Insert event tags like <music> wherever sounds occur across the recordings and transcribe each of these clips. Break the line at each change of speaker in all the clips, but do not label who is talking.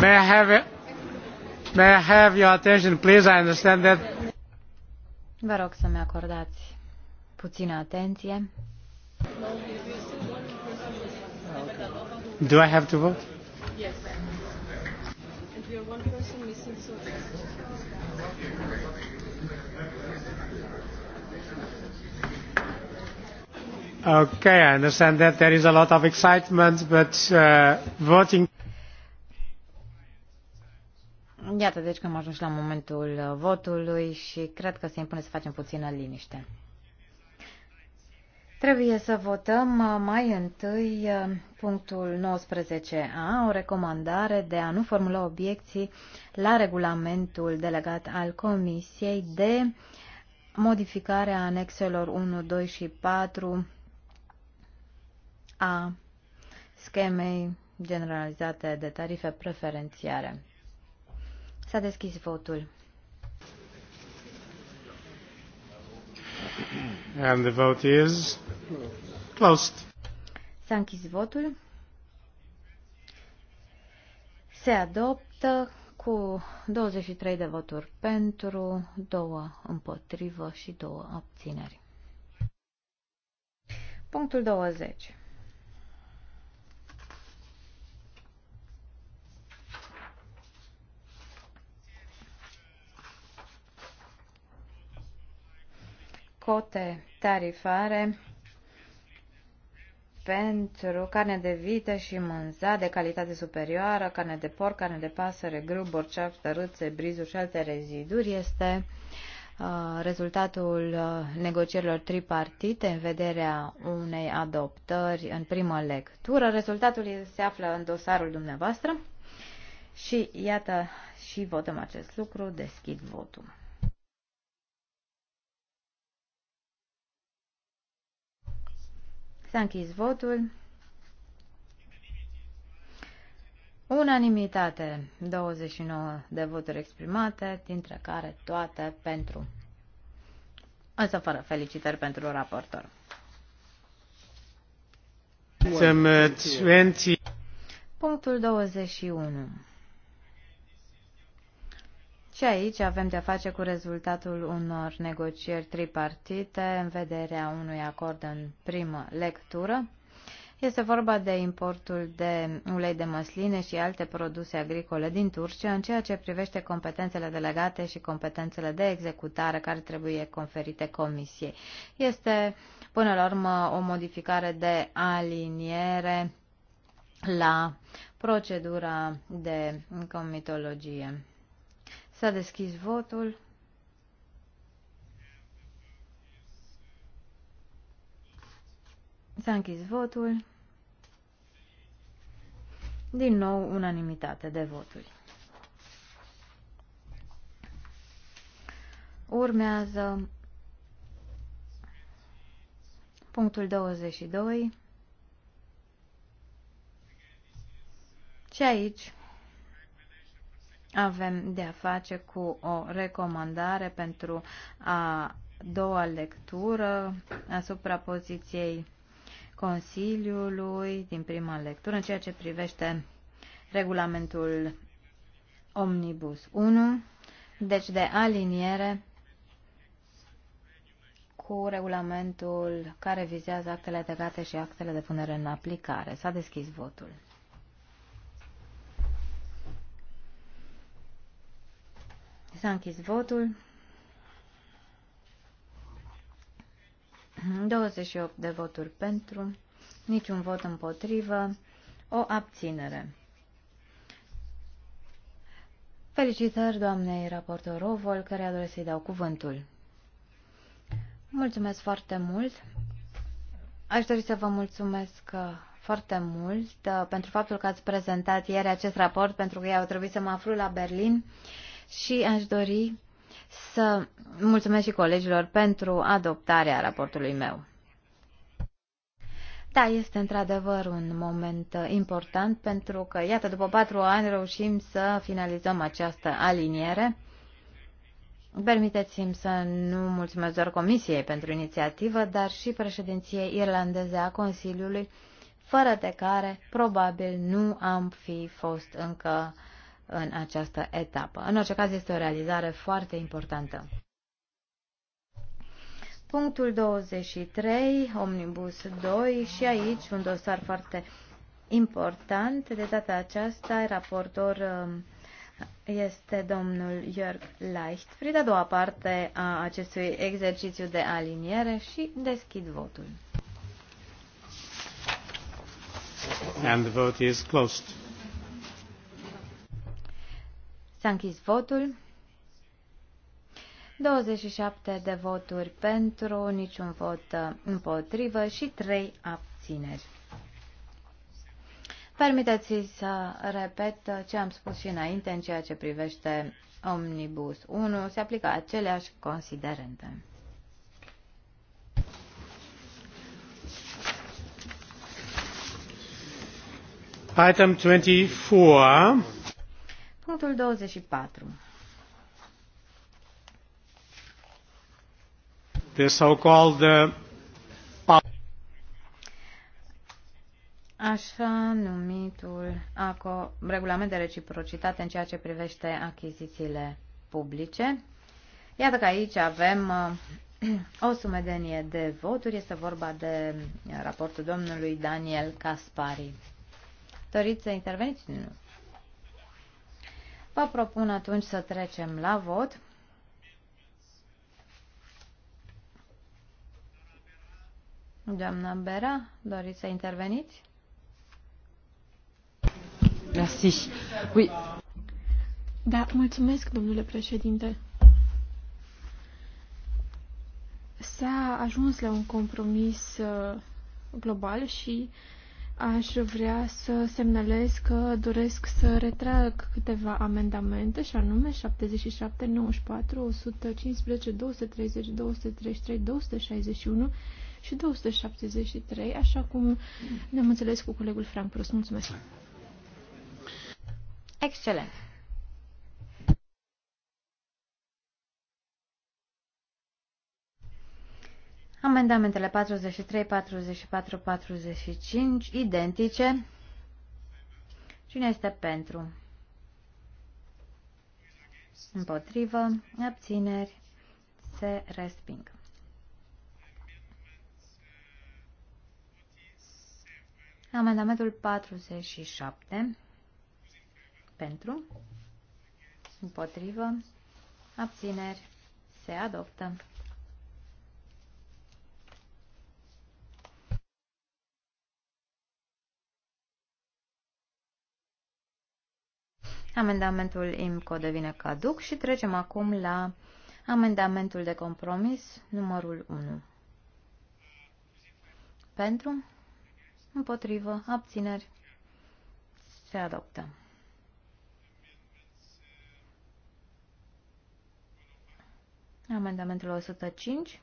May I have, may I have your attention, please? I understand that.
Vă rog să-mi acordați puțină atenție.
Do I have to vote? Yes. And we are one person missing, so.
Okay, I understand that there is a lot of excitement, but uh, voting
Iată, deci că am ajuns la momentul uh, votului și cred că se impune să facem puțină liniște. Trebuie să votăm uh, mai întâi uh, punctul 19a, o recomandare de a nu formula obiecții la regulamentul delegat al Comisiei de a anexelor 1, 2 și 4 a schemei generalizate de tarife preferențiare. S-a deschis votul.
And the vote is closed.
S-a închis votul. Se adoptă cu 23 de voturi pentru, două împotrivă și două abțineri. Punctul 20. cote tarifare pentru carne de vită și mânza de calitate superioară, carne de porc, carne de pasăre, grâu, borceaf, tărâțe, brizuri și alte reziduri este uh, rezultatul uh, negocierilor tripartite în vederea unei adoptări în primă lectură. Rezultatul se află în dosarul dumneavoastră și iată și votăm acest lucru, deschid votul. S-a închis votul. Unanimitate, 29 de voturi exprimate, dintre care toate pentru. Însă fără felicitări pentru raportor. Uh, Punctul 21. Și aici avem de-a face cu rezultatul unor negocieri tripartite în vederea unui acord în primă lectură. Este vorba de importul de ulei de măsline și alte produse agricole din Turcia în ceea ce privește competențele delegate și competențele de executare care trebuie conferite comisiei. Este, până la urmă, o modificare de aliniere la procedura de comitologie. S-a deschis votul. S-a închis votul. Din nou, unanimitate de voturi. Urmează punctul 22. Și aici avem de a face cu o recomandare pentru a doua lectură asupra poziției Consiliului din prima lectură în ceea ce privește regulamentul Omnibus 1, deci de aliniere cu regulamentul care vizează actele delegate și actele de punere în aplicare. S-a deschis votul. S-a închis votul. 28 de voturi pentru, niciun vot împotrivă, o abținere. Felicitări doamnei raportor Rovol, care a să-i dau cuvântul. Mulțumesc foarte mult. Aș dori să vă mulțumesc uh, foarte mult uh, pentru faptul că ați prezentat ieri acest raport, pentru că eu au trebuit să mă aflu la Berlin. Uh, și aș dori să mulțumesc și colegilor pentru adoptarea raportului meu. Da, este într-adevăr un moment important pentru că, iată, după patru ani reușim să finalizăm această aliniere. Permiteți-mi să nu mulțumesc doar Comisiei pentru inițiativă, dar și președinției irlandeze a Consiliului, fără de care probabil nu am fi fost încă uh, în această etapă. În orice caz, este o realizare foarte importantă. Punctul 23, Omnibus 2, și aici un dosar foarte important. De data aceasta, raportor um, este domnul Jörg Leichtfried, a doua parte a acestui exercițiu de aliniere și deschid votul.
And the vote is closed.
S-a închis votul. 27 de voturi pentru, niciun vot uh, împotrivă și 3 abțineri. Permiteți să repet ce am spus și înainte în ceea ce privește Omnibus 1. Se aplică aceleași considerente.
Item 24.
Punctul 24.
The so-called uh,
așa numitul ACO, regulament de reciprocitate în ceea ce privește achizițiile publice. Iată că aici avem uh, <clears throat> o sumedenie de voturi. Este vorba de raportul domnului Daniel Caspari. Doriți să interveniți? Nu. Vă propun atunci să trecem la vot. Doamna Bera, doriți
să interveniți? Merci. Oui. Da, mulțumesc, domnule președinte. S-a ajuns la un compromis uh, global și uh, Aș vrea să semnalez că doresc să retrag câteva amendamente, și anume 77, 94, 115, 230, 233, 261 și 273, așa cum ne-am înțeles cu colegul Frank Prost. Mulțumesc! Excelent!
Amendamentele 43, 44, 45, identice. Cine este pentru? Împotrivă, abțineri, se resping. Amendamentul 47 pentru, împotrivă, abțineri, se adoptă. Amendamentul IMCO devine caduc și trecem acum la amendamentul de compromis numărul 1. Pentru, împotrivă, abțineri, se adoptă. Amendamentul 105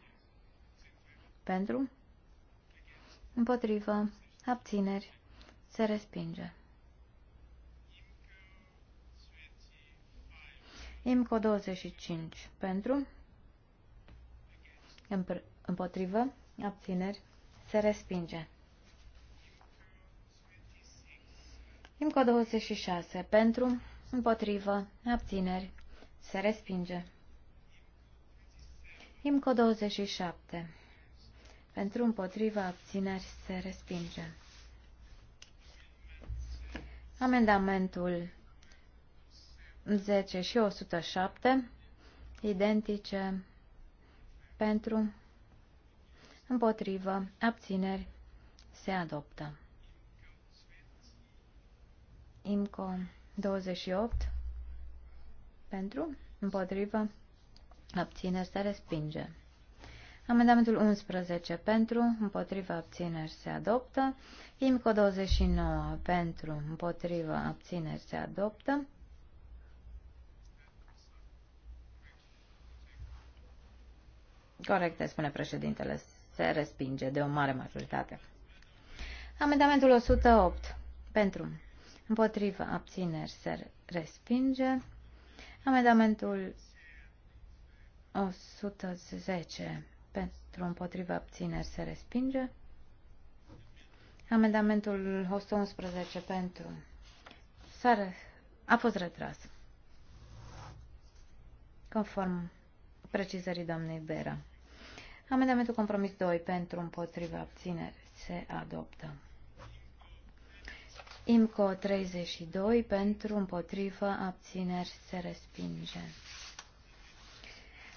pentru, împotrivă, abțineri, se respinge. IMCO 25 pentru, împotrivă, abțineri, se respinge. IMCO 26 pentru, împotrivă, abțineri, se respinge. IMCO 27 pentru, împotrivă, abțineri, se respinge. Amendamentul 10 și 107 identice pentru împotrivă abțineri se adoptă. IMCO 28 pentru împotrivă abțineri se respinge. Amendamentul 11 pentru, împotriva abțineri se adoptă. IMCO 29 pentru, împotriva abțineri se adoptă. Corect, spune președintele, se respinge de o mare majoritate. Amendamentul 108. Pentru. Împotrivă. Abțineri. Se respinge. Amendamentul 110. Pentru. Împotrivă. Abțineri. Se respinge. Amendamentul 111. Pentru. S-a a fost retras. Conform precizării doamnei Bera. Amendamentul compromis 2 pentru împotriva abțineri se adoptă. IMCO 32 pentru împotriva abțineri se respinge.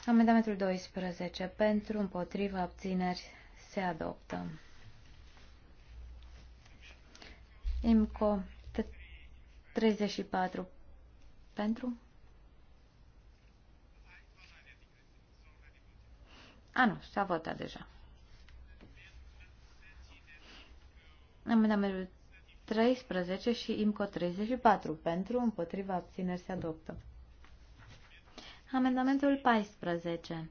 Amendamentul 12 pentru împotriva abțineri se adoptă. IMCO 34 pentru A, nu, s-a votat deja. Amendamentul 13 și IMCO 34. Pentru, împotriva, abțineri se adoptă. Amendamentul 14.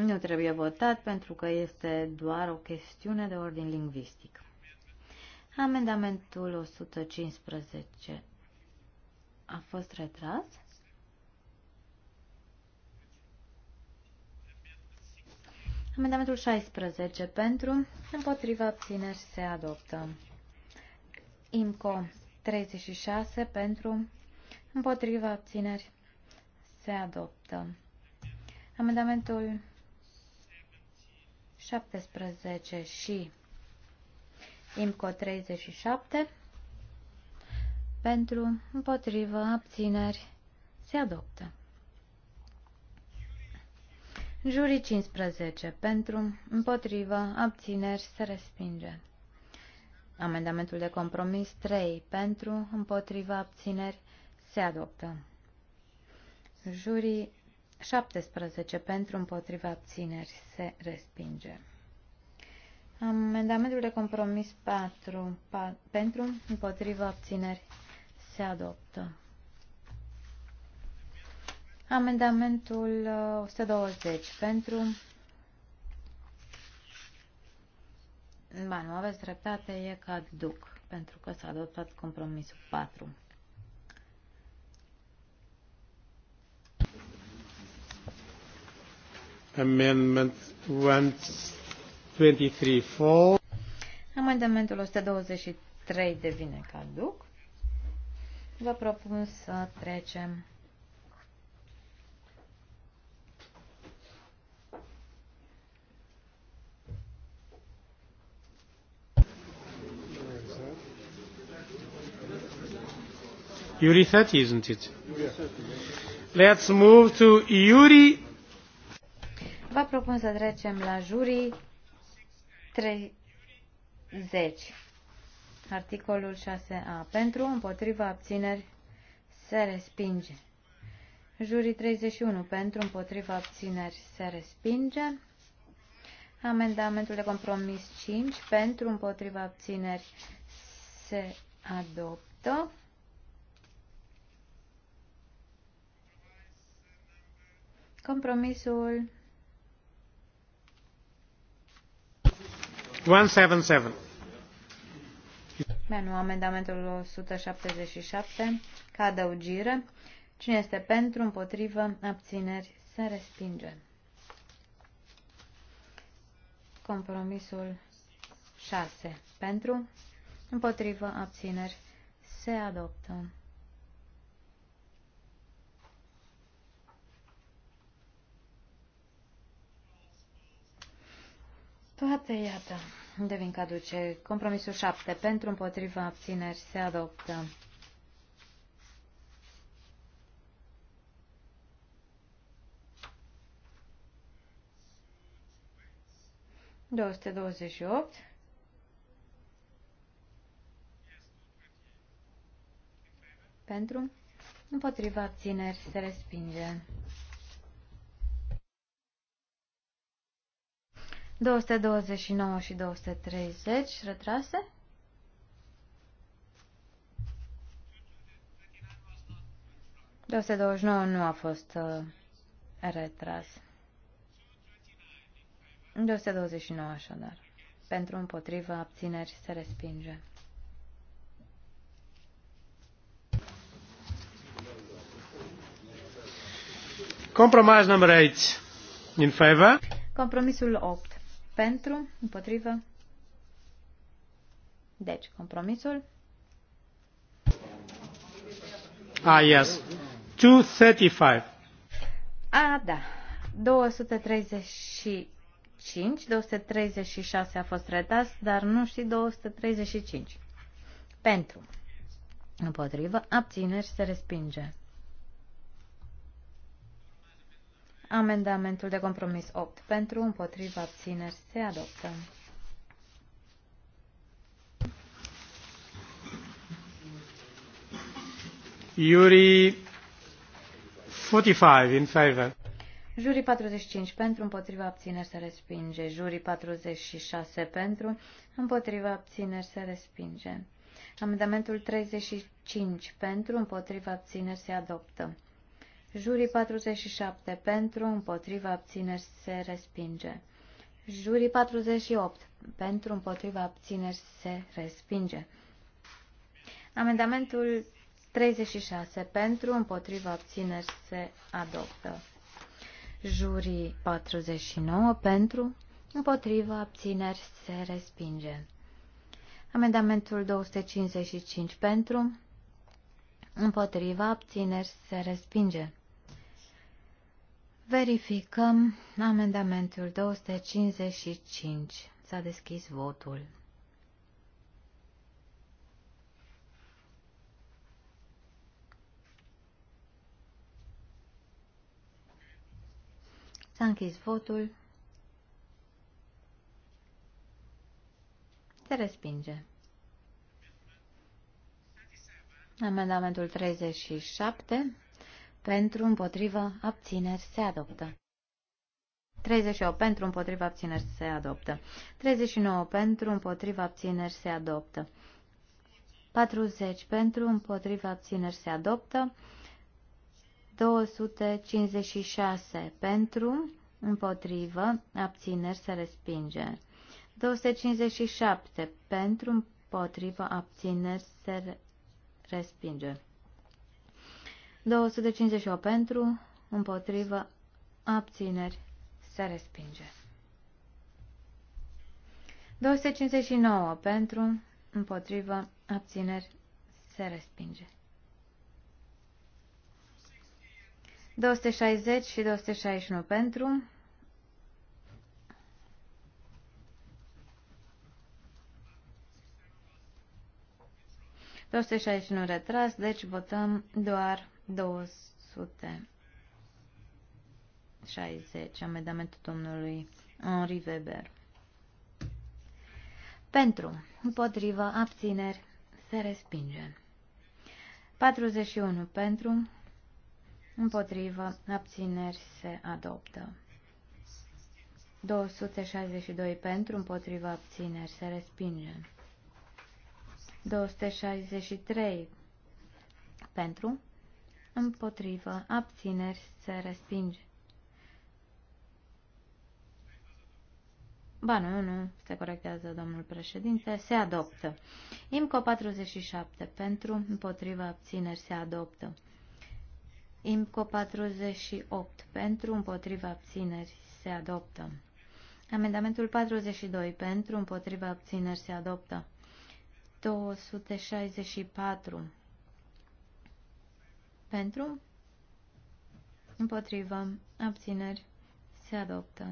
Nu trebuie votat pentru că este doar o chestiune de ordin lingvistic. Amendamentul 115 a fost retras. Amendamentul 16 pentru, împotriva abțineri se adoptă. IMCO 36 pentru, împotriva abțineri se adoptă. Amendamentul 17 și IMCO 37 pentru, împotriva abțineri, se adoptă. Jurii 15. Pentru, împotrivă, abțineri, se respinge. Amendamentul de compromis 3. Pentru, împotrivă, abțineri, se adoptă. Jurii 17. Pentru, împotrivă, abțineri, se respinge. Amendamentul de compromis 4. Pa, pentru, împotrivă, abțineri, se adoptă. Amendamentul 120 uh, pentru... Ba, nu aveți dreptate, e duc, pentru că s-a adoptat compromisul 4.
Amendment 123
Amendamentul 123 devine caduc. Vă propun să trecem
Yuri 30, isn't it? Let's move to Yuri.
Vă propun să trecem la juri 30. Articolul 6a. Pentru, împotriva, abțineri, se respinge. Juri 31. Pentru, împotriva, abțineri, se respinge. Amendamentul de compromis 5. Pentru, împotriva, abțineri, se adoptă. Compromisul
177.
Menu, amendamentul 177, ca adăugire. Cine este pentru, împotrivă, abțineri, se respinge. Compromisul 6. Pentru, împotrivă, abțineri, se adoptă. Toate, iată, devin caduce. Compromisul 7. Pentru împotriva abțineri se adoptă. Doste douăzeci opt. Pentru împotriva abțineri se respinge. 229 și 230 retrase. 229 nu a fost uh, retras. 229 așadar. Pentru împotrivă abțineri se respinge.
Compromise number 8 in favor.
Compromisul 8 pentru, împotrivă. Deci, compromisul.
Ah, yes. 235.
Ah, da. 235, 236 a fost retras, dar nu și 235. Pentru. Împotrivă, abțineri se respinge. Amendamentul de compromis 8 pentru, împotriva abțineri se adoptă.
Iuri 45 in favor.
Juri 45 pentru, împotriva abțineri se respinge. Juri 46 pentru, împotriva abțineri se respinge. Amendamentul 35 pentru, împotriva abțineri se adoptă. Jurii 47 pentru, împotriva abțineri se respinge. Jurii 48 pentru, împotriva abțineri se respinge. Amendamentul 36 pentru, împotriva abțineri se adoptă. Jurii 49 pentru, împotriva abțineri se respinge. Amendamentul 255 pentru, împotriva abțineri se respinge. Verificăm amendamentul 255. S-a deschis votul. S-a închis votul. Se respinge. Amendamentul 37 pentru, împotrivă, abțineri, se adoptă. 38 pentru, împotriva abțineri, se adoptă. 39 pentru, împotriva abțineri, se adoptă. 40 pentru, împotriva abțineri, se adoptă. 256 pentru, împotrivă, abțineri, se respinge. 257 pentru, împotrivă, abțineri, se respinge. 258 pentru, împotrivă, abțineri, se respinge. 259 pentru, împotrivă, abțineri, se respinge. 260 și 261 pentru. nu retras, deci votăm doar 260, amendamentul domnului Henri Weber. Pentru, împotrivă, abțineri, se respinge. 41 pentru, împotrivă, abțineri, se adoptă. 262 pentru, împotriva abțineri, se respinge. 263 pentru, împotrivă, abțineri, se respinge. Ba nu, nu, se corectează domnul președinte, se adoptă. IMCO 47, pentru, împotrivă, abțineri, se adoptă. IMCO 48, pentru, împotrivă, abțineri, se adoptă. Amendamentul 42, pentru, împotrivă, abțineri, se adoptă. 264, pentru? Împotrivă. Abțineri. Se adoptă.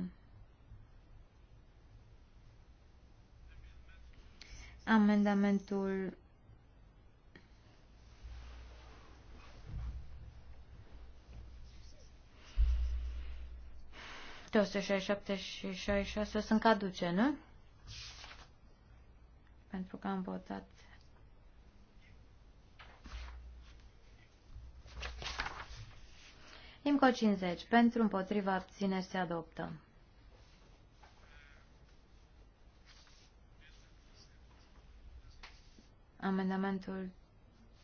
Amendamentul șapte și 66 sunt caduce, nu? Pentru că am votat IMCO 50. Pentru împotriva abține se adoptă. Amendamentul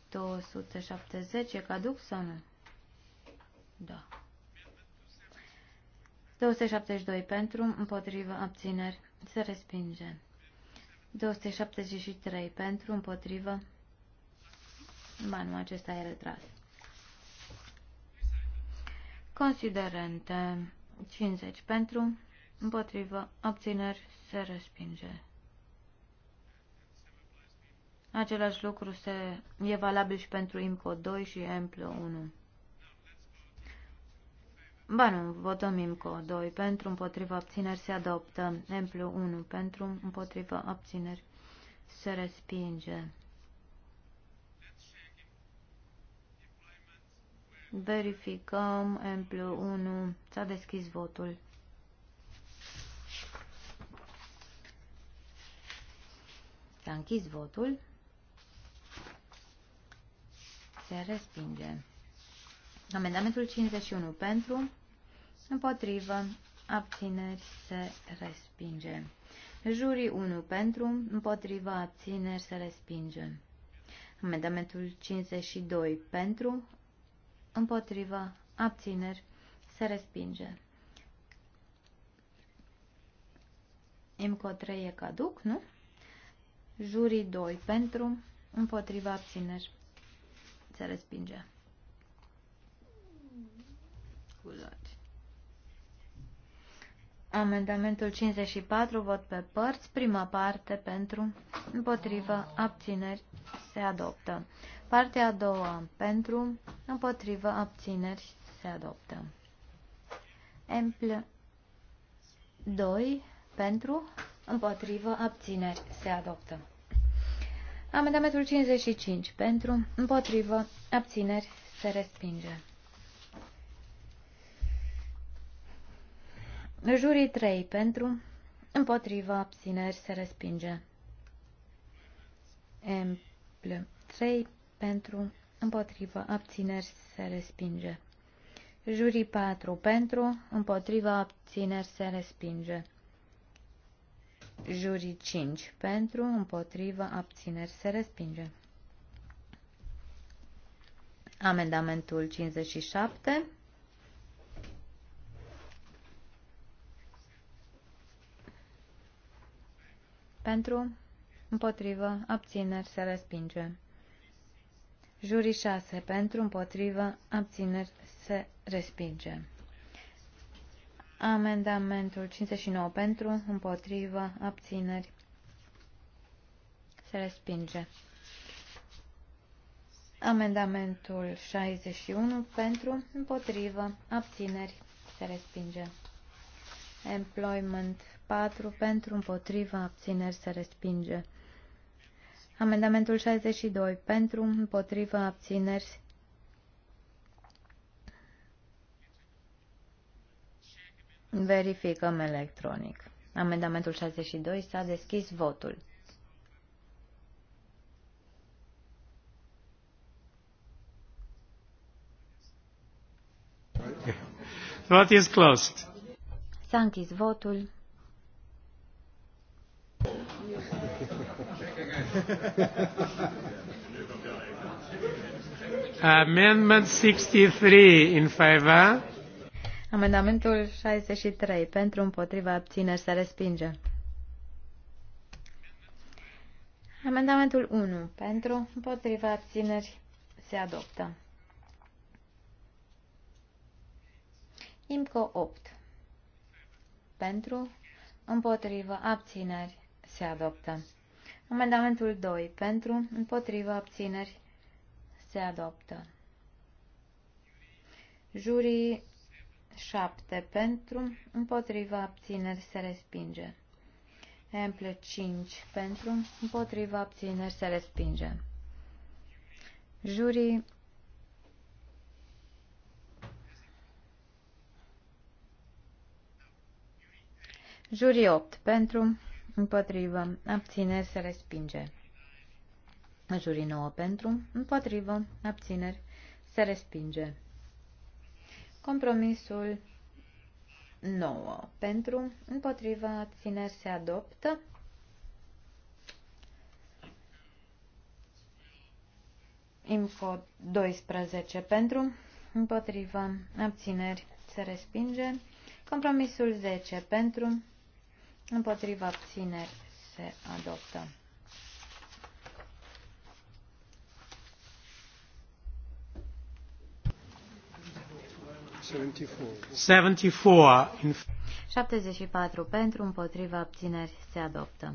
270 e caduc sau nu? Da. 272 pentru, împotriva, abțineri, se respinge. 273 pentru, împotriva, banul acesta e retras. Considerente 50 pentru, împotrivă, abțineri, se respinge. Același lucru se, e valabil și pentru IMCO 2 și EMPLO 1. Ba nu, votăm IMCO 2 pentru, împotriva, abțineri, se adoptă. EMPLO 1 pentru, împotriva, abțineri, se respinge. Verificăm M1. plus S-a deschis votul. S-a închis votul. Se respinge. Amendamentul 51 pentru, împotrivă, abțineri se respinge. Jurii 1 pentru, împotrivă, abțineri se respinge. Amendamentul 52 pentru, împotriva, abțineri, se respinge. IMCO 3 e caduc, nu? Jurii 2 pentru, împotriva, abțineri, se respinge. Scuzați. Amendamentul 54, vot pe părți, prima parte pentru, împotrivă, abțineri, se adoptă. Partea a doua. Pentru, împotrivă, abțineri, se adoptă. Empl 2. Pentru, împotrivă, abțineri, se adoptă. Amendamentul 55. Pentru, împotrivă, abțineri, se respinge. Jurii 3. Pentru, împotrivă, abțineri, se respinge. Empl 3 pentru, împotrivă, abțineri se respinge. Jurii 4 pentru, împotrivă, abțineri se respinge. Jurii 5 pentru, împotrivă, abțineri se respinge. Amendamentul 57 pentru, împotrivă, abțineri se respinge. Jurii 6. Pentru, împotrivă, abțineri, se respinge. Amendamentul 59. Pentru, împotrivă, abțineri, se respinge. Amendamentul 61. Pentru, împotrivă, abțineri, se respinge. Employment 4. Pentru, împotrivă, abțineri, se respinge. Amendamentul 62. Pentru, împotrivă, abțineri. Verificăm electronic. Amendamentul 62. S-a deschis votul. Vot is closed. S-a închis votul.
<laughs> Amendment 63 in favor.
Amendamentul 63 pentru împotriva abțineri se respinge. Amendamentul 1 pentru împotriva abțineri se adoptă. IMCO 8 pentru împotriva abțineri se adoptă. Amendamentul 2. Pentru, împotriva, abțineri, se adoptă. Jurii 7. Pentru, împotriva, abțineri, se respinge. Emple 5. Pentru, împotriva, abțineri, se respinge. Jurii Jurii 8. Pentru, împotrivă, abțineri se respinge. Jurii 9 pentru, împotrivă, abțineri se respinge. Compromisul 9 pentru, împotrivă, abțineri se adoptă. Info 12 pentru, împotrivă, abțineri se respinge. Compromisul 10 pentru, Împotriva abțineri se adoptă.
Seventy four.
74 pentru, împotriva abțineri se adoptă.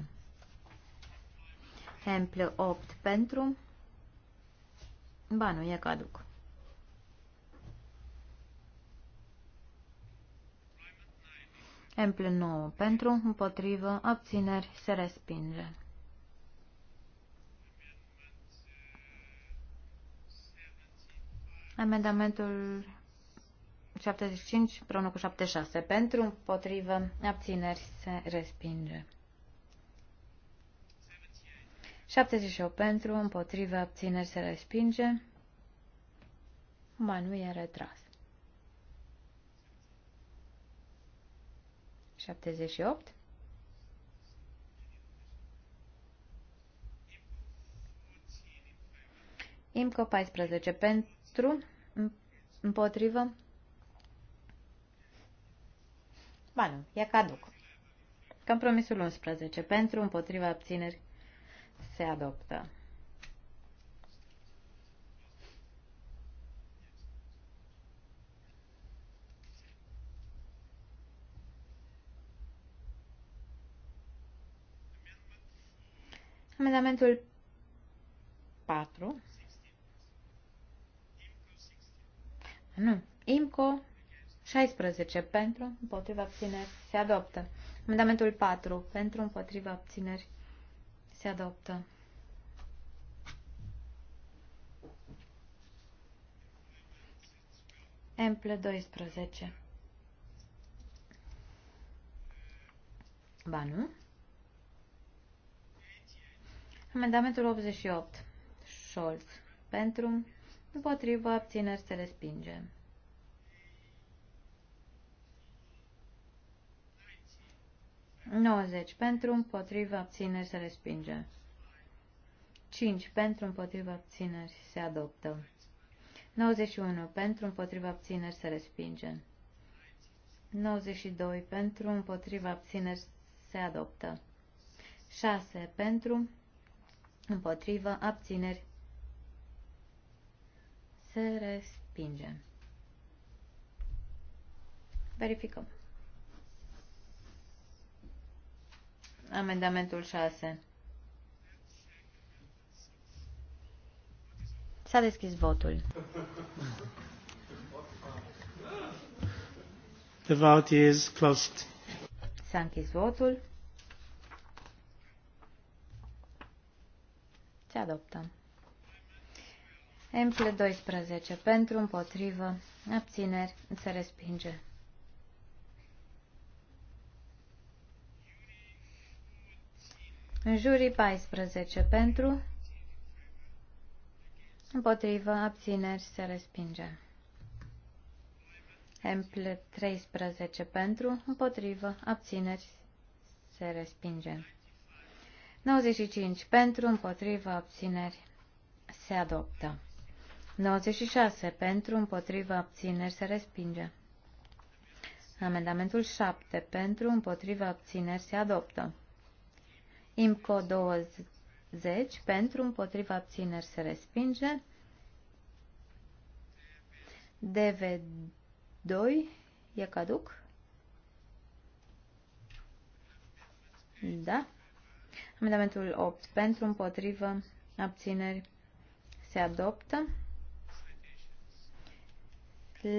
Temple 8 pentru. Ba nu, e caduc. Emple 9 pentru, împotrivă, abțineri, se respinge. Amendamentul 75 împreună cu 76 pentru, împotrivă, abțineri, se respinge. 78 pentru, împotrivă, abțineri, se respinge. Ba nu e retras. 78. IMCO 14 pentru, împotrivă. Ba nu, e caduc. Compromisul 11 pentru, împotriva abțineri se adoptă. Amendamentul 4. Nu. IMCO 16 pentru, împotriva abțineri, se adoptă. Amendamentul 4 pentru, împotriva abțineri, se adoptă. Emple 12. Ba nu. Amendamentul 88. Scholz. Pentru. Împotrivă. Abțineri. Se respinge. Nouăzeci. Pentru. Împotrivă. Abțineri. Se respinge. 5. Pentru împotrivă abțineri se adoptă. 91. Pentru împotrivă abțineri se respinge. 92. Pentru împotrivă abțineri se adoptă. 6. Pentru împotrivă, abțineri, se respinge. Verificăm. Amendamentul 6. S-a deschis votul.
The vote is closed.
S-a închis votul. Se adoptă. Emple 12. Pentru, împotrivă, abțineri, se respinge. În jurii 14. Pentru, împotrivă, abțineri, se respinge. Emple 13. Pentru, împotrivă, abțineri, se respinge. 95 pentru, împotrivă, abțineri, se adoptă. 96 pentru, împotrivă, abțineri, se respinge. Amendamentul 7 pentru, împotrivă, abțineri, se adoptă. IMCO 20 pentru, împotrivă, abțineri, se respinge. DV2 e caduc. Da. Amendamentul 8 pentru, împotrivă, abțineri se adoptă.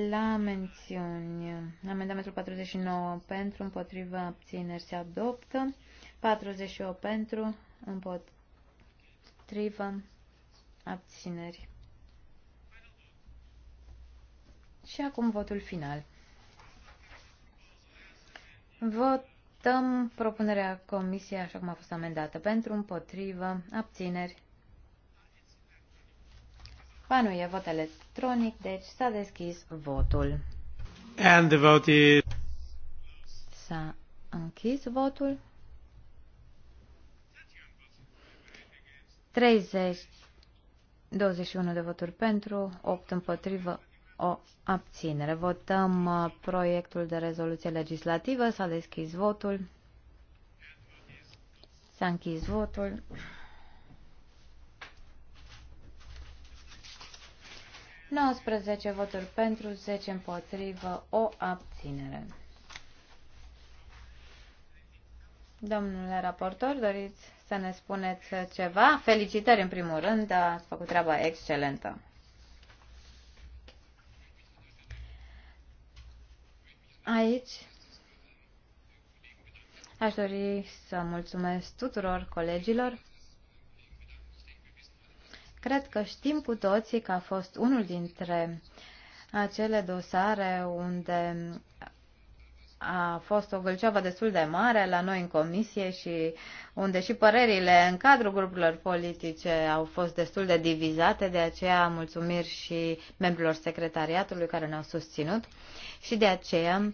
La mențiuni, amendamentul 49 pentru, împotrivă, abțineri se adoptă. 48 pentru, împotrivă, abțineri. Și acum votul final. Vot Votăm propunerea comisiei așa cum a fost amendată. Pentru, împotrivă, abțineri. Ba nu e vot electronic, deci s-a deschis votul.
And the vote is...
S-a închis votul. 30, 21 de voturi pentru, 8 împotrivă, o abținere. Votăm uh, proiectul de rezoluție legislativă. S-a deschis votul. S-a închis votul. Nouăsprezece voturi pentru, 10 împotrivă, o abținere. Domnule raportor, doriți să ne spuneți ceva? Felicitări în primul rând, ați făcut treaba excelentă. Aici aș dori să mulțumesc tuturor colegilor. Cred că știm cu toții că a fost unul dintre acele dosare unde a fost o gâlceavă destul de mare la noi în comisie și unde și părerile în cadrul grupurilor politice au fost destul de divizate, de aceea mulțumiri și membrilor secretariatului care ne-au susținut și de aceea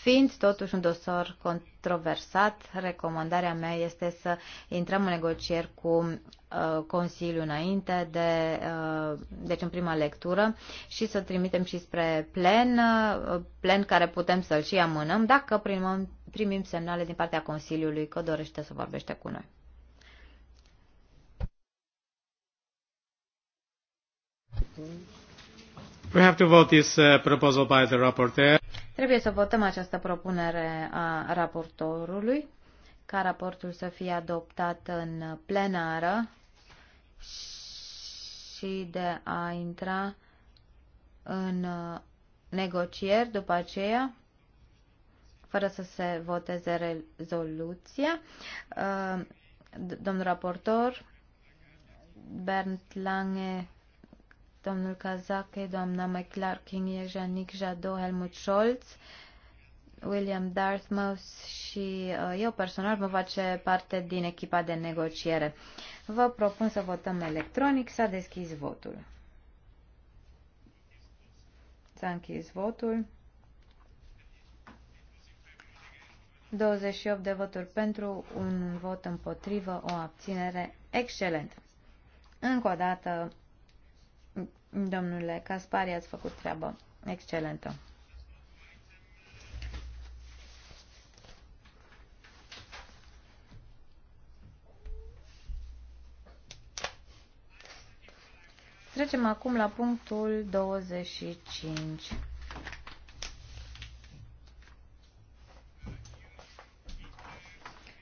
Fiind totuși un dosar controversat, recomandarea mea este să intrăm în negocieri cu uh, Consiliul înainte de, uh, deci în prima lectură și să trimitem și spre plen, uh, plen care putem să-l și amânăm dacă primăm, primim semnale din partea Consiliului că dorește să vorbește cu noi.
We have to vote this uh, proposal by the rapporteur.
Trebuie să votăm această propunere a raportorului, ca raportul să fie adoptat în plenară și de a intra în negocieri după aceea, fără să se voteze rezoluția. Uh, domnul raportor, Bernd Lange domnul Kazake, doamna McClarkin, Jeanic Jadot, Helmut Scholz, William Dartmouth și uh, eu personal mă face parte din echipa de negociere. Vă propun să votăm electronic. S-a deschis votul. S-a închis votul. 28 de voturi pentru, un vot împotrivă, o abținere. Excelent! Încă o dată, Domnule Caspari, ați făcut treabă excelentă. Trecem acum la punctul 25.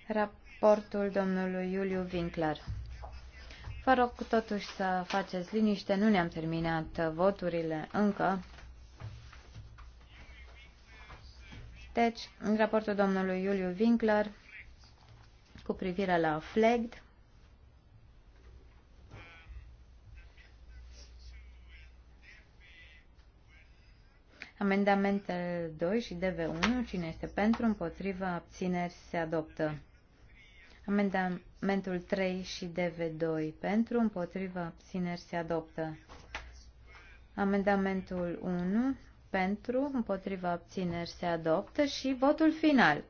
Raportul domnului Iuliu Winkler. Vă rog totuși să faceți liniște, nu ne-am terminat voturile încă. Deci, în raportul domnului Iuliu Winkler cu privire la FLEGD, Amendamentele 2 și DV1, cine este pentru, împotriva, abțineri, se adoptă. Amendamentul 3 și DV2 pentru, împotrivă abțineri se adoptă. Amendamentul 1 pentru, împotrivă abțineri se adoptă și votul final.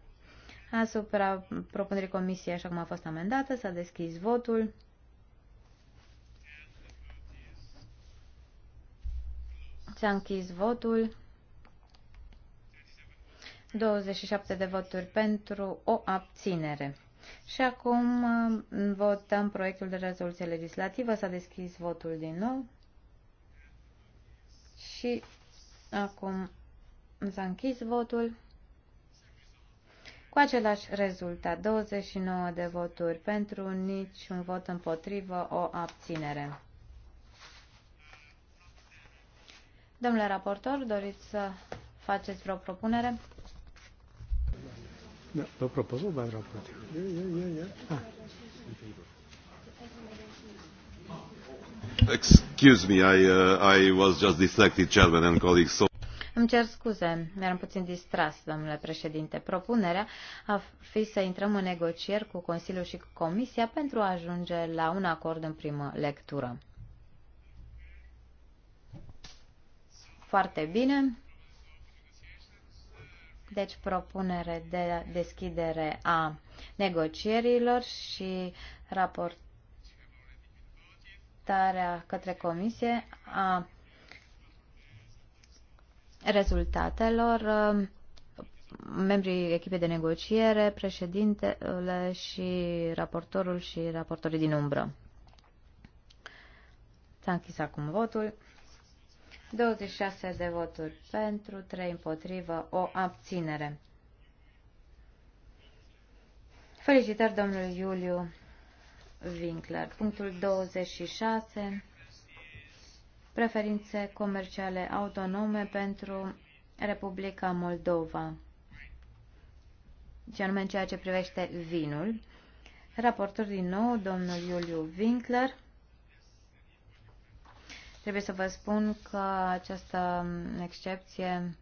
Asupra propunerii comisiei așa cum a fost amendată, s-a deschis votul. S-a închis votul. 27 de voturi pentru o abținere. Și acum uh, votăm proiectul de rezoluție legislativă. S-a deschis votul din nou. Și acum s-a închis votul. Cu același rezultat, 29 de voturi pentru, nici un vot împotrivă, o abținere. Domnule raportor, doriți să faceți vreo propunere?
No, lo propongo va a haber Ya,
ya, ya. Ah.
Excuse me, I, uh, I was just distracted, Chairman and colleagues. So
îmi cer scuze, eram puțin distras, domnule președinte. Propunerea a fi să intrăm în negocieri cu Consiliul și cu Comisia pentru a ajunge la un acord în primă lectură. Foarte bine. Deci propunere de deschidere a negocierilor și raportarea către comisie a rezultatelor membrii echipei de negociere, președintele și raportorul și raportorii din umbră. S-a închis acum votul. 26 de voturi pentru, 3 împotrivă, o abținere. Felicitări domnul Iuliu Winkler. Punctul 26. Preferințe comerciale autonome pentru Republica Moldova. Și anume în ceea ce privește vinul. Raportor din nou, domnul Iuliu Winkler. Trebuie să vă spun că această excepție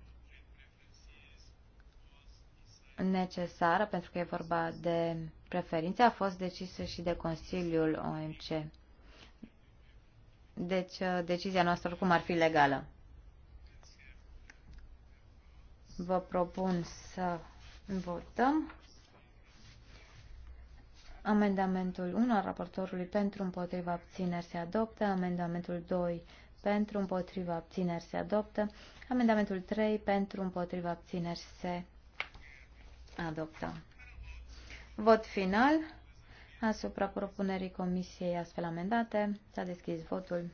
necesară, pentru că e vorba de preferințe, a fost decisă și de Consiliul OMC. Deci, uh, decizia noastră oricum ar fi legală. Vă propun să votăm. Amendamentul 1 al raportorului pentru împotriva abțineri se adoptă. Amendamentul 2 pentru împotriva abțineri se adoptă. Amendamentul 3 pentru împotriva abțineri se adoptă. Vot final asupra propunerii comisiei astfel amendate. S-a deschis votul.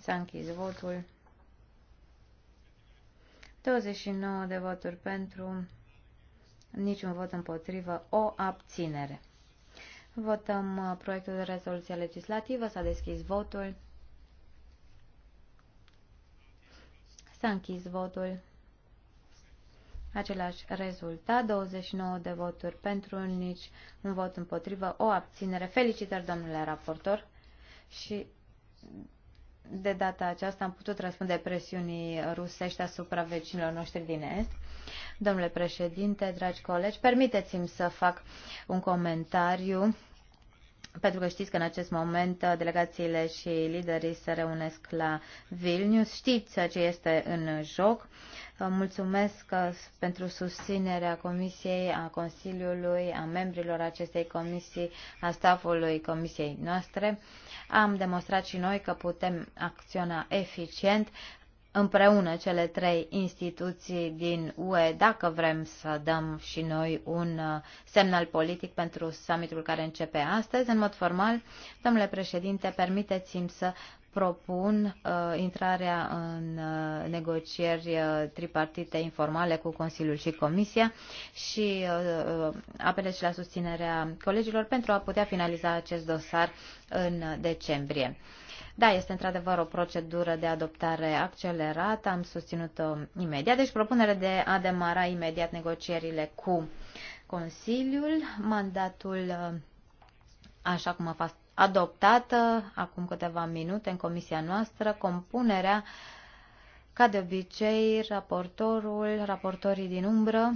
S-a închis votul. 29 de voturi pentru, niciun vot împotrivă, o abținere. Votăm uh, proiectul de rezoluție legislativă. S-a deschis votul. S-a închis votul. Același rezultat, 29 de voturi pentru, nici un vot împotrivă, o abținere. Felicitări, domnule raportor. Și de data aceasta am putut răspunde presiunii rusești asupra vecinilor noștri din Est. Domnule președinte, dragi colegi, permiteți-mi să fac un comentariu pentru că știți că în acest moment uh, delegațiile și liderii se reunesc la Vilnius. Știți uh, ce este în joc. Mulțumesc uh, pentru susținerea Comisiei, a Consiliului, a membrilor acestei comisii, a stafului Comisiei noastre. Am demonstrat și noi că putem acționa eficient împreună cele trei instituții din UE dacă vrem să dăm și noi un uh, semnal politic pentru summitul care începe astăzi. În mod formal, domnule președinte, permiteți-mi să propun uh, intrarea în uh, negocieri uh, tripartite informale cu Consiliul și Comisia și uh, uh apelez și la susținerea colegilor pentru a putea finaliza acest dosar în decembrie. Uh, da, este într-adevăr o procedură de adoptare accelerată, am susținut-o imediat, deci propunere de a demara imediat negocierile cu Consiliul, mandatul uh, așa cum a fost adoptată acum câteva minute în comisia noastră, compunerea ca de obicei, raportorul, raportorii din umbră,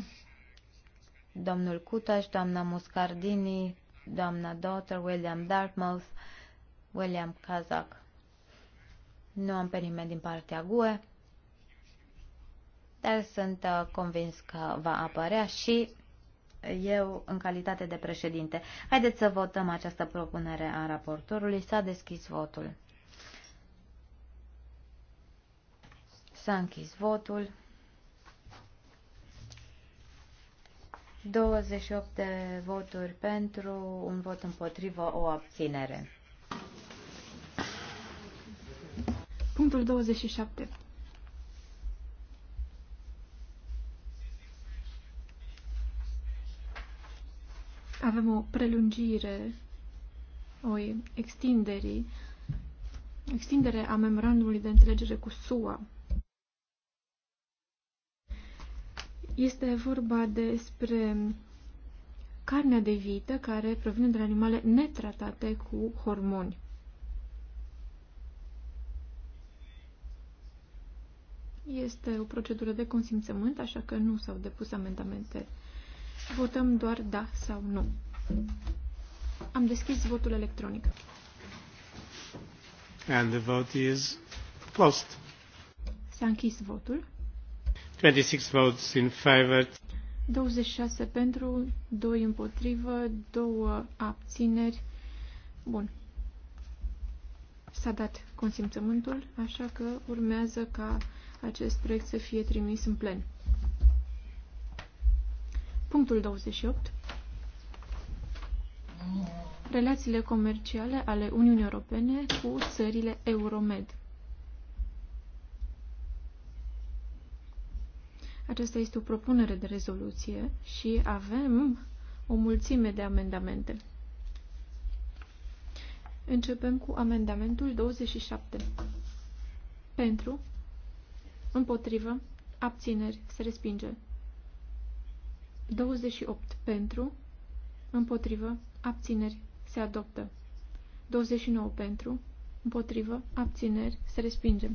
domnul Cutaș, doamna Muscardini, doamna Daughter, William Dartmouth, William Kazak. Nu am pe nimeni din partea GUE, dar sunt uh, convins că va apărea și eu în calitate de președinte. Haideți să votăm această propunere a raportorului. S-a deschis votul. S-a închis votul. 28 de voturi pentru, un vot împotrivă, o abținere.
Punctul 27. Avem o prelungire, o extindere, extindere a memorandumului de înțelegere cu SUA. Este vorba despre carnea de vită care provine de la animale netratate cu hormoni. Este o procedură de consimțământ, așa că nu s-au depus amendamente. Votăm doar da sau nu. Am deschis votul electronic.
And the vote is closed.
S-a închis votul.
26 votes in favor.
26 pentru, 2 împotrivă, 2 abțineri. Bun. S-a dat consimțământul, așa că urmează ca acest proiect să fie trimis în plen. Punctul 28. Relațiile comerciale ale Uniunii Europene cu țările Euromed. Aceasta este o propunere de rezoluție și avem o mulțime de amendamente. Începem cu amendamentul 27. Pentru, Împotrivă. Abțineri. Se respinge. 28. Pentru. Împotrivă. Abțineri. Se adoptă. 29. Pentru. Împotrivă. Abțineri. Se respinge.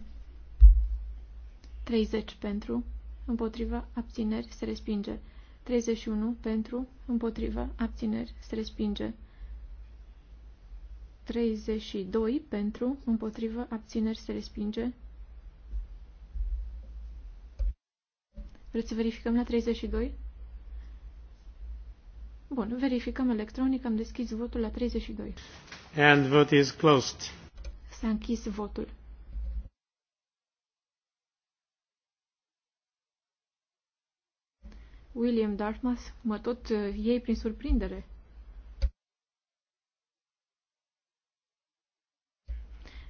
30. Pentru. Împotrivă. Abțineri. Se respinge. 31. Pentru. Împotrivă. Abțineri. Se respinge. 32. Pentru. Împotrivă. Abțineri. Se respinge. Vreți să verificăm la 32? Bun, verificăm electronic, am deschis votul la 32.
And vote is closed.
S-a închis votul. William Dartmouth mă tot uh, iei prin surprindere.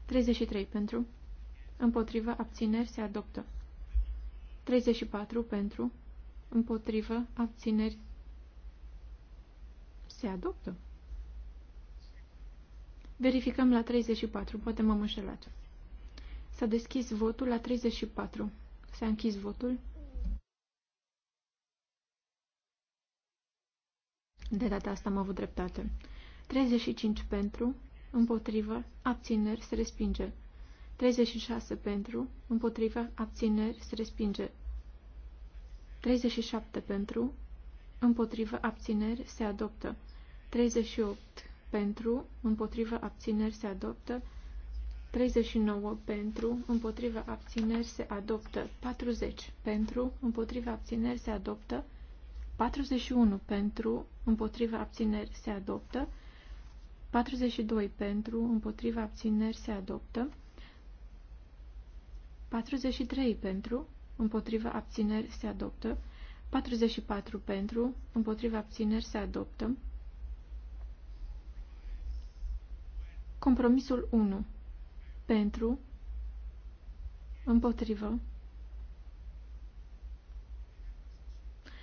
Treizeci și trei pentru. Împotriva abțineri se adoptă. 34 pentru, împotrivă, abțineri, se adoptă. Verificăm la 34, poate m-am înșelat. S-a deschis votul la 34. S-a închis votul. De data asta am avut dreptate. 35 pentru, împotrivă, abțineri, se respinge. 36 pentru, împotriva, abțineri, se respinge. 37 pentru, împotriva, abțineri, se adoptă. 38 pentru, împotriva, abțineri, se adoptă. 39 pentru, împotriva, abțineri, se adoptă. 40 pentru, împotriva, abțineri, se adoptă. 41 pentru, împotriva, abțineri, se adoptă. 42 pentru, împotriva, abțineri, se adoptă. 43 pentru, împotriva abțineri se adoptă. 44 pentru, împotriva abțineri se adoptă. Compromisul 1. Pentru, împotrivă.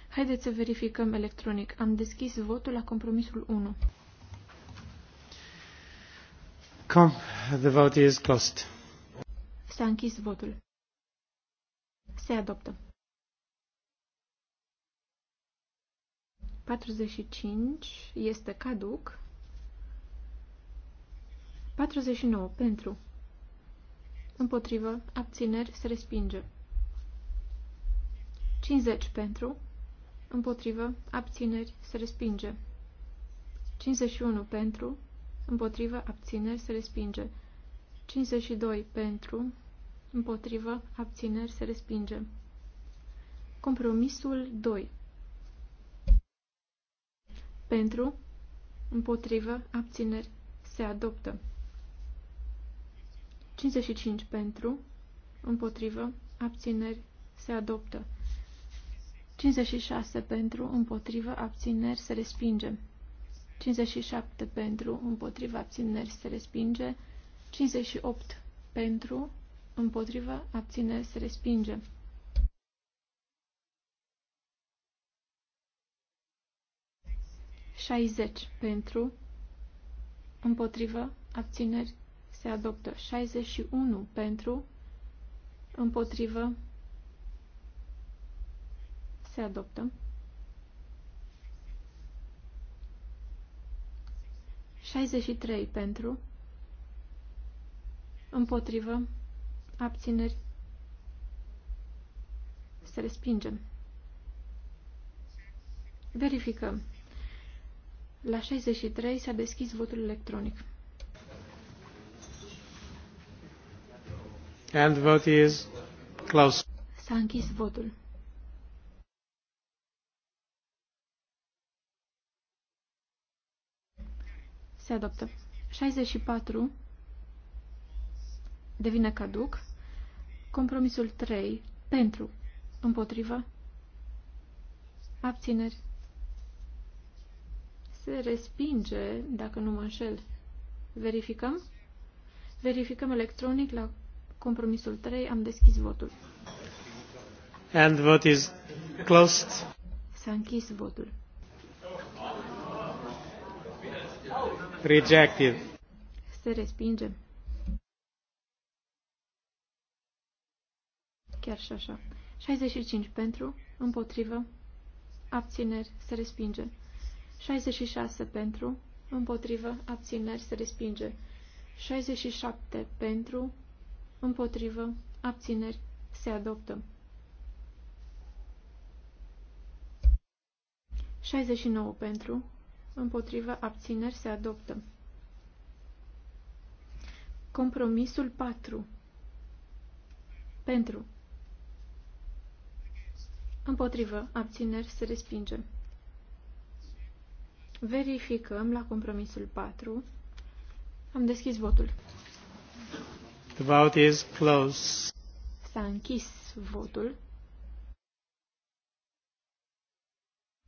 Haideți să verificăm electronic. Am deschis votul la compromisul 1.
Com, the vote is closed.
S-a închis votul. Se adoptă. 45 este caduc. 49 pentru. Împotrivă, abțineri, se respinge. 50 pentru. Împotrivă, abțineri, se respinge. 51 pentru. Împotrivă, abțineri, se respinge. 52 pentru împotrivă, abțineri, se respinge. Compromisul 2. Pentru, împotrivă, abțineri, se adoptă. 55 pentru, împotrivă, abțineri, se adoptă. 56 pentru, împotrivă, abțineri, se respinge. 57 pentru, împotrivă, abțineri, se respinge. 58 pentru, împotrivă, abține, se respinge. Șaizeci pentru, împotrivă, abțineri, se adoptă. 61 pentru, împotrivă, se adoptă. 63 pentru, împotrivă, abțineri, se respinge. Verificăm. La 63 s-a deschis votul electronic.
And the vote is close.
S-a închis votul. Se adoptă. 64 devine caduc. Compromisul 3 pentru, împotrivă, abțineri. Se respinge, dacă nu mă înșel. Verificăm? Verificăm electronic la compromisul 3. Am deschis votul.
And vote is closed.
S-a închis votul.
Rejected.
Se respinge. chiar și așa. 65 pentru, împotrivă, abțineri, se respinge. 66 pentru, împotrivă, abțineri, se respinge. 67 pentru, împotrivă, abțineri, se adoptă. 69 pentru, împotrivă, abțineri, se adoptă. Compromisul 4. Pentru. Împotrivă. Abțineri se respinge. Verificăm la compromisul 4. Am deschis votul.
The vote is closed.
S-a închis votul.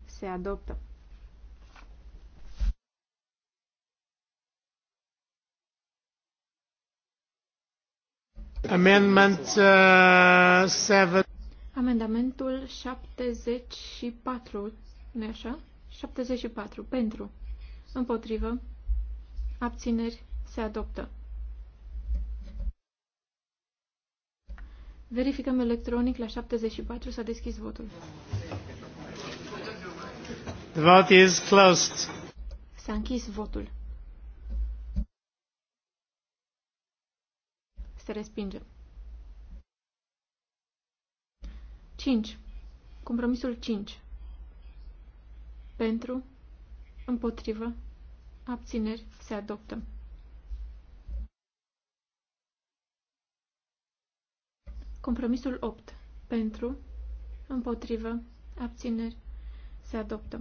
Se adoptă.
Amendment uh,
Amendamentul 74, nu așa? 74. Pentru. Împotrivă. Abțineri. Se adoptă. Verificăm electronic la 74. S-a deschis votul.
The vote is closed.
S-a închis votul. Se respinge. 5. Compromisul 5. Pentru, împotrivă, abțineri se adoptă. Compromisul 8. Pentru, împotrivă, abțineri se adoptă.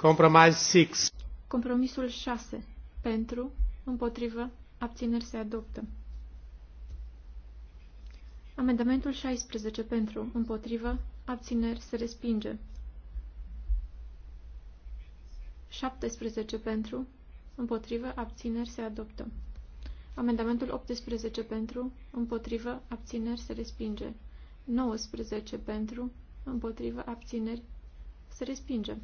Compromis 6.
Compromisul 6. Pentru, împotrivă, abțineri se adoptă. Amendamentul 16 pentru, împotrivă, abțineri se respinge. 17 pentru, împotrivă, abțineri se adoptă. Amendamentul 18 pentru, împotrivă, abțineri se respinge. 19 pentru, împotrivă, abțineri se respinge.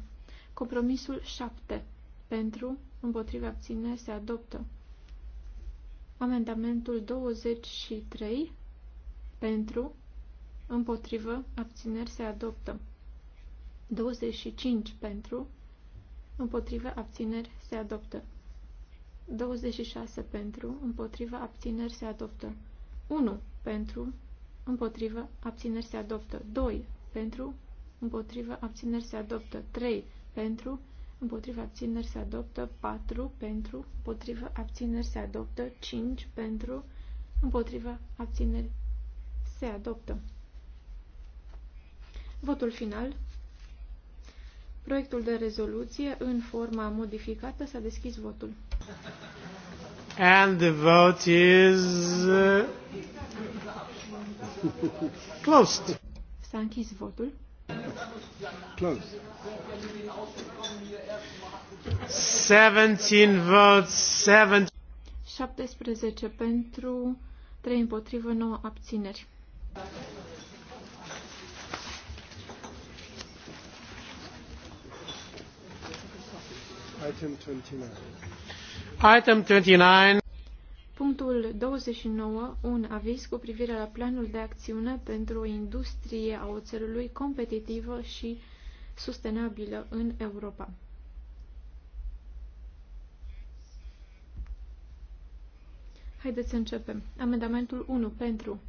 Compromisul 7 pentru, împotrivă, abțineri se adoptă. Amendamentul 23 pentru, împotrivă, abțineri se adoptă. 25 pentru, împotrivă, abțineri se adoptă. 26 pentru, împotrivă, abțineri se adoptă. 1 pentru, împotrivă, abțineri se adoptă. 2 pentru, împotrivă, abțineri se adoptă. 3 pentru, împotrivă, abțineri se adoptă. 4 pentru, împotrivă, abțineri se adoptă. 5 pentru, împotrivă, abțineri se adoptă. Votul final. Proiectul de rezoluție în forma modificată s-a deschis votul.
And the vote is uh,
<laughs> closed. S-a închis votul. Close. 17
votes, 17.
17 pentru, 3 împotrivă, 9 abțineri.
Item
29.
Punctul 29, un aviz cu privire la planul de acțiune pentru o industrie a oțelului competitivă și sustenabilă în Europa. Haideți să începem. Amendamentul 1 pentru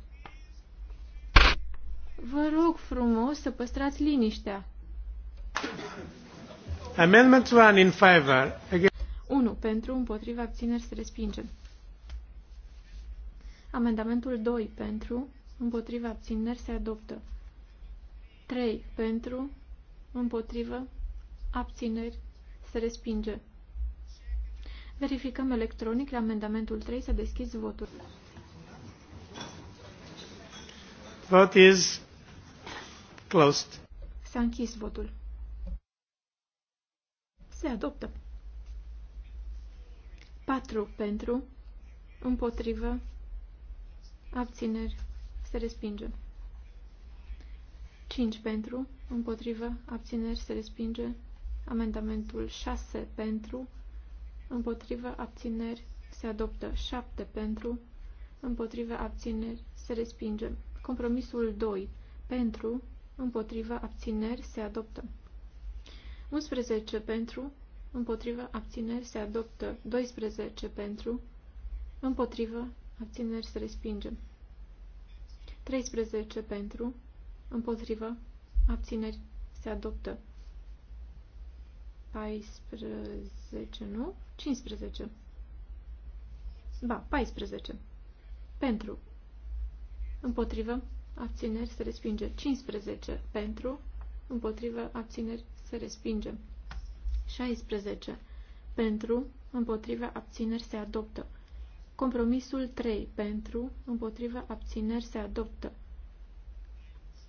Vă rog frumos să păstrați liniștea.
Amendment 1 in favor.
1. Pentru, împotriva, abțineri se respinge. Amendamentul 2. Pentru, împotriva, abțineri se adoptă. 3. Pentru, împotrivă, abțineri se respinge. Verificăm electronic la amendamentul 3 să deschizi votul.
Vot is closed.
S-a închis votul. Se adoptă. 4 pentru, împotrivă, abțineri, se respinge. 5 pentru, împotrivă, abțineri, se respinge. Amendamentul 6 pentru, împotrivă, abțineri, se adoptă. 7 pentru, împotrivă, abțineri, se respinge. Compromisul 2 pentru, împotriva abțineri se adoptă. 11 pentru, împotriva abțineri se adoptă. 12 pentru, împotriva abțineri se respinge. 13 pentru, împotriva abțineri se adoptă. 14, nu? 15. Ba, 14. Pentru. Împotrivă abțineri se respinge. 15 pentru, împotrivă, abțineri se respinge. 16 pentru, împotrivă, abțineri se adoptă. Compromisul 3 pentru, împotrivă, abțineri se adoptă.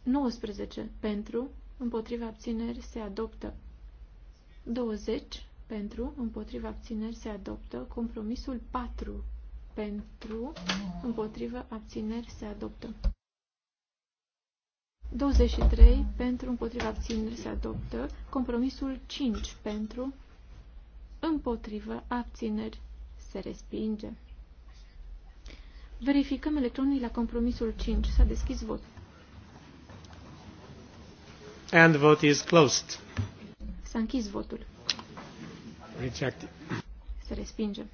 19 pentru, împotrivă, abțineri se adoptă. 20 pentru, împotrivă, abțineri se adoptă. Compromisul 4 pentru, împotrivă, abțineri se adoptă. 23 pentru împotriva abținerii se adoptă. Compromisul 5 pentru împotriva abțineri se respinge. Verificăm electronii la compromisul 5. S-a deschis vot.
And the vote is closed.
S-a închis votul. Rejected. Se respinge.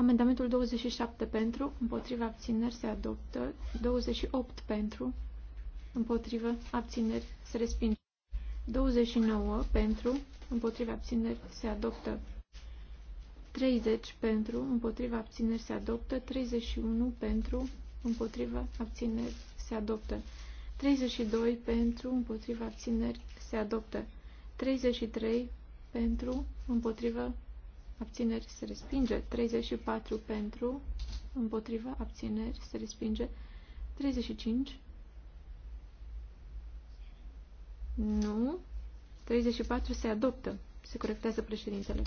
Amendamentul 27 pentru, împotriva abțineri se adoptă. 28 pentru, împotriva abțineri se respinge. 29 pentru, împotriva abțineri se adoptă. 30 pentru, împotriva abțineri se adoptă. 31 pentru, împotriva abțineri se adoptă. 32 pentru, împotriva abțineri se adoptă. 33 pentru, împotriva abțineri se respinge, 34 pentru, împotriva, abțineri se respinge, 35, nu, 34 se adoptă, se corectează președintele.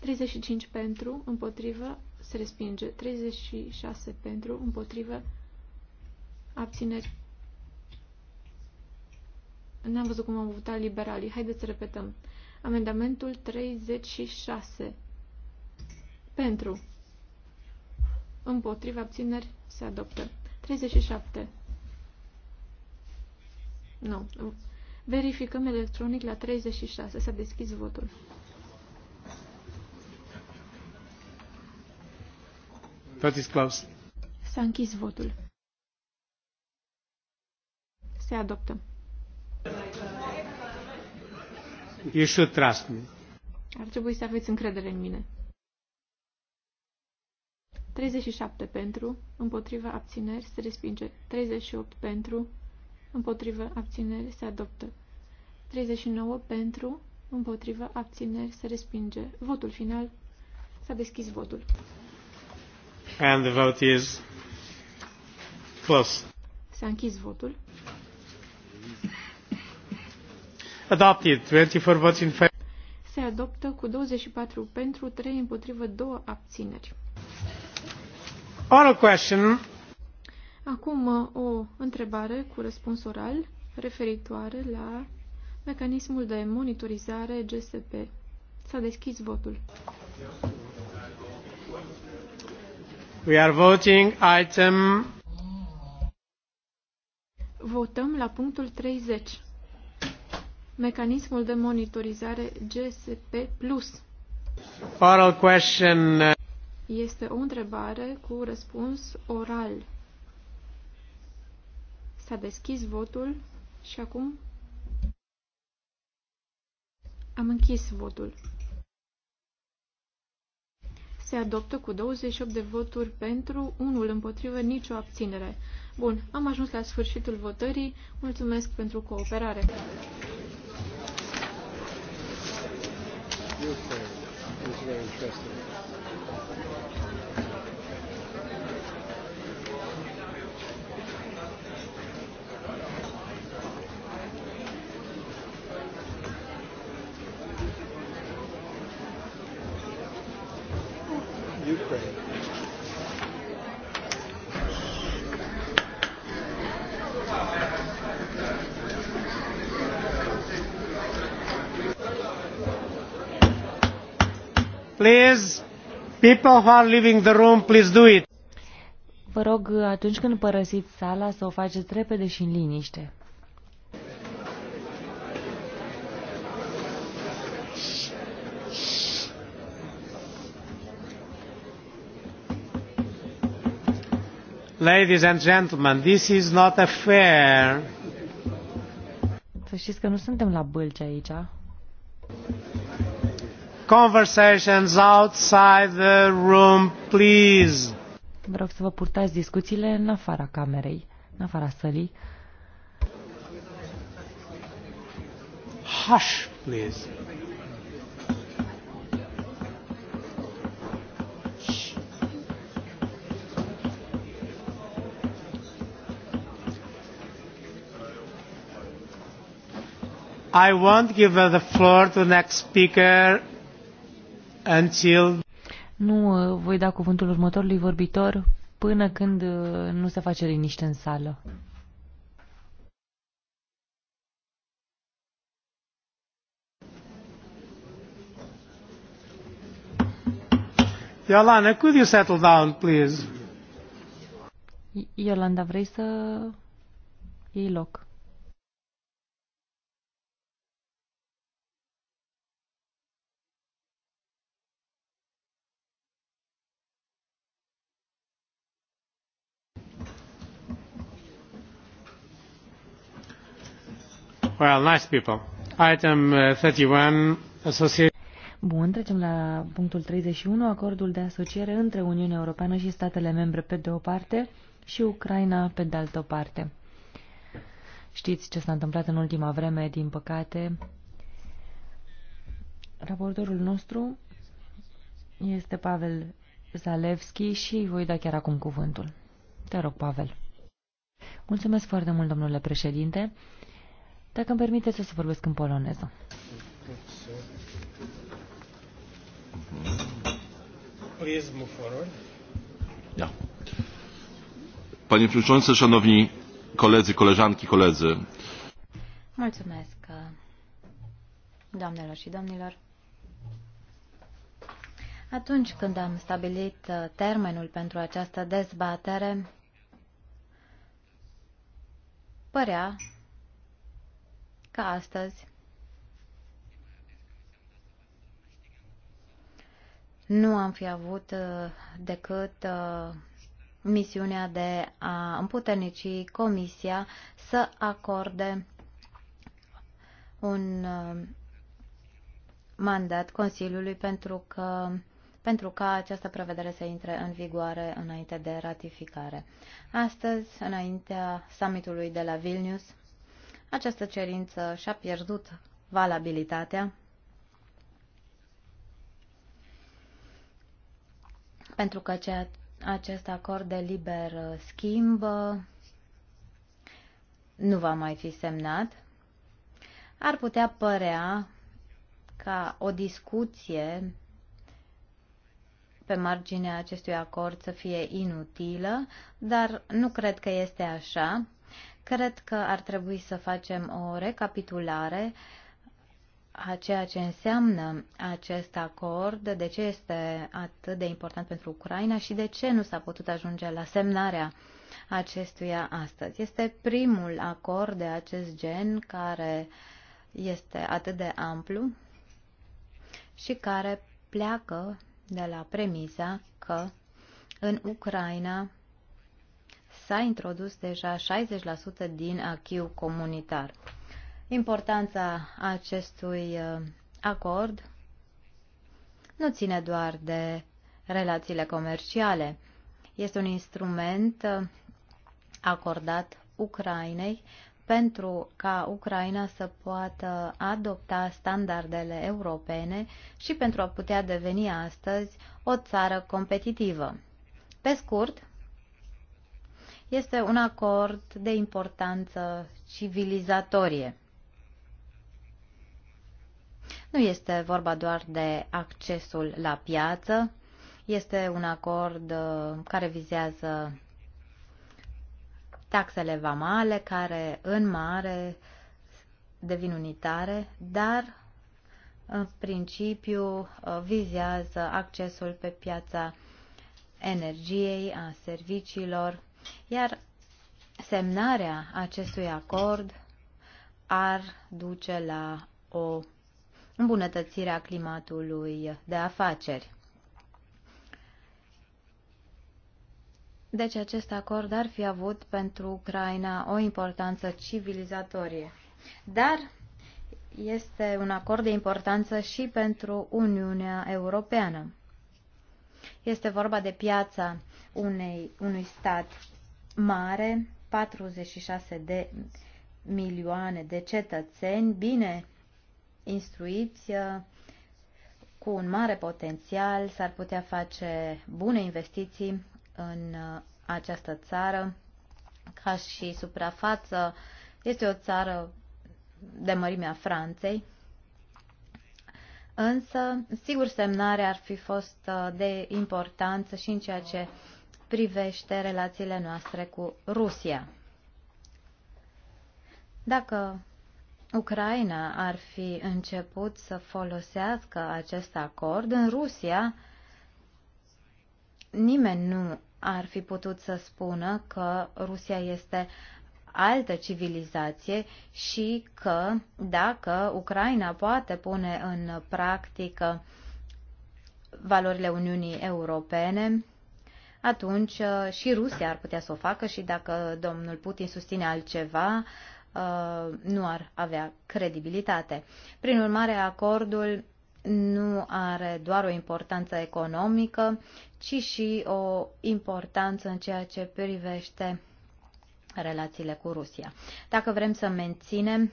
35 pentru, împotrivă, se respinge. 36 pentru, împotrivă, abțineri N-am văzut cum au votat liberalii. Haideți să repetăm. Amendamentul 36. Pentru. Împotriva abțineri se adoptă. 37. Nu. Verificăm electronic la 36. S-a deschis votul. That is S-a închis votul. Se adoptă.
You should trust me.
Ar trebui să aveți încredere în mine. 37 pentru, împotriva abțineri se respinge. 38 pentru, împotriva abțineri se adoptă. 39 pentru, împotriva abțineri se respinge. Votul final. S-a deschis votul.
And the vote is closed.
S-a închis votul.
Adopted. 24 votes in favor.
Se adoptă cu 24 pentru, 3 împotrivă, 2 abțineri.
Oral question.
Acum uh, o întrebare cu răspuns oral referitoare la mecanismul de monitorizare GSP. S-a deschis votul.
We are voting item.
Votăm la punctul 30 mecanismul de monitorizare GSP+.
Oral question. Uh,
este o întrebare cu răspuns oral. S-a deschis votul și acum am închis votul. Se adoptă cu 28 de voturi pentru, unul împotrivă, nicio abținere. Bun, am ajuns la sfârșitul votării. Mulțumesc pentru cooperare.
Ukraine is very interesting. Please, people who are leaving the room, please do it.
Vă rog, atunci când părăsiți sala, să o faceți repede și în liniște.
Ladies and gentlemen, this is not a fair. Să
știți că nu suntem la bălci aici
conversations
outside the room, please. Vă rog să vă purtați discuțiile în afara camerei, în afara sălii.
Hush, please. I won't give the floor to the next speaker until...
Nu uh, voi da cuvântul următorului vorbitor până când uh, nu se face liniște în sală.
Yolanda, could you settle down, please?
Yolanda, vrei să iei loc?
Uh,
Bun, trecem la punctul 31, acordul de asociere între Uniunea Europeană și statele membre pe de o parte și Ucraina pe de altă parte. Știți ce s-a întâmplat în ultima vreme, din păcate. Raportorul nostru este Pavel Zalewski și voi da chiar acum cuvântul. Te rog, Pavel. Mulțumesc foarte mult, domnule președinte. Dacă îmi permite să se vorbesc în poloneză.
Da. Panie Przewodniczący, Szanowni Koledzy, Koleżanki, Koledzy. Mulțumesc, doamnelor și domnilor. Atunci când am stabilit uh, termenul pentru această dezbatere, părea ca astăzi nu am fi avut uh, decât uh, misiunea de a împuternici Comisia să acorde un uh, mandat Consiliului pentru că pentru ca această prevedere să intre în vigoare înainte de ratificare. Astăzi, înaintea summitului de la Vilnius, această cerință și-a pierdut valabilitatea pentru că ceea, acest acord de liber schimb nu va mai fi semnat, ar putea părea ca o discuție pe marginea acestui acord să fie inutilă, dar nu cred că este așa, Cred că ar trebui să facem o recapitulare a ceea ce înseamnă acest acord, de ce este atât de important pentru Ucraina și de ce nu s-a putut ajunge la semnarea acestuia astăzi. Este primul acord de acest gen care este atât de amplu și care pleacă de la premisa că în Ucraina s-a introdus deja 60% din achiu comunitar. Importanța acestui uh, acord nu ține doar de relațiile comerciale. Este un instrument uh, acordat Ucrainei pentru ca Ucraina să poată adopta standardele europene și pentru a putea deveni astăzi o țară competitivă. Pe scurt, este un acord de importanță civilizatorie. Nu este vorba doar de accesul la piață, este un acord uh, care vizează taxele vamale, care în mare devin unitare, dar în principiu uh, vizează accesul pe piața energiei, a serviciilor iar semnarea acestui acord ar duce la o îmbunătățire a climatului de afaceri. Deci acest acord ar fi avut pentru Ucraina o importanță civilizatorie. Dar este un acord de importanță și pentru Uniunea Europeană. Este vorba de piața unei, unui stat mare, 46 de milioane de cetățeni bine instruiți, uh, cu un mare potențial, s-ar putea face bune investiții în uh, această țară, ca și suprafață. Este o țară de mărimea Franței, Însă, sigur, semnarea ar fi fost uh, de importanță și în ceea ce privește relațiile noastre cu Rusia. Dacă Ucraina ar fi început să folosească acest acord, în Rusia nimeni nu ar fi putut să spună că Rusia este altă civilizație și că dacă Ucraina poate pune în practică valorile Uniunii Europene, atunci uh, și Rusia ar putea să o facă și dacă domnul Putin susține altceva, uh, nu ar avea credibilitate. Prin urmare, acordul nu are doar o importanță economică, ci și o importanță în ceea ce privește relațiile cu Rusia. Dacă vrem să menținem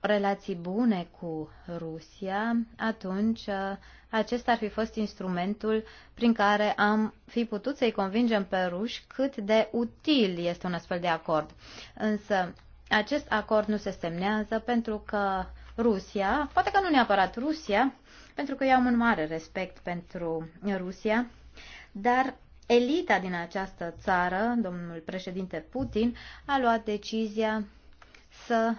relații bune cu Rusia, atunci uh, acesta ar fi fost instrumentul prin care am fi putut să-i convingem pe ruși cât de util este un astfel de acord. Însă acest acord nu se semnează pentru că Rusia, poate că nu neapărat Rusia, pentru că eu am un mare respect pentru Rusia, dar elita din această țară, domnul președinte Putin, a luat decizia să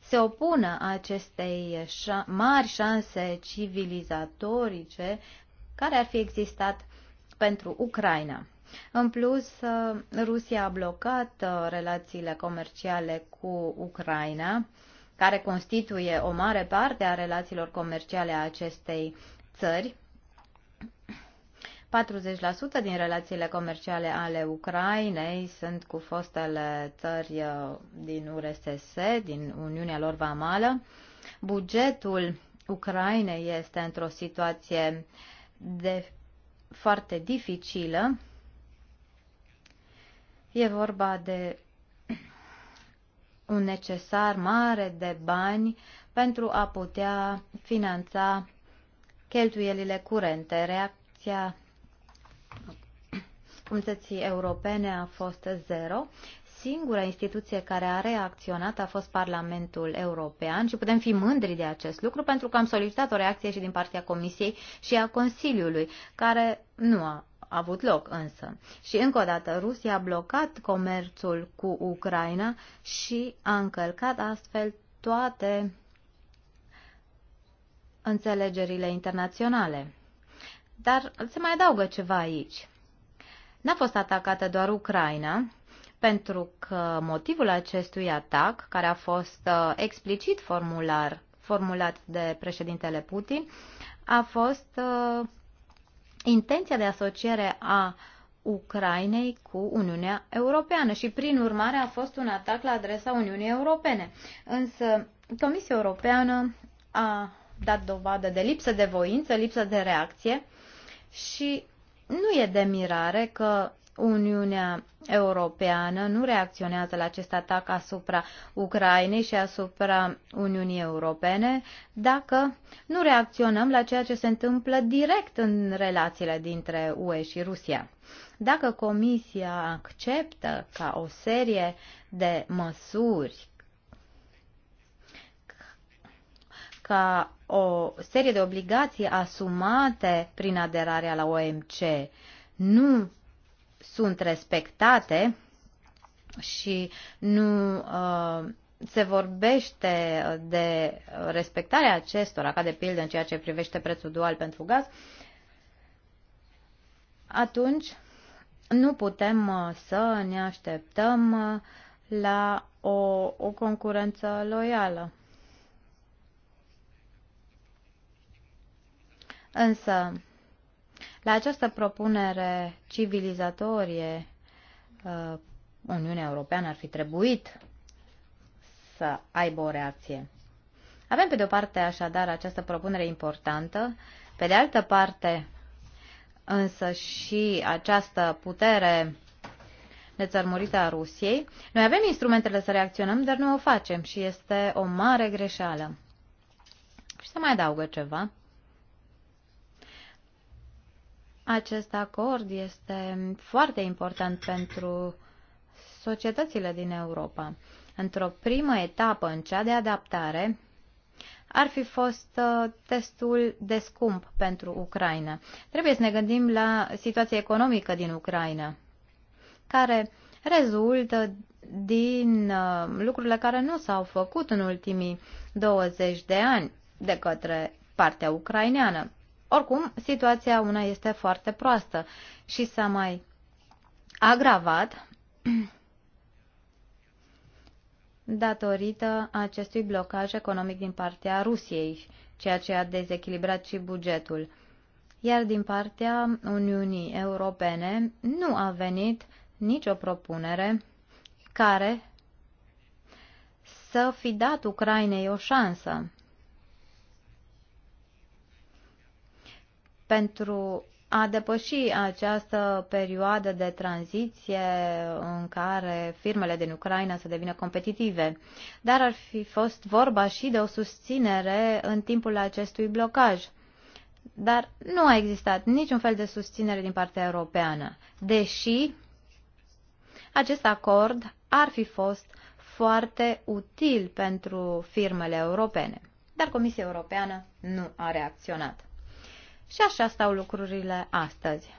se opună acestei mari șanse civilizatorice care ar fi existat pentru Ucraina. În plus, Rusia a blocat uh, relațiile comerciale cu Ucraina, care constituie o mare parte a relațiilor comerciale a acestei țări 40% din relațiile comerciale ale Ucrainei sunt cu fostele țări uh, din URSS, din Uniunea lor vamală. Bugetul Ucrainei este într-o situație de foarte dificilă. E vorba de un necesar mare de bani pentru a putea finanța cheltuielile curente. Reacția Unității Europene a fost zero. Singura instituție care a reacționat a fost Parlamentul European și putem fi mândri de acest lucru pentru că am solicitat o reacție și din partea Comisiei și a Consiliului, care nu a avut loc însă. Și încă o dată, Rusia a blocat comerțul cu Ucraina și a încălcat astfel toate înțelegerile internaționale. Dar se mai adaugă ceva aici. N-a fost atacată doar Ucraina, pentru că motivul acestui atac, care a fost uh, explicit formular, formulat de președintele Putin, a fost uh, intenția de asociere a Ucrainei cu Uniunea Europeană și, prin urmare, a fost un atac la adresa Uniunii Europene. Însă, Comisia Europeană a dat dovadă de lipsă de voință, lipsă de reacție și nu e de mirare că Uniunea Europeană nu reacționează la acest atac asupra Ucrainei și asupra Uniunii Europene dacă nu reacționăm la ceea ce se întâmplă direct în relațiile dintre UE și Rusia. Dacă Comisia acceptă ca o serie de măsuri ca o serie de obligații asumate prin aderarea la OMC nu sunt respectate și nu uh, se vorbește de respectarea acestora, ca de pildă în ceea ce privește prețul dual pentru gaz, atunci nu putem uh, să ne așteptăm uh, la o, o concurență loială. Însă, la această propunere civilizatorie, uh, Uniunea Europeană ar fi trebuit să aibă o reacție. Avem, pe de-o parte, așadar, această propunere importantă, pe de altă parte, însă și această putere nețărmurită a Rusiei. Noi avem instrumentele să reacționăm, dar nu o facem și este o mare greșeală. Și să mai adaugă ceva. Acest acord este foarte important pentru societățile din Europa. Într-o primă etapă, în cea de adaptare, ar fi fost destul uh, de scump pentru Ucraina. Trebuie să ne gândim la situația economică din Ucraina, care rezultă din uh, lucrurile care nu s-au făcut în ultimii 20 de ani de către partea ucraineană. Oricum, situația una este foarte proastă și s-a mai agravat <clears throat> datorită acestui blocaj economic din partea Rusiei, ceea ce a dezechilibrat și bugetul. Iar din partea Uniunii Europene nu a venit nicio propunere care să fi dat Ucrainei o șansă. pentru a depăși această perioadă de tranziție în care firmele din Ucraina să devină competitive. Dar ar fi fost vorba și de o susținere în timpul acestui blocaj. Dar nu a existat niciun fel de susținere din partea europeană, deși acest acord ar fi fost foarte util pentru firmele europene. Dar Comisia Europeană nu a reacționat. Și așa stau lucrurile astăzi.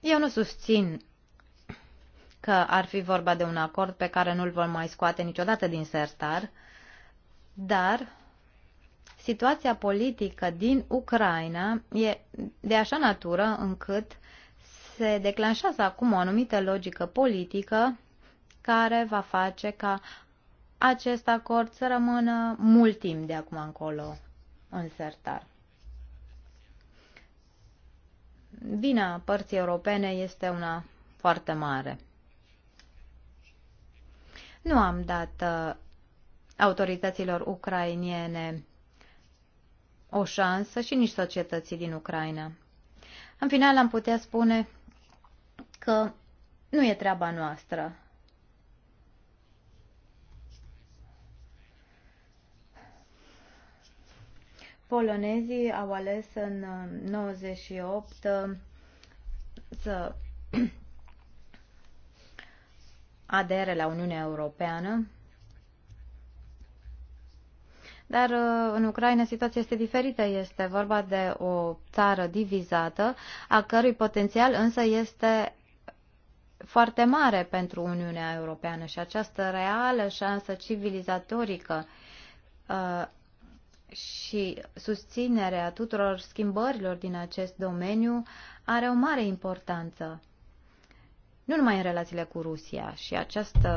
Eu nu susțin că ar fi vorba de un acord pe care nu-l vom mai scoate niciodată din sertar, dar situația politică din Ucraina e de așa natură încât se declanșează acum o anumită logică politică care va face ca acest acord să rămână mult timp de acum încolo în sertar. Vina părții europene este una foarte mare. Nu am dat uh, autorităților ucrainiene o șansă și nici societății din Ucraina. În final am putea spune că nu e treaba noastră Polonezii au ales în 98 uh, uh, să <clears throat> adere la Uniunea Europeană, dar uh, în Ucraina situația este diferită. Este vorba de o țară divizată, a cărui potențial însă este foarte mare pentru Uniunea Europeană și această reală șansă civilizatorică și susținerea tuturor schimbărilor din acest domeniu are o mare importanță. Nu numai în relațiile cu Rusia și această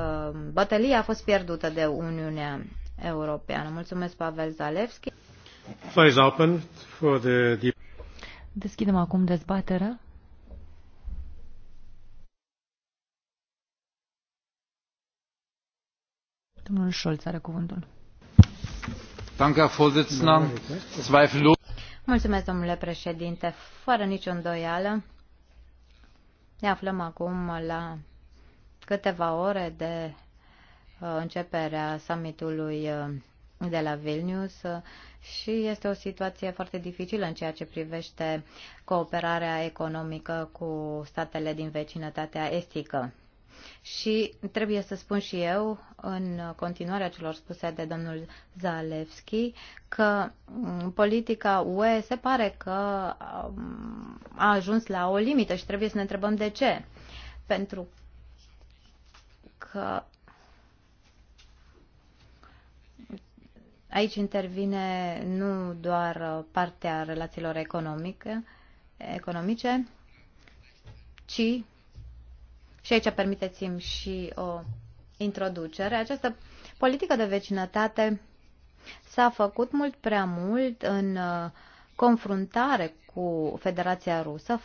bătălie a fost pierdută de Uniunea Europeană. Mulțumesc, Pavel Zalewski.
Deschidem acum dezbaterea. Domnul Scholz are cuvântul.
Mulțumesc, domnule președinte. Fără nicio îndoială, ne aflăm acum la câteva ore de uh, începerea summitului uh, de la Vilnius uh, și este o situație foarte dificilă în ceea ce privește cooperarea economică cu statele din vecinătatea estică. Și trebuie să spun și eu, în continuarea celor spuse de domnul Zalewski, că mm, politica UE se pare că mm, a ajuns la o limită și trebuie să ne întrebăm de ce. Pentru că aici intervine nu doar partea relațiilor economice, economice ci și aici permiteți-mi și o introducere. Această politică de vecinătate s-a făcut mult prea mult în uh, confruntare cu Federația Rusă,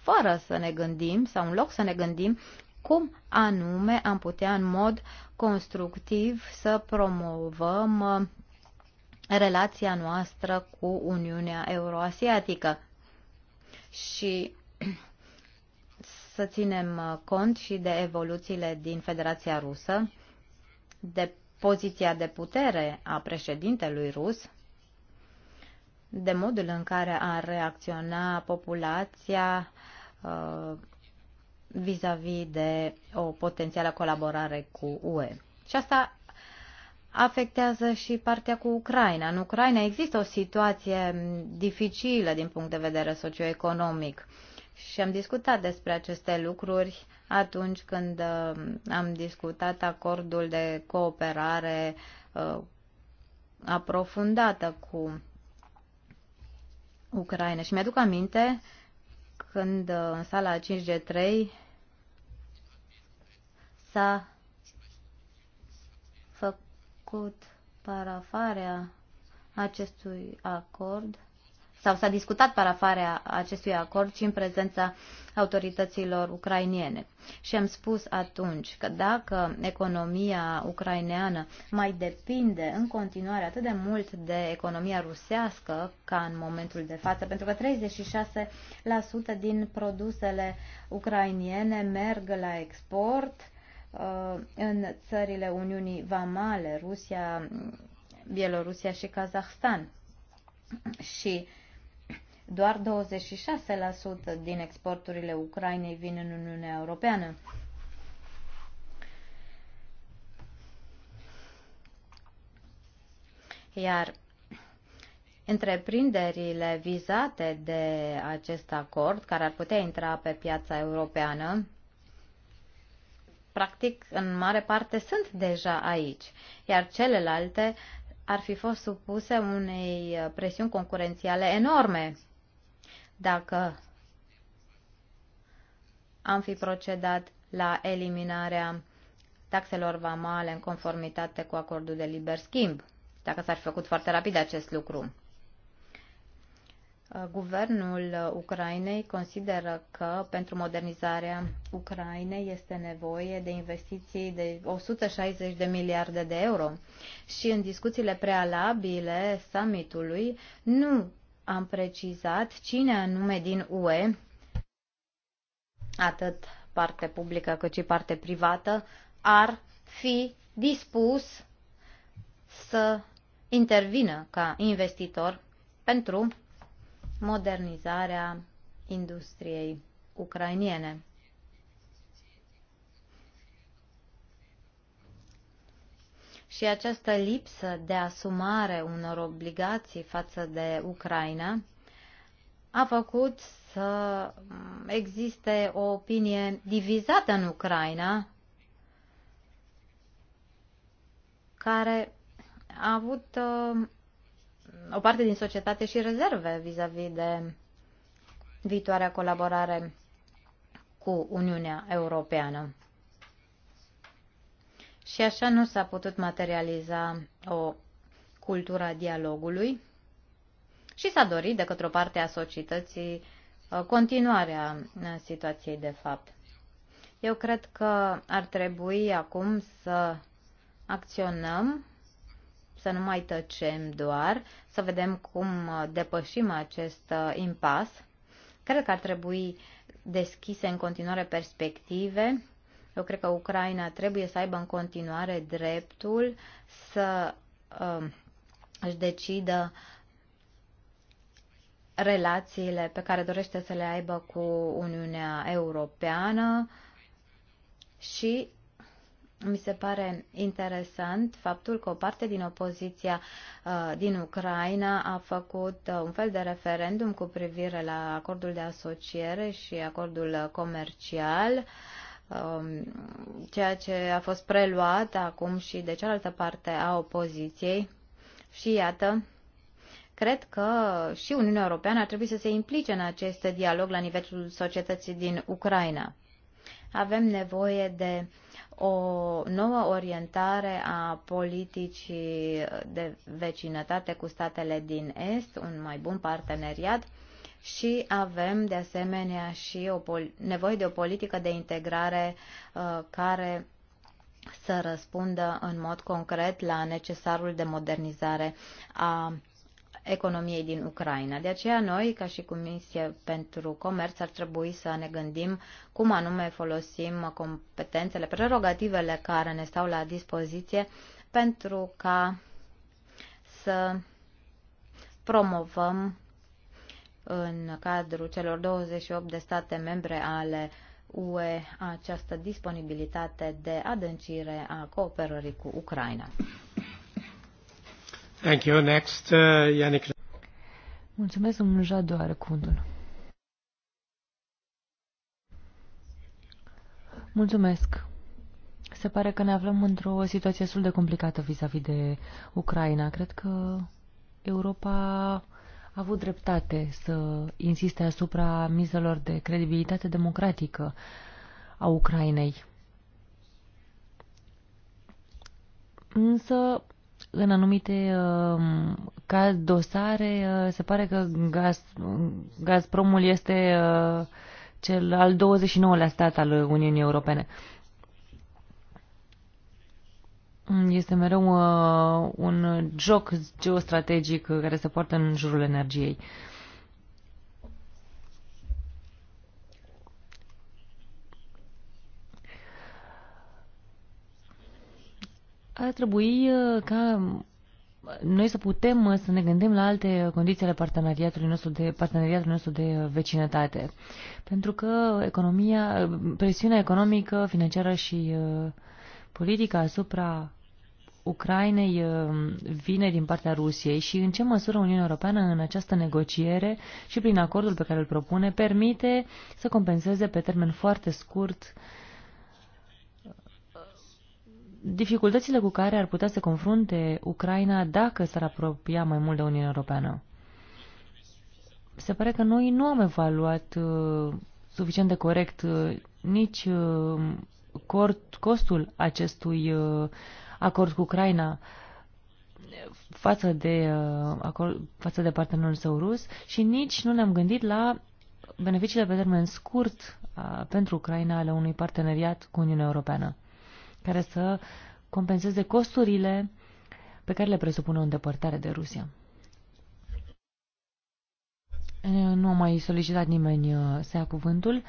fără să ne gândim sau în loc să ne gândim cum anume am putea în mod constructiv să promovăm uh, relația noastră cu Uniunea Euroasiatică. Și să ținem uh, cont și de evoluțiile din Federația Rusă, de poziția de putere a președintelui rus, de modul în care a reacționa populația uh, vis-a-vis -vis de o potențială colaborare cu UE. Și asta afectează și partea cu Ucraina. În Ucraina există o situație dificilă din punct de vedere socioeconomic. Uh, și am discutat despre aceste lucruri atunci când uh, am discutat acordul de cooperare uh, aprofundată cu Ucraina. Și mi-aduc aminte când uh, în sala 5G3 s-a făcut parafarea acestui acord sau s-a discutat parafarea acestui acord și în prezența autorităților ucrainiene. Și am spus atunci că dacă economia ucraineană mai depinde în continuare atât de mult de economia rusească ca în momentul de față, pentru că 36% din produsele ucrainiene merg la export uh, în țările Uniunii Vamale, Rusia, Bielorusia și Kazahstan. Și doar 26% din exporturile Ucrainei vin în Uniunea Europeană. Iar întreprinderile vizate de acest acord, care ar putea intra pe piața europeană, practic, în mare parte, sunt deja aici, iar celelalte ar fi fost supuse unei presiuni concurențiale enorme dacă am fi procedat la eliminarea taxelor vamale în conformitate cu acordul de liber schimb, dacă s-ar fi făcut foarte rapid acest lucru. Uh, guvernul Ucrainei consideră că pentru modernizarea Ucrainei este nevoie de investiții de 160 de miliarde de euro și în discuțiile prealabile summitului nu am precizat cine anume din UE, atât parte publică cât și parte privată, ar fi dispus să intervină ca investitor pentru modernizarea industriei ucrainiene. și această lipsă de asumare unor obligații față de Ucraina a făcut să existe o opinie divizată în Ucraina care a avut uh, o parte din societate și rezerve vis-a-vis -vis de viitoarea colaborare cu Uniunea Europeană. Și așa nu s-a putut materializa o cultură dialogului și s-a dorit de către o parte a societății uh, continuarea uh, situației de fapt. Eu cred că ar trebui acum să acționăm, să nu mai tăcem doar, să vedem cum uh, depășim acest impas. Cred că ar trebui deschise în continuare perspective eu cred că Ucraina trebuie să aibă în continuare dreptul să uh, își decidă relațiile pe care dorește să le aibă cu Uniunea Europeană și mi se pare interesant faptul că o parte din opoziția uh, din Ucraina a făcut uh, un fel de referendum cu privire la acordul de asociere și acordul comercial. Uh, Um, ceea ce a fost preluat acum și de cealaltă parte a opoziției. Și iată, cred că și Uniunea Europeană ar trebui să se implice în acest dialog la nivelul societății din Ucraina. Avem nevoie de o nouă orientare a politicii de vecinătate cu statele din Est, un mai bun parteneriat și avem de asemenea și o nevoie de o politică de integrare uh, care să răspundă în mod concret la necesarul de modernizare a economiei din Ucraina. De aceea noi, ca și Comisie pentru Comerț, ar trebui să ne gândim cum anume folosim competențele, prerogativele care ne stau la dispoziție pentru ca să promovăm în cadrul celor 28 de state membre ale UE această disponibilitate de adâncire a cooperării cu Ucraina.
Thank you. Next, uh, Yannick.
Mulțumesc, domnul Jadu Cundul. Mulțumesc. Se pare că ne aflăm într-o situație destul de complicată vis-a-vis -vis de Ucraina. Cred că Europa avut dreptate să insiste asupra mizelor de credibilitate democratică a Ucrainei. Însă, în anumite uh, caz dosare, uh, se pare că Gaz, Gazpromul este uh, cel al 29-lea stat al Uniunii Europene. Este mereu uh, un joc geostrategic care se poartă în jurul energiei. Ar trebui uh, ca noi să putem uh, să ne gândim la alte condiții ale parteneriatului nostru de, parteneriatului nostru de vecinătate. Pentru că economia, uh, presiunea economică, financiară și uh, politica asupra Ucrainei uh, vine din partea Rusiei și în ce măsură Uniunea Europeană în această negociere și prin acordul pe care îl propune permite să compenseze pe termen foarte scurt uh, dificultățile cu care ar putea să confrunte Ucraina dacă s-ar apropia mai mult de Uniunea Europeană. Se pare că noi nu am evaluat uh, suficient de corect uh, nici uh, costul acestui uh, acord cu Ucraina față de, uh, acord, față de partenerul său rus și nici nu ne-am gândit la beneficiile pe termen scurt a, uh, pentru Ucraina ale unui parteneriat cu Uniunea Europeană, care să compenseze costurile pe care le presupune o îndepărtare de Rusia. Uh, nu a mai solicitat nimeni să ia cuvântul.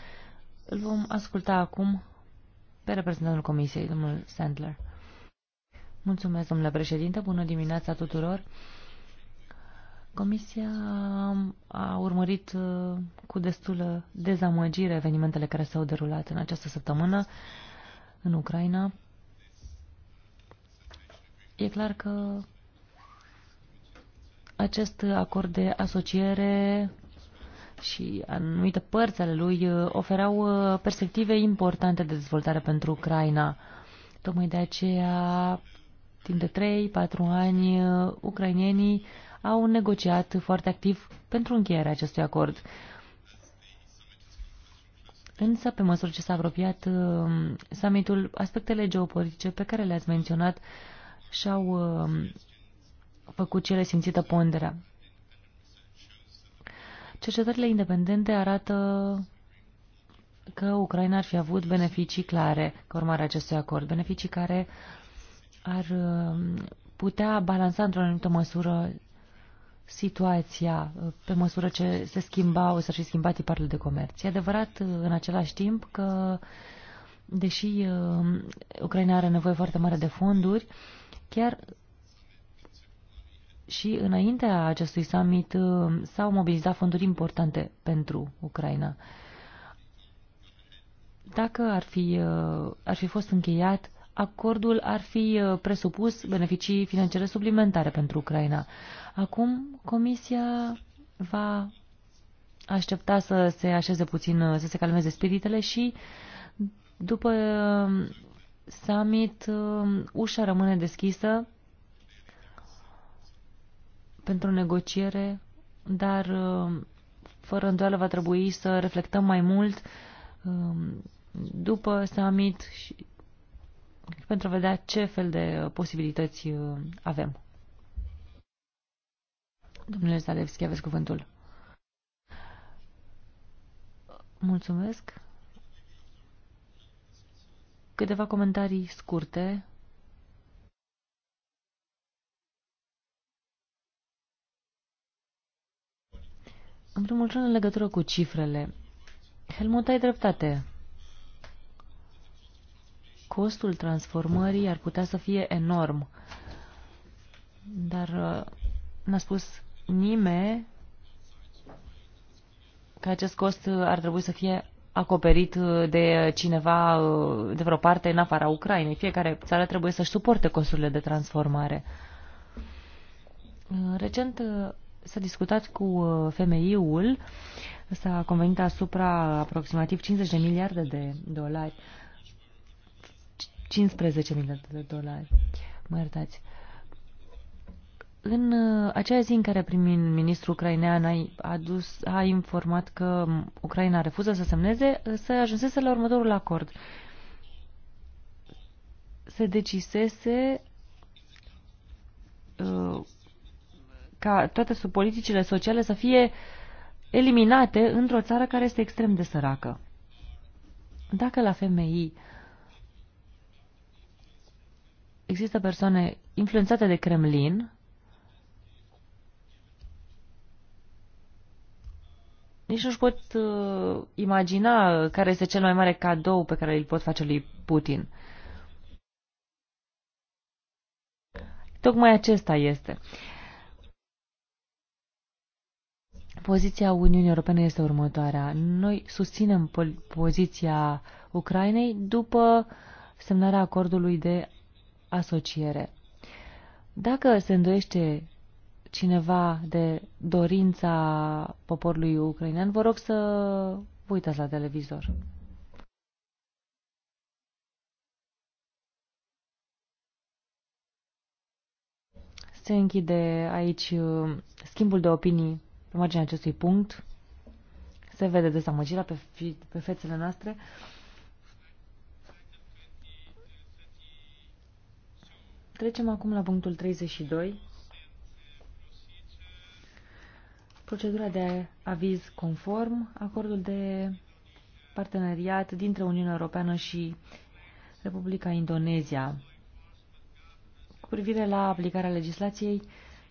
Îl vom asculta acum pe reprezentantul Comisiei, domnul Sandler. Mulțumesc, domnule președinte. Bună dimineața tuturor. Comisia a urmărit uh, cu destulă dezamăgire evenimentele care s-au derulat în această săptămână în Ucraina. E clar că acest acord de asociere și anumite părți ale lui uh, oferau uh, perspective importante de dezvoltare pentru Ucraina. Tocmai de aceea timp de 3-4 ani, uh, ucrainienii au negociat foarte activ pentru încheierea acestui acord. Însă, pe măsură ce s-a apropiat uh, summitul, aspectele geopolitice pe care le-ați menționat și-au uh, făcut cele simțită ponderea. Cercetările independente arată că Ucraina ar fi avut beneficii clare ca urmare acestui acord, beneficii care ar um, putea balansa într-o anumită măsură situația uh, pe măsură ce se schimbau, s-ar fi schimbat tiparele de comerț. E adevărat uh, în același timp că, deși um, Ucraina are nevoie foarte mare de fonduri, chiar și înaintea acestui summit uh, s-au mobilizat fonduri importante pentru Ucraina. Dacă ar fi, ar fi fost încheiat acordul ar fi uh, presupus beneficii financiare suplimentare pentru Ucraina. Acum Comisia va aștepta să se așeze puțin, uh, să se calmeze spiritele și după uh, summit ușa rămâne deschisă pentru negociere, dar fără îndoială va trebui să reflectăm mai mult după summit și pentru a vedea ce fel de uh, posibilități uh, avem. Domnule Zalevski, aveți cuvântul. Mulțumesc. Câteva comentarii scurte. În primul rând, în legătură cu cifrele, Helmut, ai dreptate costul transformării ar putea să fie enorm. Dar uh, n-a spus nimeni că acest cost uh, ar trebui să fie acoperit uh, de cineva, de vreo parte în afara Ucrainei. Fiecare țară trebuie să-și suporte costurile de transformare. Recent s-a discutat cu FMI-ul, s-a convenit asupra aproximativ 50 de miliarde de dolari 15 miliarde de dolari. Mă iertați. În uh, acea zi în care prim-ministrul ucrainean a, adus, a informat că Ucraina refuză să semneze, uh, să ajunsese la următorul acord. Se decisese uh, ca toate subpoliticile sociale să fie eliminate într-o țară care este extrem de săracă. Dacă la femei. uh, există persoane influențate de Kremlin, nici nu-și pot uh, imagina care este cel mai mare cadou pe care îl pot face lui Putin. Tocmai acesta este. Poziția Uniunii Europene este următoarea. Noi susținem poziția Ucrainei după semnarea acordului de asociere. Dacă se îndoiește cineva de dorința poporului ucrainean, vă rog să vă uitați la televizor. Se închide aici uh, schimbul de opinii pe marginea acestui punct. Se vede dezamăgirea pe, pe fețele noastre. Trecem acum la punctul 32. Procedura de aviz conform, acordul de parteneriat dintre Uniunea Europeană și Republica Indonezia cu privire la aplicarea legislației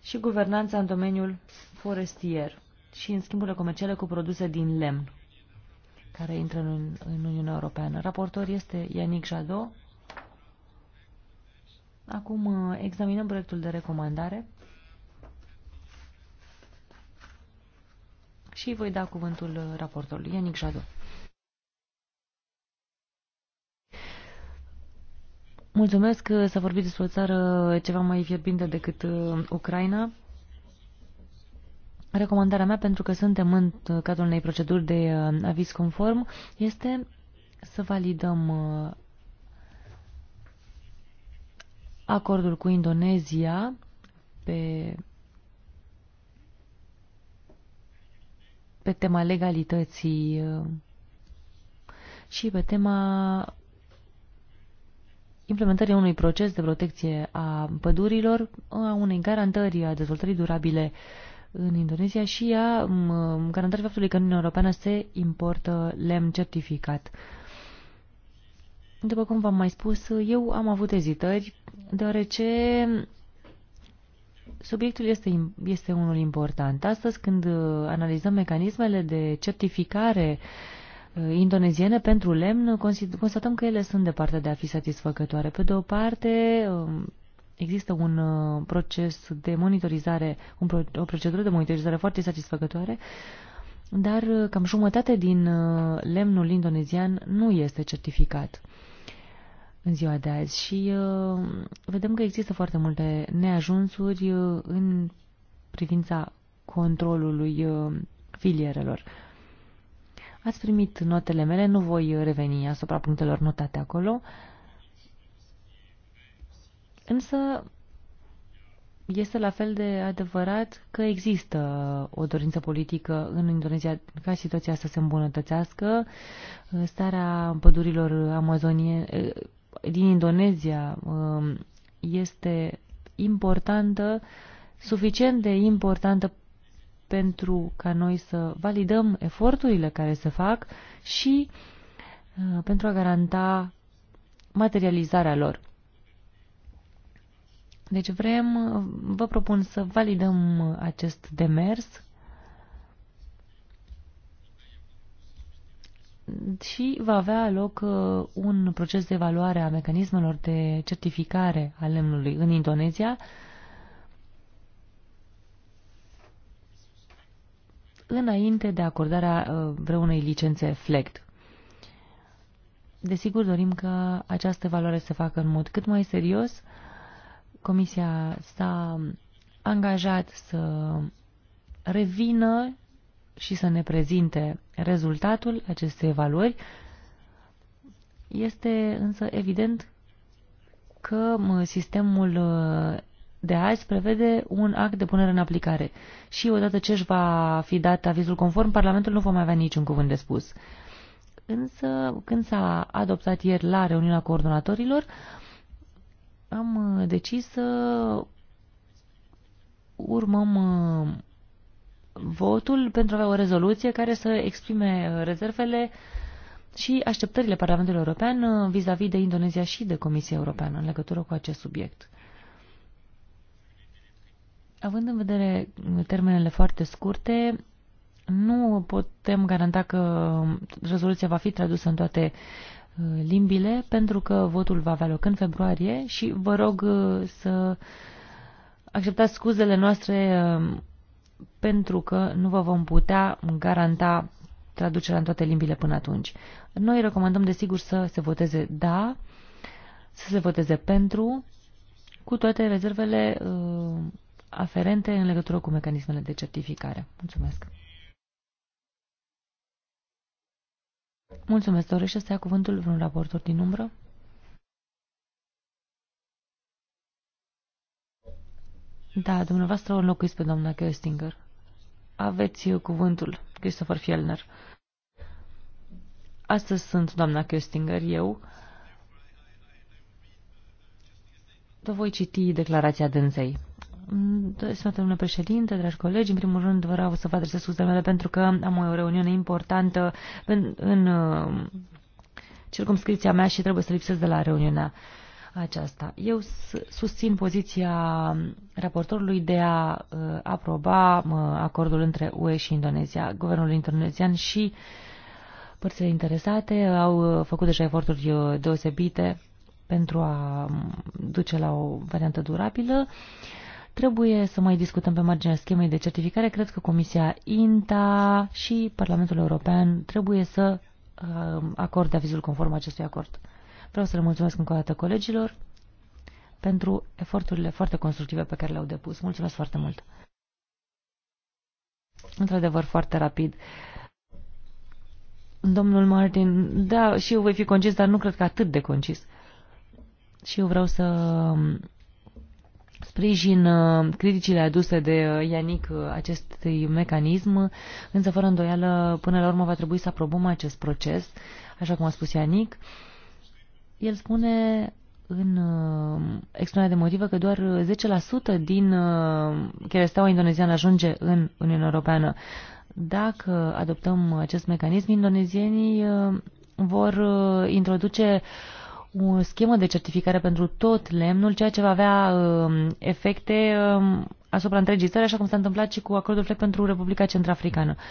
și guvernanța în domeniul forestier și în schimburile comerciale cu produse din lemn care intră în, în Uniunea Europeană. Raportor este Yannick Jadot. Acum uh, examinăm proiectul de recomandare și voi da cuvântul uh, raportorului. Ianic Jadot. Mulțumesc că uh, s-a vorbit despre o țară ceva mai fierbinte decât Ucraina. Recomandarea mea, pentru că suntem în cadrul unei proceduri de aviz conform, este să validăm acordul cu Indonezia pe, pe tema legalității uh, și pe tema implementării unui proces de protecție a pădurilor, a unei garantări a dezvoltării durabile în Indonezia și a um, garantării faptului că în Uniunea Europeană se importă lemn certificat. După cum v-am mai spus, eu am avut ezitări, deoarece subiectul este, este unul important. Astăzi, când uh, analizăm mecanismele de certificare uh, indoneziene pentru lemn, constatăm că ele sunt departe de a fi satisfăcătoare. Pe de o parte, um, există un uh, proces de monitorizare, un, o procedură de monitorizare foarte satisfăcătoare, dar cam jumătate din lemnul indonezian nu este certificat în ziua de azi și uh, vedem că există foarte multe neajunsuri uh, în privința controlului uh, filierelor. Ați primit notele mele, nu voi reveni asupra punctelor notate acolo, însă este la fel de adevărat că există o dorință politică în Indonezia ca situația să se îmbunătățească. Starea pădurilor amazonie, din Indonezia um, este importantă, suficient de importantă pentru ca noi să validăm eforturile care se fac și uh, pentru a garanta materializarea lor. Deci vrem, vă propun să validăm acest demers și va avea loc uh, un proces de evaluare a mecanismelor de certificare a lemnului în Indonezia. înainte de acordarea uh, vreunei licențe FLECT. Desigur, dorim ca această valoare să facă în mod cât mai serios. Comisia s-a angajat să revină și să ne prezinte Rezultatul acestei evaluări este însă evident că sistemul uh, de azi prevede un act de punere în aplicare și odată ce își va fi dat avizul conform, Parlamentul nu va mai avea niciun cuvânt de spus. Însă, când s-a adoptat ieri la reuniunea coordonatorilor, am uh, decis să urmăm uh, votul pentru a avea o rezoluție care să exprime uh, rezervele și așteptările Parlamentului European uh, vis-a-vis -vis de Indonezia și de Comisia Europeană în legătură cu acest subiect. Având în vedere termenele foarte scurte, nu putem garanta că rezoluția va fi tradusă în toate uh, limbile, pentru că votul va avea loc în februarie și vă rog să acceptați scuzele noastre pentru că nu vă vom putea garanta traducerea în toate limbile până atunci. Noi recomandăm, desigur, să se voteze da, să se voteze pentru, cu toate rezervele uh, aferente în legătură cu mecanismele de certificare. Mulțumesc! Mulțumesc, dorește să ia cuvântul vreun raportor din umbră? Da, dumneavoastră o înlocuiți pe doamna Köstinger. Aveți cuvântul, Christopher Fielner. Astăzi sunt doamna Köstinger, eu. Vă voi citi declarația dânsei. Stimate domnule președinte, dragi colegi, în primul rând vreau să vă adresez scuzele mele pentru că am o reuniune importantă în, în uh, circumscripția mea și trebuie să lipsesc de la reuniunea aceasta. Eu susțin poziția raportorului de a uh, aproba acordul între UE și Indonezia. Guvernul indonezian și părțile interesate au făcut deja eforturi uh, deosebite pentru a duce la o variantă durabilă. Trebuie să mai discutăm pe marginea schemei de certificare. Cred că Comisia INTA și Parlamentul European trebuie să uh, acorde avizul conform acestui acord. Vreau să le mulțumesc încă o dată colegilor pentru eforturile foarte constructive pe care le-au depus. Mulțumesc foarte mult! Într-adevăr, foarte rapid. Domnul Martin, da, și eu voi fi concis, dar nu cred că atât de concis. Și eu vreau să sprijin uh, criticile aduse de uh, Ianic uh, acestui mecanism, însă fără îndoială, până la urmă va trebui să aprobăm acest proces, așa cum a spus Ianic. El spune în uh, expunerea de motivă că doar 10% uh, din uh, cheresteaua indoneziană ajunge în Uniunea Europeană. Dacă adoptăm acest mecanism, indonezienii uh, vor uh, introduce o schemă de certificare pentru tot lemnul, ceea ce va avea uh, efecte uh, asupra întregii țări, așa cum s-a întâmplat și cu acordul FLEC pentru Republica Centrafricană. Uh,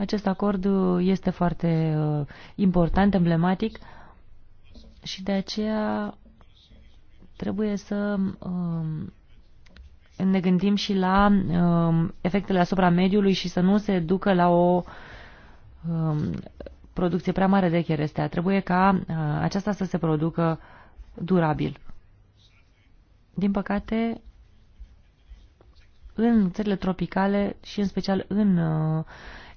Acest acord uh, este foarte uh, important, emblematic și de aceea trebuie să um, ne gândim și la um, efectele asupra mediului și să nu se ducă la o um, producție prea mare de cherestea. Trebuie ca uh, aceasta să se producă durabil. Din păcate, în țările tropicale și în special în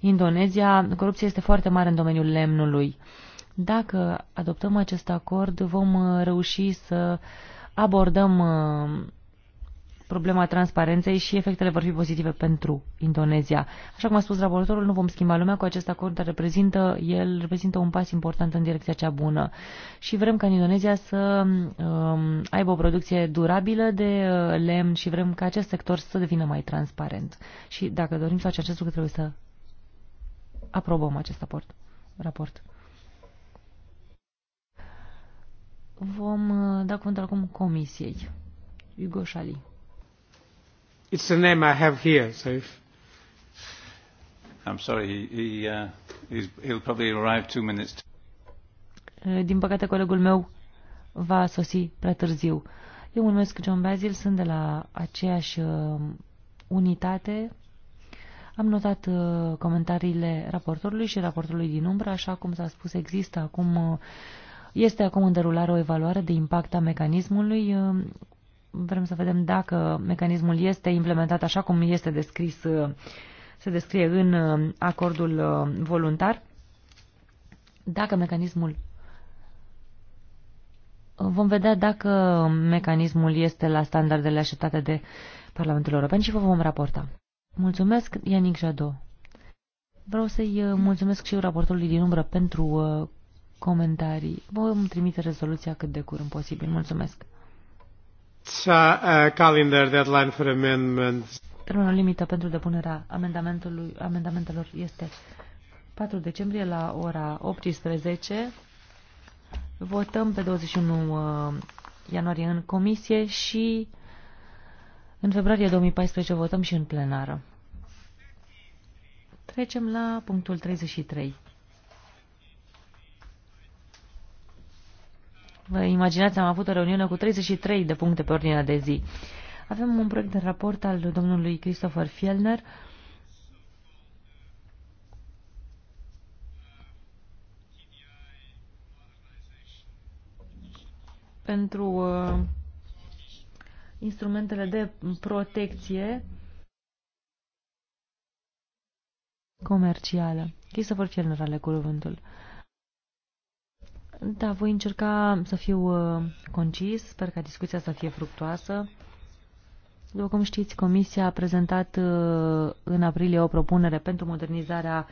Indonezia, corupția este foarte mare în domeniul lemnului. Dacă adoptăm acest acord, vom uh, reuși să abordăm uh, problema transparenței și efectele vor fi pozitive pentru Indonezia. Așa cum a spus raportorul, nu vom schimba lumea cu acest acord, dar reprezintă, el reprezintă un pas important în direcția cea bună. Și vrem ca în Indonezia să um, aibă o producție durabilă de uh, lemn și vrem ca acest sector să devină mai transparent. Și dacă dorim să facem acest lucru, trebuie să aprobăm acest raport. raport. Vom uh, da cuvântul acum comisiei. Hugo Shali.
It's the name I have here, so if... I'm sorry, he, he, uh, he's, he'll probably arrive two minutes.
To... Uh, din păcate, colegul meu va sosi prea târziu. Eu numesc John Basil, sunt de la aceeași uh, unitate am notat uh, comentariile raportorului și raportorului din umbră. Așa cum s-a spus, există acum, uh, este acum în derulare o evaluare de impact a mecanismului. Uh, vrem să vedem dacă mecanismul este implementat așa cum este descris, se descrie în acordul voluntar. Dacă mecanismul Vom vedea dacă mecanismul este la standardele așteptate de Parlamentul European și vă vom raporta. Mulțumesc, Ianic Jadot. Vreau să-i uh, mulțumesc și eu raportorului din umbră pentru uh, comentarii. îmi trimite rezoluția cât de curând posibil. Mulțumesc.
Uh, calendar deadline for amendments.
Termenul limită pentru depunerea amendamentului, amendamentelor este 4 decembrie la ora 18. Votăm pe 21 ianuarie în comisie și în februarie 2014 votăm și în plenară. Trecem la punctul 33. Vă imaginați, am avut o reuniune cu 33 de puncte pe ordinea de zi. Avem un proiect de raport al domnului Christopher Fielner. Pentru uh, instrumentele de protecție comercială. să vor fi ale cuvântul. Da, voi încerca să fiu uh, concis, sper ca discuția să fie fructuoasă. După cum știți, Comisia a prezentat uh, în aprilie o propunere pentru modernizarea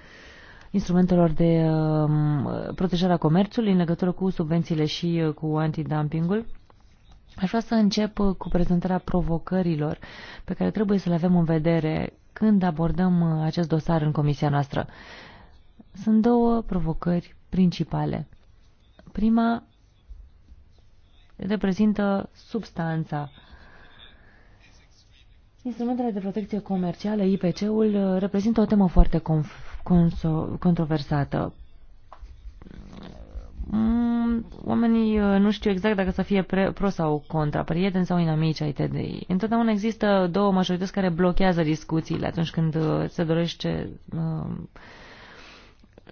instrumentelor de uh, protejare a comerțului în legătură cu subvențiile și cu antidumpingul. Aș vrea să încep uh, cu prezentarea provocărilor pe care trebuie să le avem în vedere când abordăm uh, acest dosar în comisia noastră. Sunt două provocări principale. Prima reprezintă substanța. Instrumentele de protecție comercială, IPC-ul, uh, reprezintă o temă foarte controversată. Mm, oamenii uh, nu știu exact dacă să fie pre, pro sau contra, prieteni sau inamici ai TDI. Întotdeauna există două majorități care blochează discuțiile atunci când uh, se dorește uh,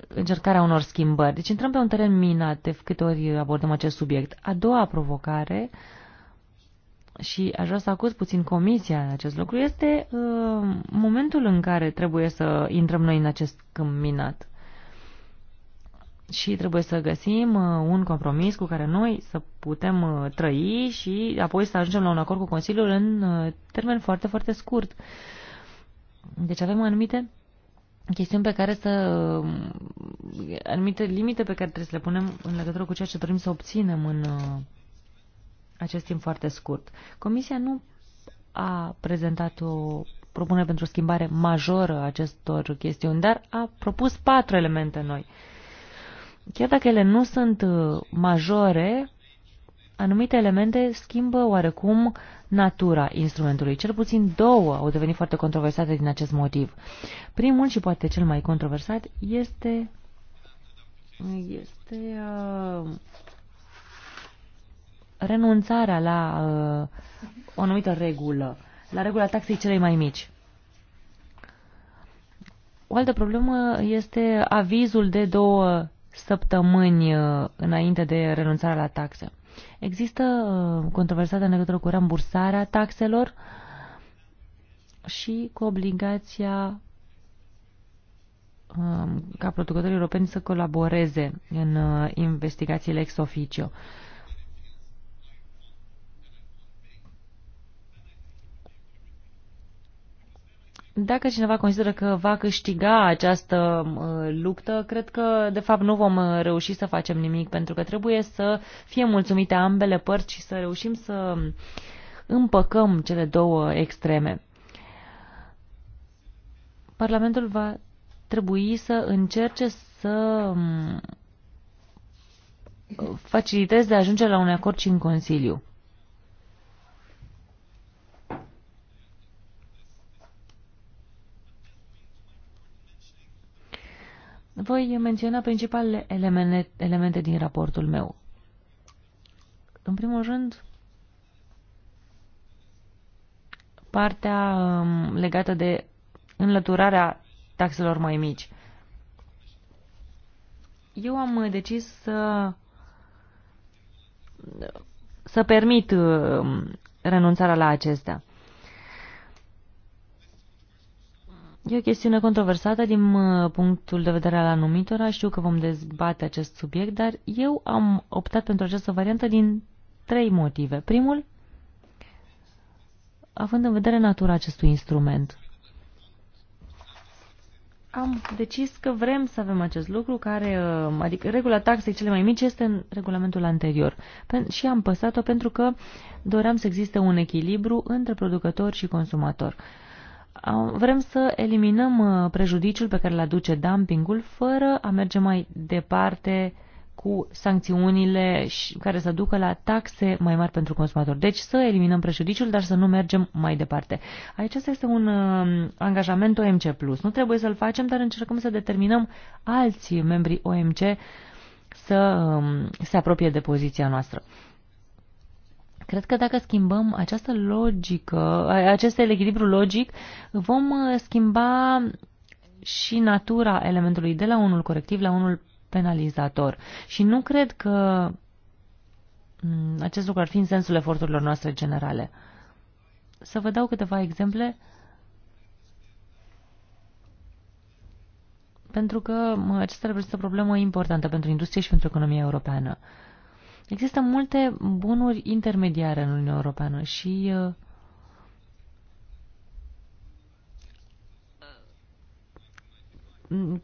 încercarea unor schimbări. Deci intrăm pe un teren minat de câte ori abordăm acest subiect. A doua provocare și aș vrea să acuz puțin comisia în acest lucru, este uh, momentul în care trebuie să intrăm noi în acest câmp minat și trebuie să găsim uh, un compromis cu care noi să putem uh, trăi și apoi să ajungem la un acord cu Consiliul în uh, termen foarte, foarte scurt. Deci avem anumite chestiuni pe care să anumite limite pe care trebuie să le punem în legătură cu ceea ce dorim să obținem în acest timp foarte scurt. Comisia nu a prezentat o propunere pentru o schimbare majoră acestor chestiuni, dar a propus patru elemente noi. Chiar dacă ele nu sunt uh, majore, anumite elemente schimbă oarecum natura instrumentului. Cel puțin două au devenit foarte controversate din acest motiv. Primul și poate cel mai controversat este este uh, renunțarea la uh, o anumită regulă, la regula taxei celei mai mici. O altă problemă este avizul de două săptămâni uh, înainte de renunțarea la taxe. Există uh, controversată în legătură cu rambursarea taxelor și cu obligația um, ca producătorii europeni să colaboreze în uh, investigațiile ex officio. Dacă cineva consideră că va câștiga această luptă, cred că de fapt nu vom uh, reuși să facem nimic, pentru că trebuie să fie mulțumite ambele părți și să reușim să împăcăm cele două extreme. Parlamentul va trebui să încerce să faciliteze de la un acord și în Consiliu. Voi menționa principalele elemente, elemente din raportul meu. În primul rând, partea um, legată de înlăturarea taxelor mai mici. Eu am decis să, să permit um, renunțarea la acestea. E o chestiune controversată din uh, punctul de vedere al anumitora. Știu că vom dezbate acest subiect, dar eu am optat pentru această variantă din trei motive. Primul, având în vedere natura acestui instrument. Am decis că vrem să avem acest lucru, care, uh, adică regula taxei cele mai mici este în regulamentul anterior. Și am păsat-o pentru că doream să existe un echilibru între producător și consumator. Uh, Vrem să eliminăm uh, prejudiciul pe care îl aduce dumpingul fără a merge mai departe cu sancțiunile care să ducă la taxe mai mari pentru consumator. Deci să eliminăm prejudiciul, dar să nu mergem mai departe. asta este un uh, angajament OMC+. Nu trebuie să-l facem, dar încercăm să determinăm alții membri OMC să uh, se apropie de poziția noastră. Cred că dacă schimbăm această logică, acest echilibru logic, vom uh, schimba și natura elementului de la unul corectiv la unul penalizator. Și nu cred că mm, acest lucru ar fi în sensul eforturilor noastre generale. Să vă dau câteva exemple pentru că acesta reprezintă o problemă importantă pentru industrie și pentru economia europeană. Uh, Există multe bunuri intermediare în Uniunea Europeană și uh,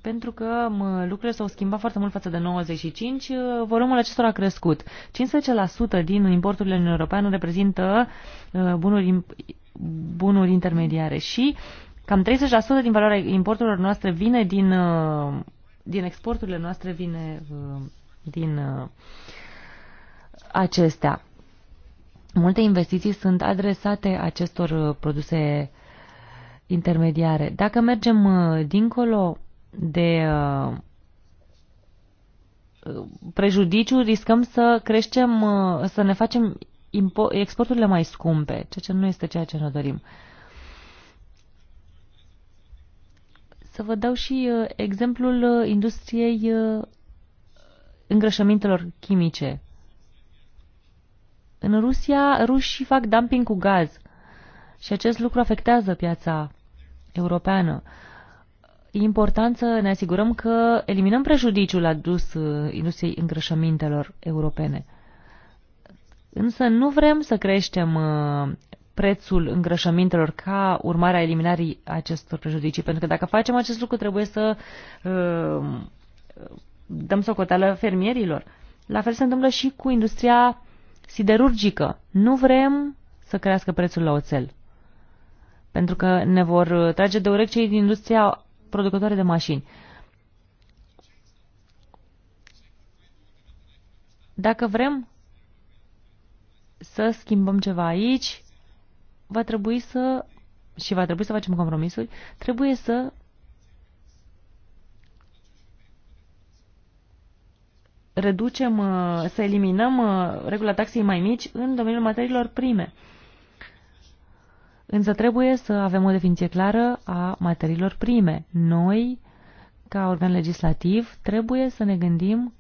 pentru că lucrurile s-au schimbat foarte mult față de 95, uh, volumul acestora a crescut. 15% din importurile în Europeană reprezintă uh, bunuri, bunuri intermediare și cam 30% din valoarea importurilor noastre vine din, din exporturile noastre vine din acestea. Multe investiții sunt adresate acestor uh, produse intermediare. Dacă mergem uh, dincolo de uh, prejudiciu, riscăm să creștem, să ne facem exporturile mai scumpe, ceea ce nu este ceea ce ne dorim. Să vă dau și exemplul industriei îngrășămintelor chimice. În Rusia, rușii fac dumping cu gaz și acest lucru afectează piața europeană. E important să ne asigurăm că eliminăm prejudiciul adus uh, industriei îngrășămintelor europene. Însă nu vrem să creștem uh, prețul îngrășămintelor ca urmare a eliminării acestor prejudicii, pentru că dacă facem acest lucru trebuie să uh, dăm socoteală fermierilor. La fel se întâmplă și cu industria siderurgică. Nu vrem să crească prețul la oțel, pentru că ne vor trage de urechi cei din industria producătoare de mașini. Dacă vrem să schimbăm ceva aici, va trebui să și va trebui să facem compromisuri, trebuie să reducem, uh, să eliminăm uh, regula taxei mai mici în domeniul materiilor prime. Însă trebuie să avem o definiție clară a materiilor prime. Noi, ca organ legislativ, trebuie să ne gândim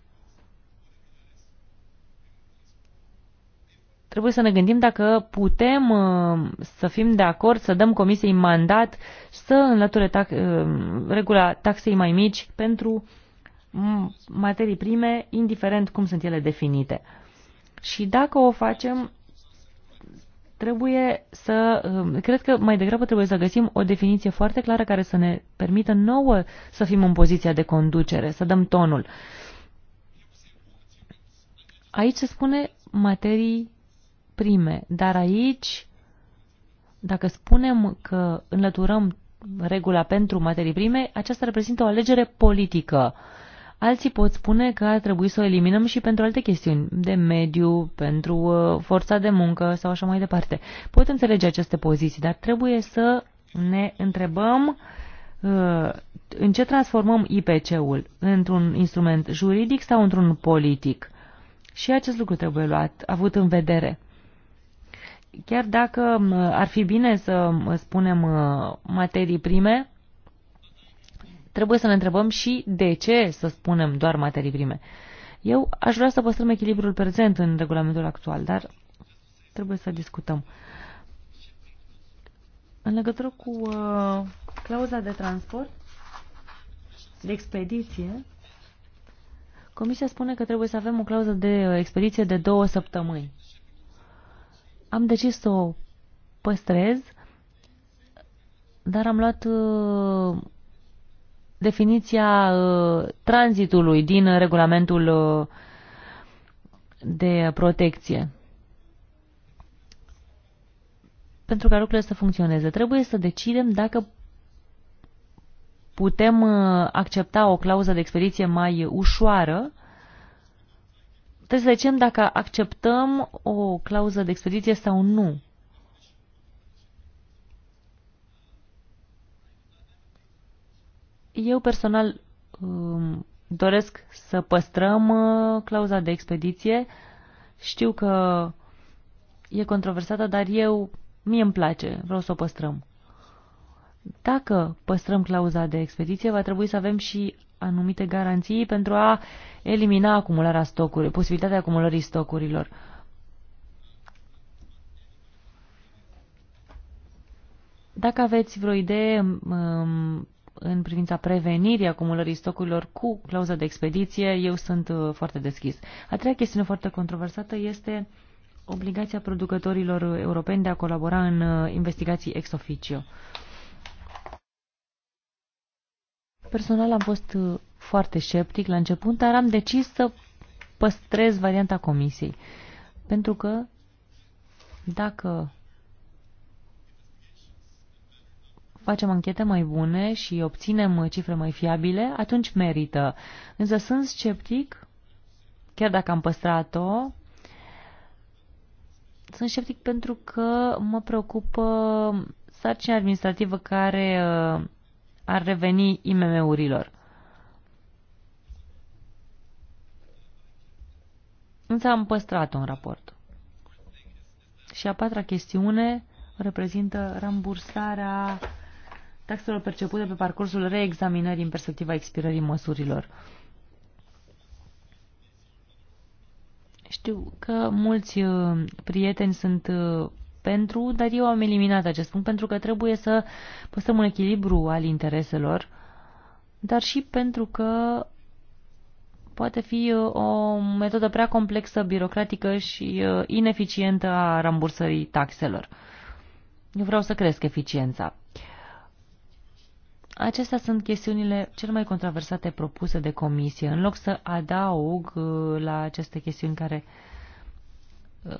trebuie să ne gândim dacă putem uh, să fim de acord, să dăm comisiei mandat să înlăture tax, regula taxei mai mici pentru materii prime, indiferent cum sunt ele definite. Și dacă o facem, trebuie să, um, cred că mai degrabă trebuie să găsim o definiție foarte clară care să ne permită nouă să fim în poziția de conducere, să dăm tonul. Aici se spune materii prime, dar aici, dacă spunem că înlăturăm regula pentru materii prime, aceasta reprezintă o alegere politică. Uh, Alții pot spune că ar trebui să o eliminăm și pentru alte chestiuni, de mediu, pentru uh, forța de muncă sau așa mai departe. Pot înțelege aceste poziții, dar trebuie să ne întrebăm uh, în ce transformăm IPC-ul? Într-un instrument juridic sau într-un politic? Și acest lucru trebuie luat, avut în vedere. Chiar dacă uh, ar fi bine să spunem materii prime, trebuie să ne întrebăm și de ce să spunem doar materii prime. Eu aș vrea să păstrăm echilibrul prezent în regulamentul actual, dar trebuie să discutăm. În legătură cu uh, clauza de transport, de expediție, Comisia spune că trebuie să avem o clauză de expediție de două săptămâni. Am decis să o păstrez, dar am luat uh, definiția uh, tranzitului din regulamentul uh, de protecție. Pentru ca lucrurile să funcționeze, trebuie să decidem dacă putem uh, accepta o clauză de expediție mai ușoară. Trebuie să decidem dacă acceptăm o clauză de expediție sau nu. Eu personal um, doresc să păstrăm uh, clauza de expediție. Știu că e controversată, dar eu, mie îmi place, vreau să o păstrăm. Dacă păstrăm clauza de expediție, va trebui să avem și anumite garanții pentru a elimina acumularea stocurilor, posibilitatea acumulării stocurilor. Dacă aveți vreo idee um, în privința prevenirii acumulării stocurilor cu clauza de expediție, eu sunt uh, foarte deschis. A treia chestiune foarte controversată este obligația producătorilor europeni de a colabora în uh, investigații ex officio. Personal am fost uh, foarte sceptic la început, dar am decis să păstrez varianta comisiei. Pentru că dacă facem anchete mai bune și obținem cifre mai fiabile, atunci merită. Însă sunt sceptic, chiar dacă am păstrat-o, sunt sceptic pentru că mă preocupă sarcina administrativă care uh, ar reveni IMM-urilor. Însă am păstrat un raport. Și a patra chestiune reprezintă rambursarea taxelor percepute pe parcursul reexaminării în perspectiva expirării măsurilor. Știu că mulți uh, prieteni sunt uh, pentru, dar eu am eliminat acest punct pentru că trebuie să păstrăm un echilibru al intereselor, dar și pentru că poate fi uh, o metodă prea complexă, birocratică și ineficientă a rambursării taxelor. Eu vreau să cresc eficiența. Uh, Acestea sunt chestiunile cel mai controversate propuse de comisie. În loc să adaug uh, la aceste chestiuni care uh,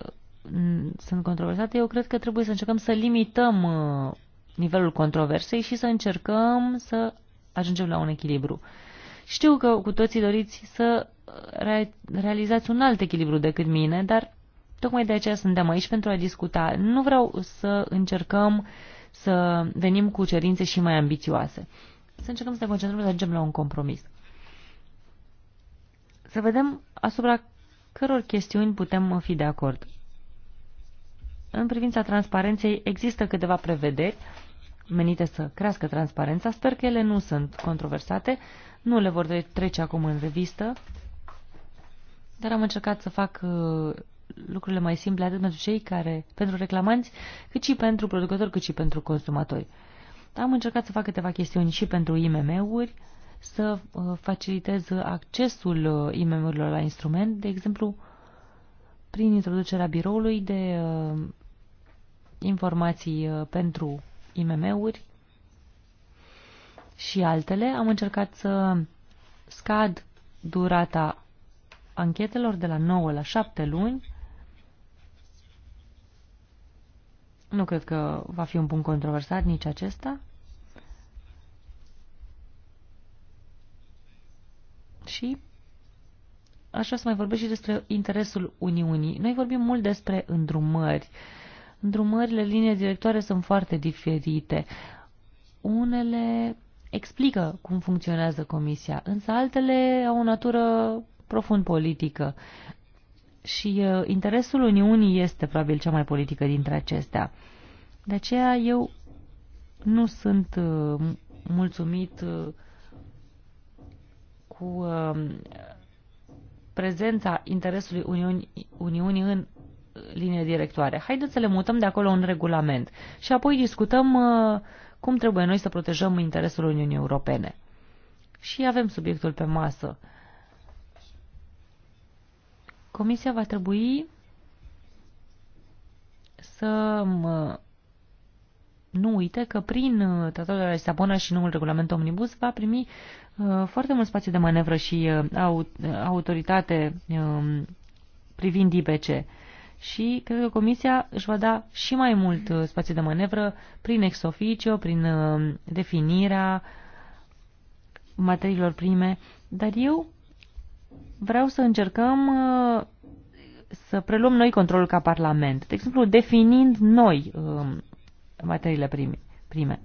sunt controversate, eu cred că trebuie să încercăm să limităm uh, nivelul controversei și să încercăm să ajungem la un echilibru. Știu că cu toții doriți să realizați un alt echilibru decât mine, dar tocmai de aceea suntem aici pentru a discuta. Nu vreau să încercăm uh, să venim cu cerințe și mai ambițioase. Să încercăm să ne concentrăm să ajungem la un compromis. Să vedem asupra căror chestiuni putem fi de acord. În privința transparenței există câteva prevederi menite să crească transparența. Sper că ele nu sunt controversate, nu le vor trece acum în revistă, dar am încercat să fac lucrurile mai simple atât pentru cei care, pentru reclamanți, cât și pentru producători, cât și pentru consumatori. Am încercat să fac câteva chestiuni și pentru IMM-uri, să uh, facilitez accesul uh, IMM-urilor la instrument, de exemplu, prin introducerea biroului de uh, informații pentru IMM-uri și altele. Am încercat să scad durata anchetelor de la 9 la 7 luni Nu cred că va fi un punct controversat nici acesta. Și aș vrea să mai vorbesc și despre interesul Uniunii. Noi vorbim mult despre îndrumări. Îndrumările, linie directoare sunt foarte diferite. Unele explică cum funcționează Comisia, însă altele au o natură profund politică și uh, interesul Uniunii este probabil cea mai politică dintre acestea. De aceea eu nu sunt uh, mulțumit uh, cu prezența interesului Uniunii, Uniunii în linie directoare. Haideți să le mutăm de acolo un regulament și apoi discutăm cum trebuie noi să protejăm interesul Uniunii Europene. Și avem subiectul pe masă. Comisia va trebui să nu uite că prin uh, tratatul de la Lisabona și noul regulament omnibus va primi uh, foarte mult spațiu de manevră și uh, autoritate um, privind IBC. Și cred că Comisia își va da și mai mult spațiu de manevră prin ex officio, prin definirea materiilor prime, dar eu vreau să încercăm uh, să preluăm noi controlul ca Parlament, de exemplu definind noi um, materiile prime.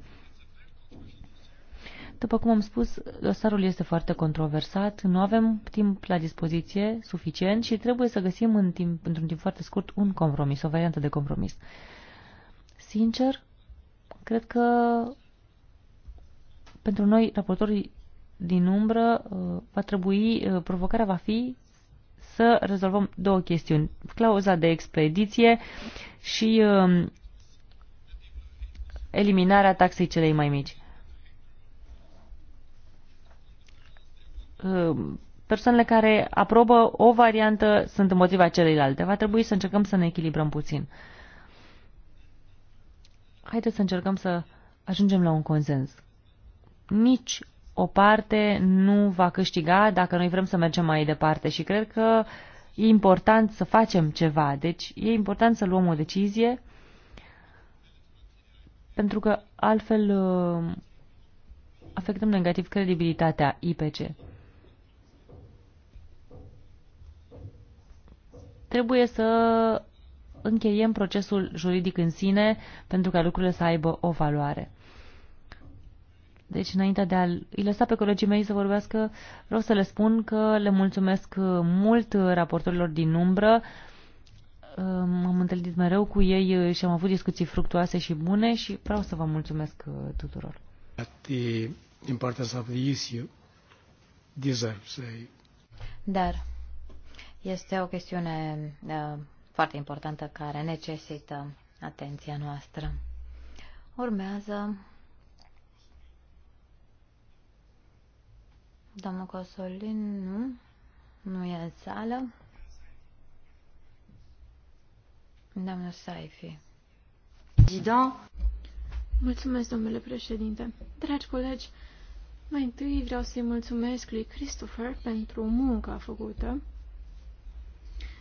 După cum am spus, dosarul este foarte controversat, nu avem timp la dispoziție suficient și trebuie să găsim în timp, într-un timp foarte scurt un compromis, o variantă de compromis. Sincer, cred că pentru noi, raportorii din umbră, uh, va trebui, uh, provocarea va fi să rezolvăm două chestiuni. Clauza de expediție și um, eliminarea taxei celei mai mici. Uh, persoanele care aprobă o variantă sunt împotriva celeilalte. Va trebui să încercăm să ne echilibrăm puțin. Haideți să încercăm să ajungem la un consens. Nici o parte nu va câștiga dacă noi vrem să mergem mai departe și cred că e important să facem ceva. Deci e important să luăm o decizie pentru că altfel uh, afectăm negativ credibilitatea IPC. Trebuie să încheiem procesul juridic în sine pentru ca lucrurile să aibă o valoare. Deci, înainte de a-i lăsa pe colegii mei să vorbească, vreau să le spun că le mulțumesc uh, mult uh, raportorilor din umbră. Um, m-am întâlnit mereu cu ei uh, și am avut discuții fructuoase și bune și vreau să vă mulțumesc tuturor.
The importance of
Dar este o chestiune uh, foarte importantă care necesită atenția noastră. Urmează Doamna Cosolin nu, nu e în sală.
Doamna Saifi. Zidon. Mulțumesc, domnule președinte. Dragi colegi, mai întâi vreau să-i mulțumesc lui Christopher pentru munca făcută,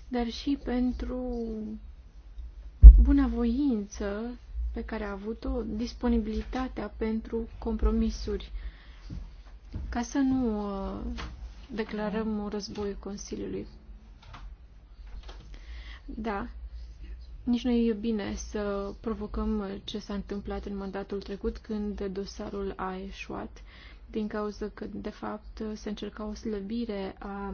dar și pentru bunăvoință pe care a avut-o, disponibilitatea pentru compromisuri ca să nu uh, declarăm un război Consiliului. Da, nici nu e bine să provocăm ce s-a întâmplat în mandatul trecut când dosarul a eșuat, din cauza că, de fapt, se încerca o slăbire a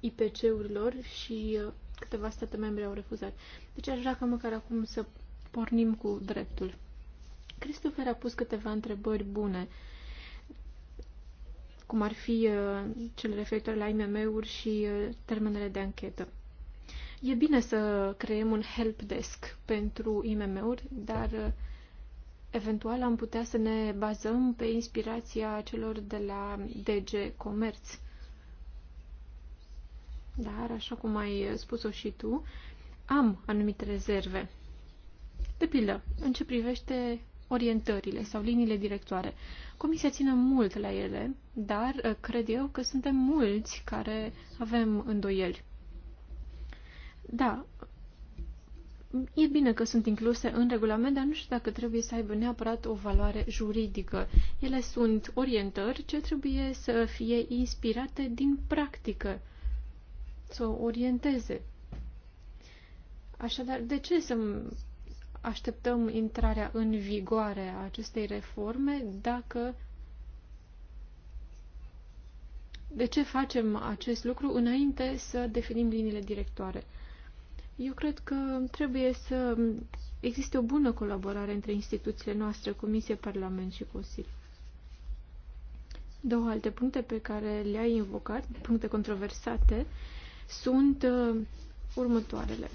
IPC-urilor și uh, câteva state membre au refuzat. Deci aș vrea ca măcar acum să pornim cu dreptul. Christopher a pus câteva întrebări bune. Uh, cum ar fi uh, cele referitoare la IMM-uri și uh, termenele de anchetă. E bine să creăm un helpdesk pentru IMM-uri, dar uh, eventual am putea să ne bazăm pe inspirația celor de la DG Comerț. Dar, așa cum ai spus-o și tu, am anumite rezerve. De pildă, în ce privește orientările sau liniile directoare. Comisia ține mult la ele, dar uh, cred eu că suntem mulți care avem îndoieli. Da, e bine că sunt incluse în regulament, dar nu știu dacă trebuie să aibă neapărat o valoare juridică. Ele sunt orientări ce trebuie să fie inspirate din practică, să o orienteze. Așadar, de ce să așteptăm intrarea în vigoare a acestei reforme, dacă de ce facem acest lucru înainte să definim liniile directoare? Eu cred că trebuie să existe o bună colaborare între instituțiile noastre, Comisie, Parlament și Consiliu. Două alte puncte pe care le-ai invocat, puncte controversate, sunt uh, următoarele.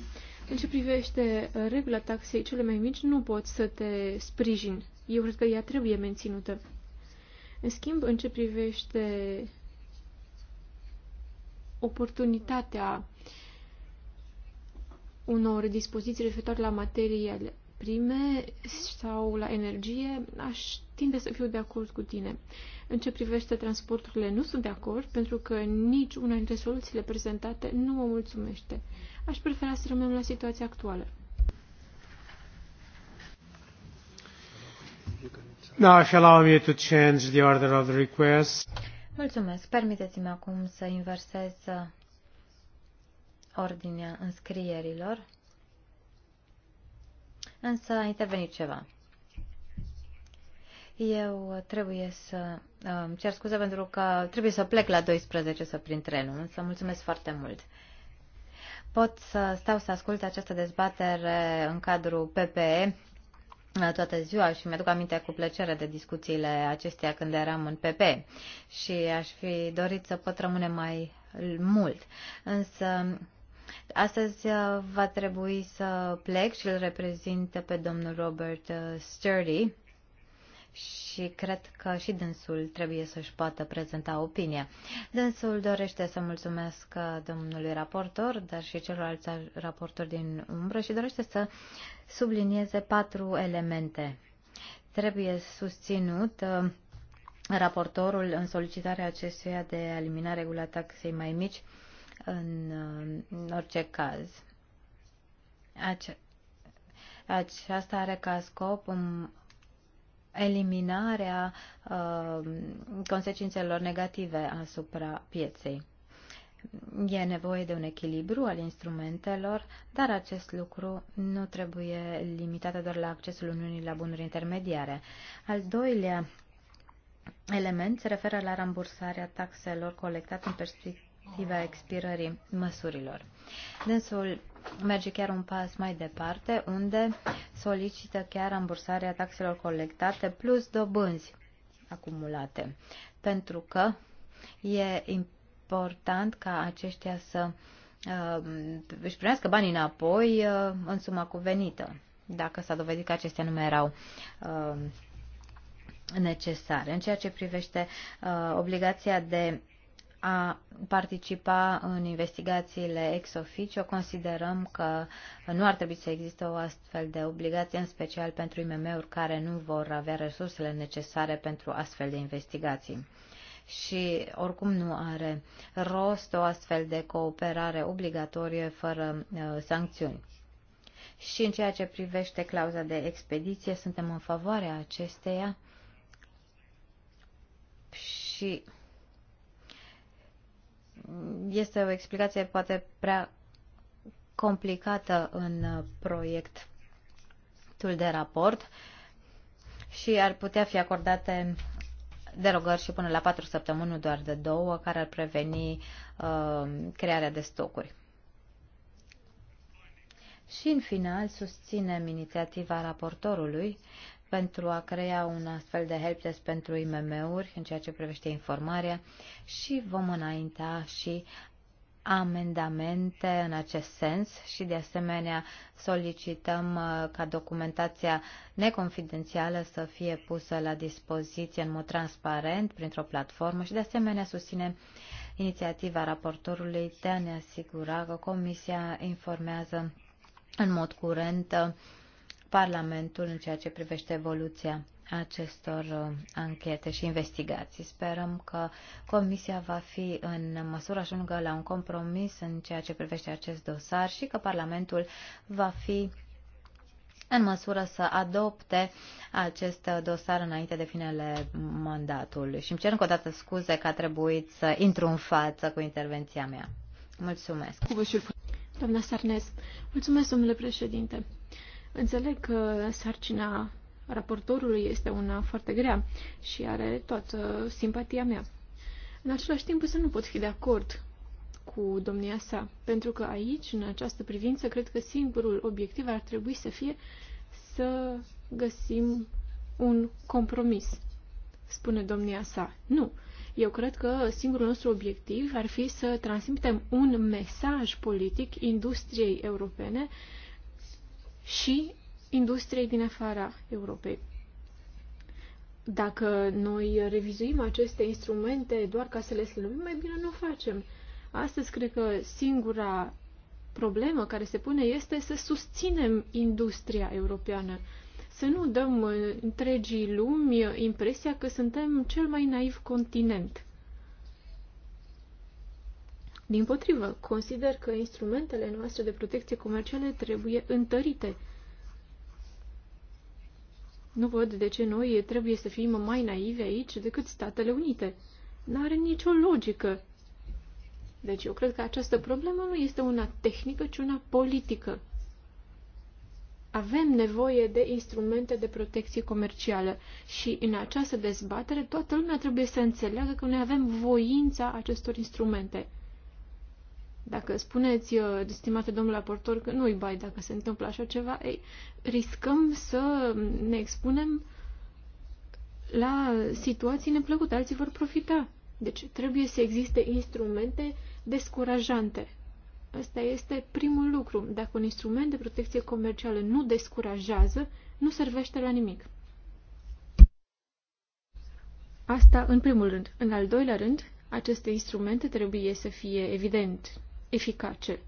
În ce privește uh, regula taxei cele mai mici, nu pot să te sprijin. Eu cred că ea trebuie menținută. În schimb, în ce privește oportunitatea unor dispoziții referitoare la materiale prime sau la energie, aș tinde să fiu de acord cu tine. În ce privește transporturile, nu sunt de acord, pentru că nici una dintre soluțiile prezentate nu mă mulțumește. Aș prefera să rămânem la situația actuală.
Now, if you allow me to change the order of the
request. Mulțumesc. Permiteți-mi acum să inversez uh, ordinea înscrierilor. Însă a intervenit ceva. Eu trebuie să uh, îmi cer scuze pentru că trebuie să plec la 12 să prind trenul, însă mulțumesc foarte mult pot să stau să ascult această dezbatere în cadrul PPE uh, toată ziua și mi-aduc aminte cu plăcere de discuțiile acestea când eram în PP și aș fi dorit să pot rămâne mai mult. Însă astăzi uh, va trebui să plec și îl reprezint pe domnul Robert uh, Sturdy și cred că și dânsul trebuie să-și poată prezenta opinia. Dânsul dorește să mulțumesc uh, domnului raportor, dar și celorlalți raportori din umbră și dorește să sublinieze patru elemente. Trebuie susținut uh, raportorul în solicitarea acestuia de a elimina regula taxei mai mici în, în uh, orice caz. Ace- aceasta are ca scop eliminarea uh, consecințelor negative asupra pieței. E nevoie de un echilibru al instrumentelor, dar acest lucru nu trebuie limitat doar la accesul Uniunii la bunuri intermediare. Al doilea element se referă la rambursarea taxelor colectate în perspectiva expirării măsurilor. Dânsul merge chiar un pas mai departe, unde solicită chiar ambursarea taxelor colectate plus dobânzi acumulate. Pentru că e important ca aceștia să uh, își primească banii înapoi uh, în suma cuvenită, dacă s-a dovedit că acestea nu mai erau uh, necesare. În ceea ce privește uh, obligația de a participa în investigațiile ex officio, considerăm că nu ar trebui să existe o astfel de obligație, în special pentru IMM-uri care nu vor avea resursele necesare pentru astfel de investigații. Și oricum nu are rost o astfel de cooperare obligatorie fără uh, sancțiuni. Și în ceea ce privește clauza de expediție, suntem în favoarea acesteia și este o explicație poate prea complicată în proiectul de raport și ar putea fi acordate derogări și până la patru săptămâni, nu doar de două, care ar preveni uh, crearea de stocuri. Și în final susținem inițiativa raportorului pentru a crea un astfel de helpdesk pentru IMM-uri în ceea ce privește informarea și vom înainta și amendamente în acest sens și de asemenea solicităm uh, ca documentația neconfidențială să fie pusă la dispoziție în mod transparent printr-o platformă și de asemenea susținem inițiativa raportorului de a ne asigura că Comisia informează în mod curent uh, Parlamentul în ceea ce privește evoluția acestor uh, anchete și investigații. Sperăm că Comisia va fi în măsură să ajungă la un compromis în ceea ce privește acest dosar și că Parlamentul va fi în măsură să adopte acest dosar înainte de finele mandatului. Și îmi cer încă o dată scuze că a trebuit să intru în față cu intervenția mea. Mulțumesc.
Doamna Sarnes, mulțumesc, domnule președinte. Înțeleg că sarcina raportorului este una foarte grea și are toată simpatia mea. În același timp să nu pot fi de acord cu domnia sa, pentru că aici, în această privință, cred că singurul obiectiv ar trebui să fie să găsim un compromis, spune domnia sa. Nu. Eu cred că singurul nostru obiectiv ar fi să transmitem un mesaj politic industriei europene uh, și industriei din afara Europei. Dacă noi revizuim aceste instrumente doar ca să le slăbim, mai bine nu o facem. Astăzi cred că singura problemă care se pune este să susținem industria europeană, să nu dăm întregii lumi impresia că suntem cel mai naiv continent. Din potrivă, consider că instrumentele noastre de protecție comercială trebuie întărite. Nu văd de ce noi trebuie să fim mai naivi aici decât Statele Unite. N-are nicio logică. Deci eu cred că această problemă nu este una tehnică, ci una politică. Avem nevoie de instrumente de protecție comercială și în această dezbatere toată lumea trebuie să înțeleagă că noi avem voința acestor instrumente. Dacă spuneți, uh, stimate domnul aportor că nu-i bai dacă se întâmplă așa ceva, ei, riscăm să ne expunem la situații neplăcute, alții vor profita. Deci trebuie să existe instrumente descurajante. Asta este primul lucru. Dacă un instrument de protecție comercială nu descurajează, nu servește la nimic. Asta în primul rând. În al doilea rând, aceste instrumente trebuie să fie, evident, eficace.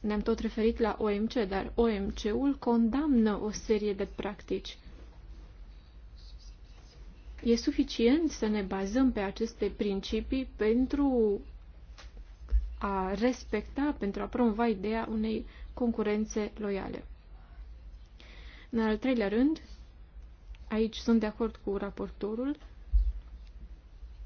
Ne-am tot referit la OMC, dar OMC-ul condamnă o serie de practici. E suficient să ne bazăm pe aceste principii pentru a respecta, pentru a promova ideea unei concurențe loiale. În al treilea rând, aici sunt de acord cu raportorul,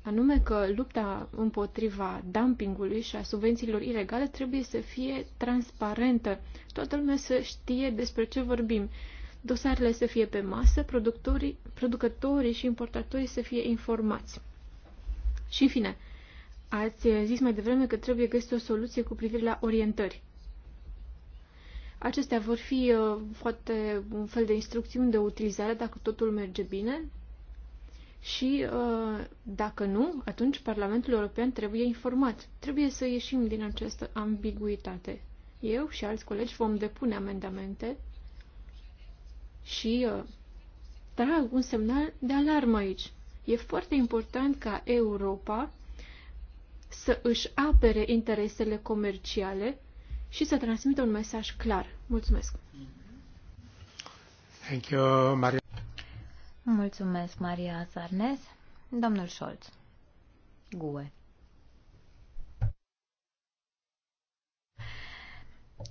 anume că lupta împotriva dumpingului și a subvențiilor ilegale trebuie să fie transparentă. Toată lumea să știe despre ce vorbim. Dosarele să fie pe masă, productorii, producătorii și importatorii să fie informați. Și în fine, ați zis mai devreme că trebuie găsit o soluție cu privire la orientări. Acestea vor fi poate uh, foarte un fel de instrucțiuni de utilizare dacă totul merge bine, și uh, dacă nu, atunci Parlamentul European trebuie informat. Trebuie să ieșim din această ambiguitate. Eu și alți colegi vom depune amendamente și uh, trag un semnal de alarmă aici. E foarte important ca Europa să își apere interesele comerciale și să transmită un mesaj clar. Mulțumesc!
Thank you, Maria.
Mulțumesc, Maria Sarnes. Domnul
Scholz. GUE.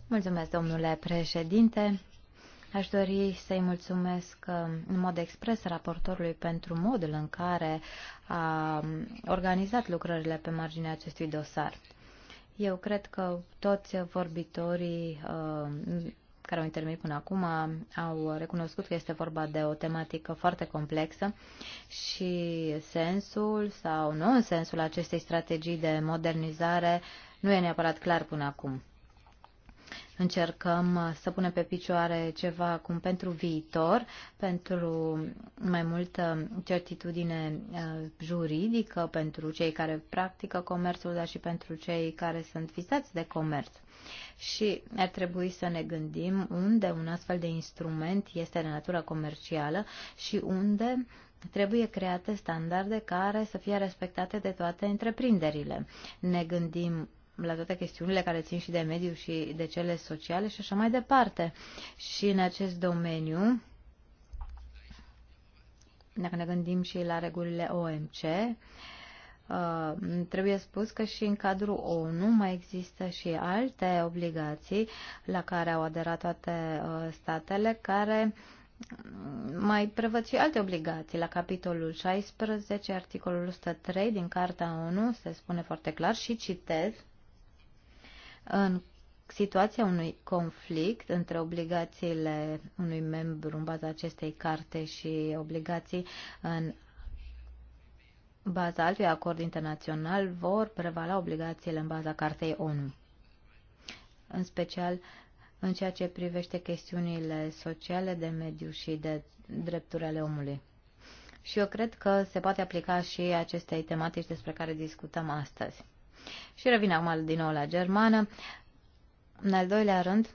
Mulțumesc, domnule președinte. Aș dori să-i mulțumesc uh, în mod expres raportorului pentru modul în care a organizat lucrările pe marginea acestui dosar. Eu cred că toți vorbitorii uh, care au intervenit până acum au recunoscut că este vorba de o tematică foarte complexă și sensul sau nu sensul acestei strategii de modernizare nu e neapărat clar până acum încercăm uh, să punem pe picioare ceva acum pentru viitor, pentru mai multă certitudine uh, juridică pentru cei care practică comerțul, dar și pentru cei care sunt vizați de comerț. Și ar trebui să ne gândim unde un astfel de instrument este de natură comercială și unde trebuie create standarde care să fie respectate de toate întreprinderile. Ne gândim la toate chestiunile care țin și de mediu și de cele sociale și așa mai departe. Și în acest domeniu, dacă ne gândim și la regulile OMC, uh, trebuie spus că și în cadrul ONU mai există și alte obligații la care au aderat toate uh, statele care mai prevăd și alte obligații. La capitolul 16, articolul 103 din Carta ONU se spune foarte clar și citez în situația unui conflict între obligațiile unui membru în baza acestei carte și obligații în baza altui acord internațional vor prevala obligațiile în baza Cartei ONU. În special în ceea ce privește chestiunile sociale, de mediu și de drepturi ale omului. Și eu cred că se poate aplica și acestei tematici despre care discutăm astăzi. Și revin acum din nou la germană. În al doilea rând,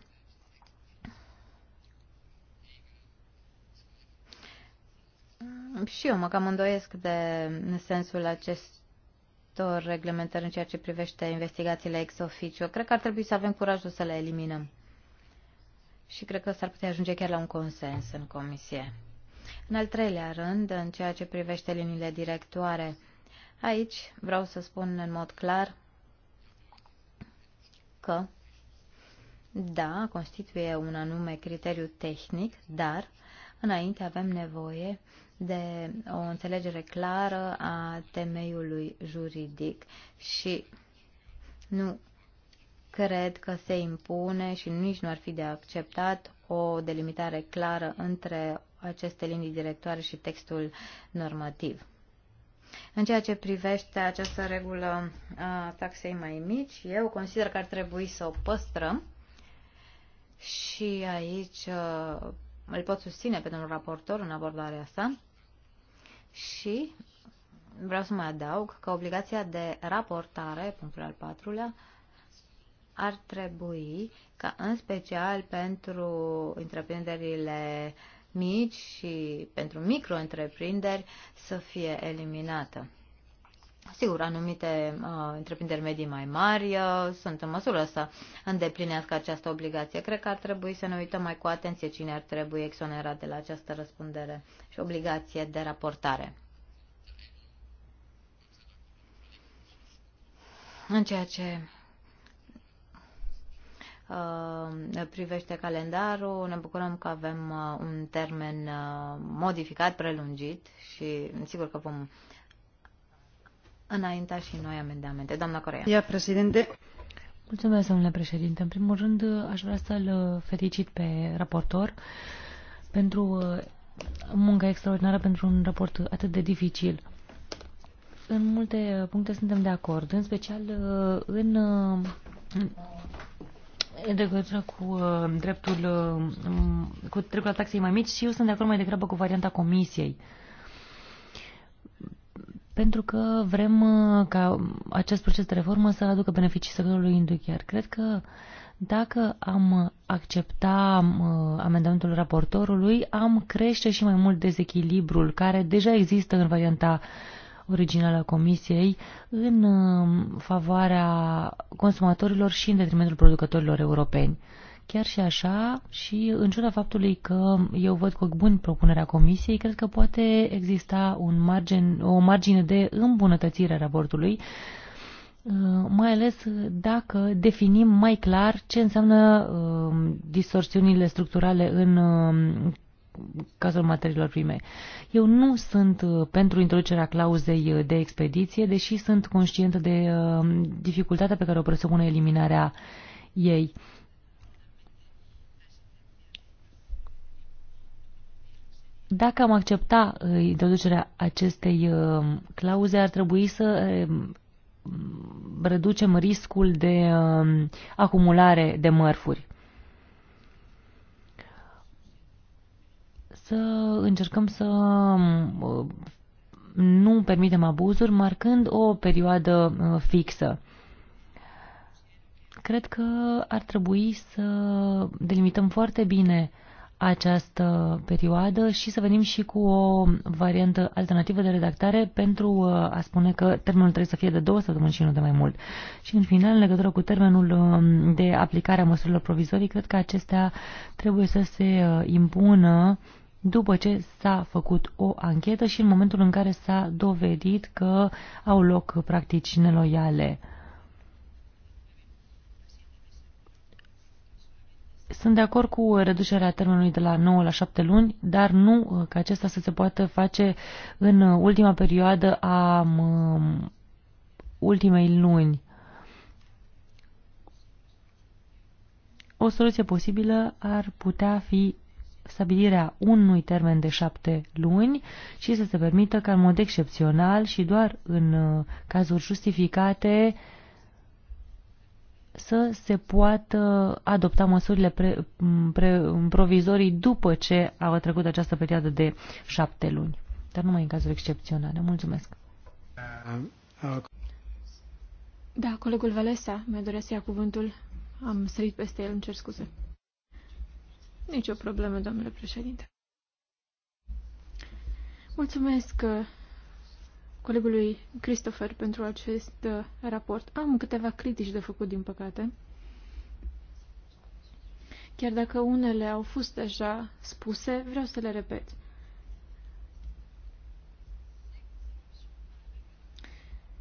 și eu mă cam îndoiesc de în sensul acestor reglementări în ceea ce privește investigațiile ex officio. Cred că ar trebui să avem curajul să le eliminăm. Și cred că s-ar putea ajunge chiar la un consens în comisie. În al treilea rând, în ceea ce privește liniile directoare, aici vreau să spun în mod clar că, da, constituie un anume criteriu tehnic, dar înainte avem nevoie de o înțelegere clară a temeiului juridic și nu cred că se impune și nici nu ar fi de acceptat o delimitare clară între aceste linii directoare și textul normativ. În ceea ce privește această regulă a taxei mai mici, eu consider că ar trebui să o păstrăm și aici uh, îl pot susține pe domnul raportor în abordarea sa și vreau să mai adaug că obligația de raportare, punctul al patrulea, ar trebui ca în special pentru întreprinderile mici și pentru micro-întreprinderi să fie eliminată. Sigur, anumite uh, întreprinderi medii mai mari uh, sunt în măsură să îndeplinească această obligație. Cred că ar trebui să ne uităm mai cu atenție cine ar trebui exonerat de la această răspundere și obligație de raportare. În ceea ce Uh, privește calendarul, ne bucurăm că avem uh, un termen uh, modificat, prelungit și sigur că vom înainta și noi amendamente. Doamna Corea. Ia,
președinte. Mulțumesc, domnule președinte. În primul rând, aș vrea să-l felicit pe raportor pentru munca extraordinară pentru un raport atât de dificil. În multe puncte suntem de acord, în special în în legătură cu uh, dreptul uh, cu dreptul la taxei mai mici și eu sunt de acord mai degrabă cu varianta comisiei. Pentru că vrem uh, ca acest proces de reformă să aducă beneficii sectorului industrial. Cred că dacă am accepta uh, amendamentul raportorului, am crește și mai mult dezechilibrul care deja există în varianta uh, originală a Comisiei în uh, favoarea consumatorilor și în detrimentul producătorilor europeni. Chiar și așa, și în ciuda faptului că eu văd cu bun propunerea Comisiei, cred că poate exista un margin, o margine de îmbunătățire a raportului, uh, mai ales dacă definim mai clar ce înseamnă uh, distorsiunile structurale în cazul materiilor prime. Eu nu sunt uh, pentru introducerea clauzei uh, de expediție, deși sunt conștientă de uh, dificultatea pe care o presupune eliminarea ei. Dacă am accepta introducerea acestei clauze, ar trebui să reducem riscul de acumulare de mărfuri să încercăm să mm, nu permitem abuzuri, marcând o perioadă mm, fixă. Cred că ar trebui să delimităm foarte bine această perioadă și să venim și cu o variantă alternativă de redactare pentru uh, a spune că termenul trebuie să fie de două săptămâni și nu de mai mult. Și în final, în legătură cu termenul um, de aplicare a măsurilor provizorii, cred că acestea trebuie să se uh, impună după ce s-a făcut o anchetă și în momentul în care s-a dovedit că au loc practici neloiale. Sunt de acord cu reducerea termenului de la 9 la 7 luni, dar nu uh, că acesta să se poată face în uh, ultima perioadă a um, ultimei luni. O soluție posibilă ar putea fi stabilirea unui termen de șapte luni și să se permită ca în mod excepțional și doar în uh, cazuri justificate să se poată adopta măsurile pre, pre, provizorii după ce a trecut această perioadă de șapte luni, dar numai în cazuri excepționale. Mulțumesc!
Da, colegul Valesa mi-a dorit să ia cuvântul. Am sărit peste el, îmi cer scuze. Nici o problemă, domnule președinte. Mulțumesc uh, colegului Christopher pentru acest uh, raport. Am câteva critici de făcut, din păcate. Chiar dacă unele au fost deja spuse, vreau să le repet.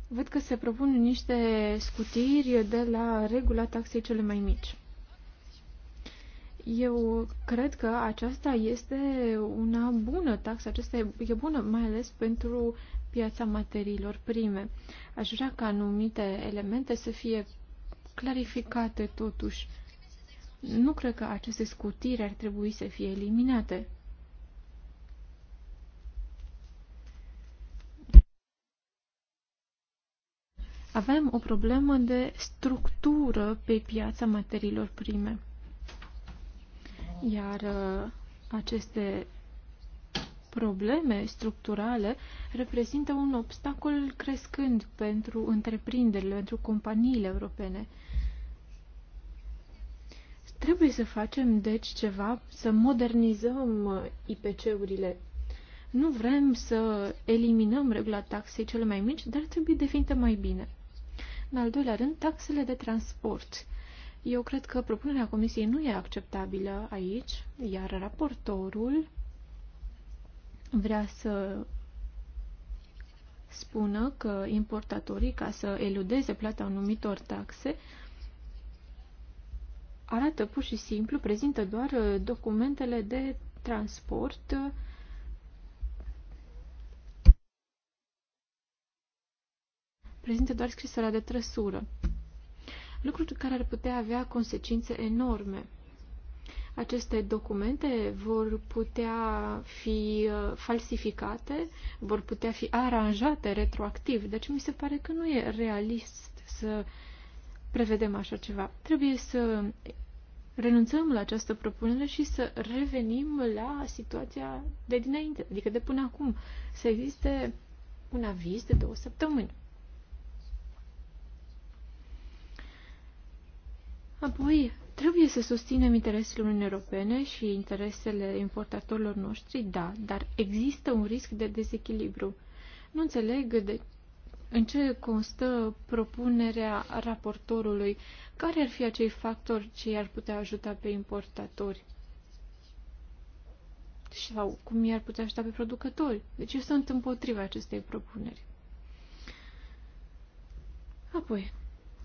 Văd că se propun niște scutiri de la regula taxei cele mai mici. Eu cred că aceasta este una bună taxă, aceasta e, bună mai ales pentru piața materiilor prime. Aș vrea ca anumite elemente să fie clarificate totuși. Nu cred că aceste scutiri ar trebui să fie eliminate. Avem o problemă de structură pe piața materiilor prime. Iar uh, aceste probleme structurale reprezintă un obstacol crescând pentru întreprinderile, pentru companiile europene. Trebuie să facem, deci, ceva, să modernizăm uh, IPC-urile. Nu vrem să eliminăm regula taxei cele mai mici, dar trebuie definită mai bine. În al doilea rând, taxele de transport. Eu cred că propunerea comisiei nu e acceptabilă aici, iar raportorul vrea să spună că importatorii, ca să eludeze plata anumitor taxe, arată pur și simplu, prezintă doar uh, documentele de transport uh, prezintă doar scrisoarea de trăsură lucruri care ar putea avea consecințe enorme. Aceste documente vor putea fi uh, falsificate, vor putea fi aranjate retroactiv, deci mi se pare că nu e realist să prevedem așa ceva. Trebuie să renunțăm la această propunere și să revenim la situația de dinainte, adică de până acum, să existe un aviz de două săptămâni. Apoi, trebuie să susținem interesele Uniunii Europene și interesele importatorilor noștri, da, dar există un risc de dezechilibru. Nu înțeleg de în ce constă propunerea raportorului, care ar fi acei factori ce i-ar putea ajuta pe importatori sau cum i-ar putea ajuta pe producători. Deci eu sunt împotriva acestei propuneri. Apoi,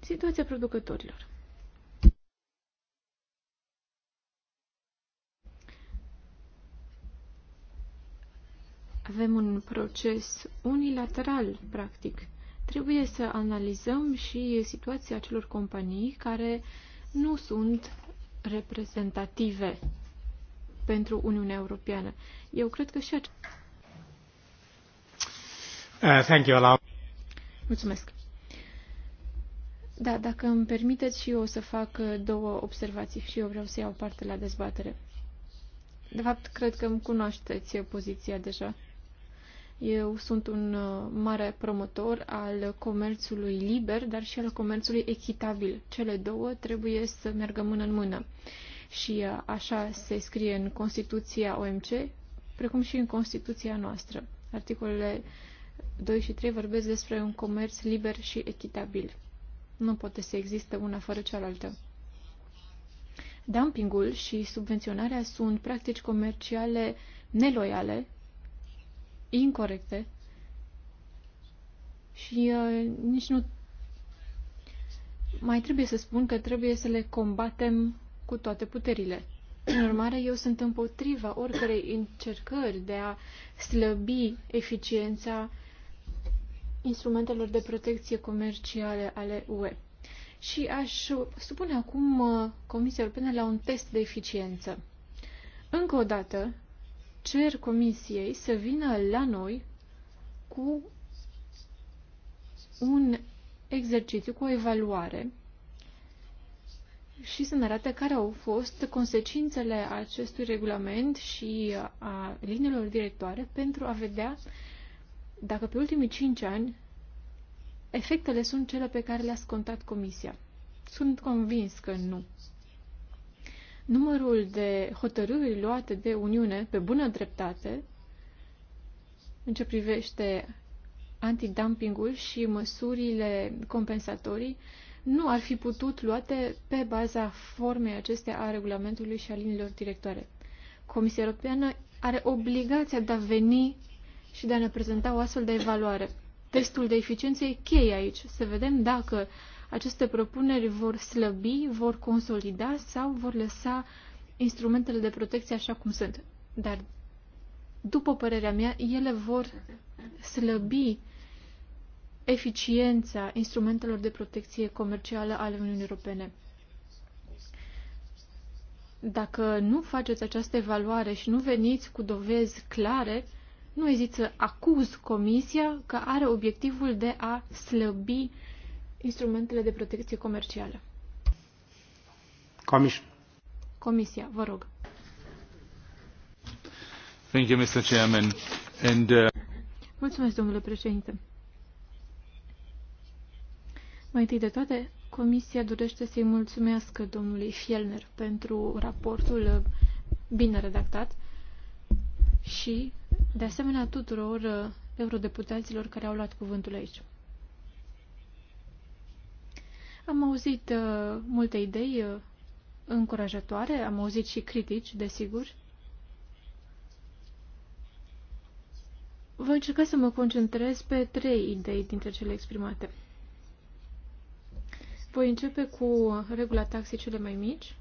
situația producătorilor. Avem un proces unilateral, practic. Trebuie să analizăm și situația acelor companii care nu sunt reprezentative pentru Uniunea Europeană. Eu cred că și
Uh, thank you, Alain.
Mulțumesc. Da, dacă îmi permiteți și eu o să fac uh, două observații și eu vreau să iau parte la dezbatere. De fapt, cred că îmi cunoașteți poziția deja. Eu sunt un uh, mare promotor al comerțului liber, dar și al comerțului echitabil. Cele două trebuie să meargă mână în mână. Și uh, așa se scrie în Constituția OMC, precum și în Constituția noastră. Articolele 2 și 3 vorbesc despre un comerț liber și echitabil. Nu poate să existe una fără cealaltă. Dumpingul și subvenționarea sunt practici comerciale neloiale incorrecte și uh, nici nu mai trebuie să spun că trebuie să le combatem cu toate puterile. În urmare, eu sunt împotriva oricărei încercări de a slăbi eficiența instrumentelor de protecție comerciale ale UE. Și aș supune acum uh, Comisia Europeană la un test de eficiență. Încă o dată, cer Comisiei să vină la noi cu un exercițiu, cu o evaluare și să ne arate care au fost consecințele acestui regulament și a liniilor directoare pentru a vedea dacă pe ultimii 5 ani efectele sunt cele pe care le-a scontat Comisia. Sunt convins că nu numărul de hotărâri luate de Uniune pe bună dreptate în ce privește antidumpingul și măsurile compensatorii nu ar fi putut luate pe baza formei acestea a regulamentului și a liniilor directoare. Comisia Europeană are obligația de a veni și de a ne prezenta o astfel de evaluare. Testul de eficiență e cheie aici, să vedem dacă uh, aceste propuneri vor slăbi, vor consolida sau vor lăsa instrumentele de protecție așa cum sunt. Dar, după părerea mea, ele vor slăbi eficiența instrumentelor de protecție comercială ale Uniunii Europene. Dacă nu faceți această evaluare și nu veniți cu dovezi clare, nu ezit să acuz Comisia că are obiectivul de a slăbi instrumentele de protecție comercială. Comis. Comisia, vă rog.
Thank you, Mr. Chairman. And, uh...
Mulțumesc, domnule președinte. Mai întâi de toate, Comisia dorește să-i mulțumească domnului Fielner pentru raportul uh, bine redactat și, de asemenea, tuturor uh, eurodeputaților care au luat cuvântul aici. Am auzit uh, multe idei uh, încurajatoare, am auzit și critici, desigur. Voi încerca să mă concentrez pe trei idei dintre cele exprimate. Voi începe cu regula taxei cele mai mici,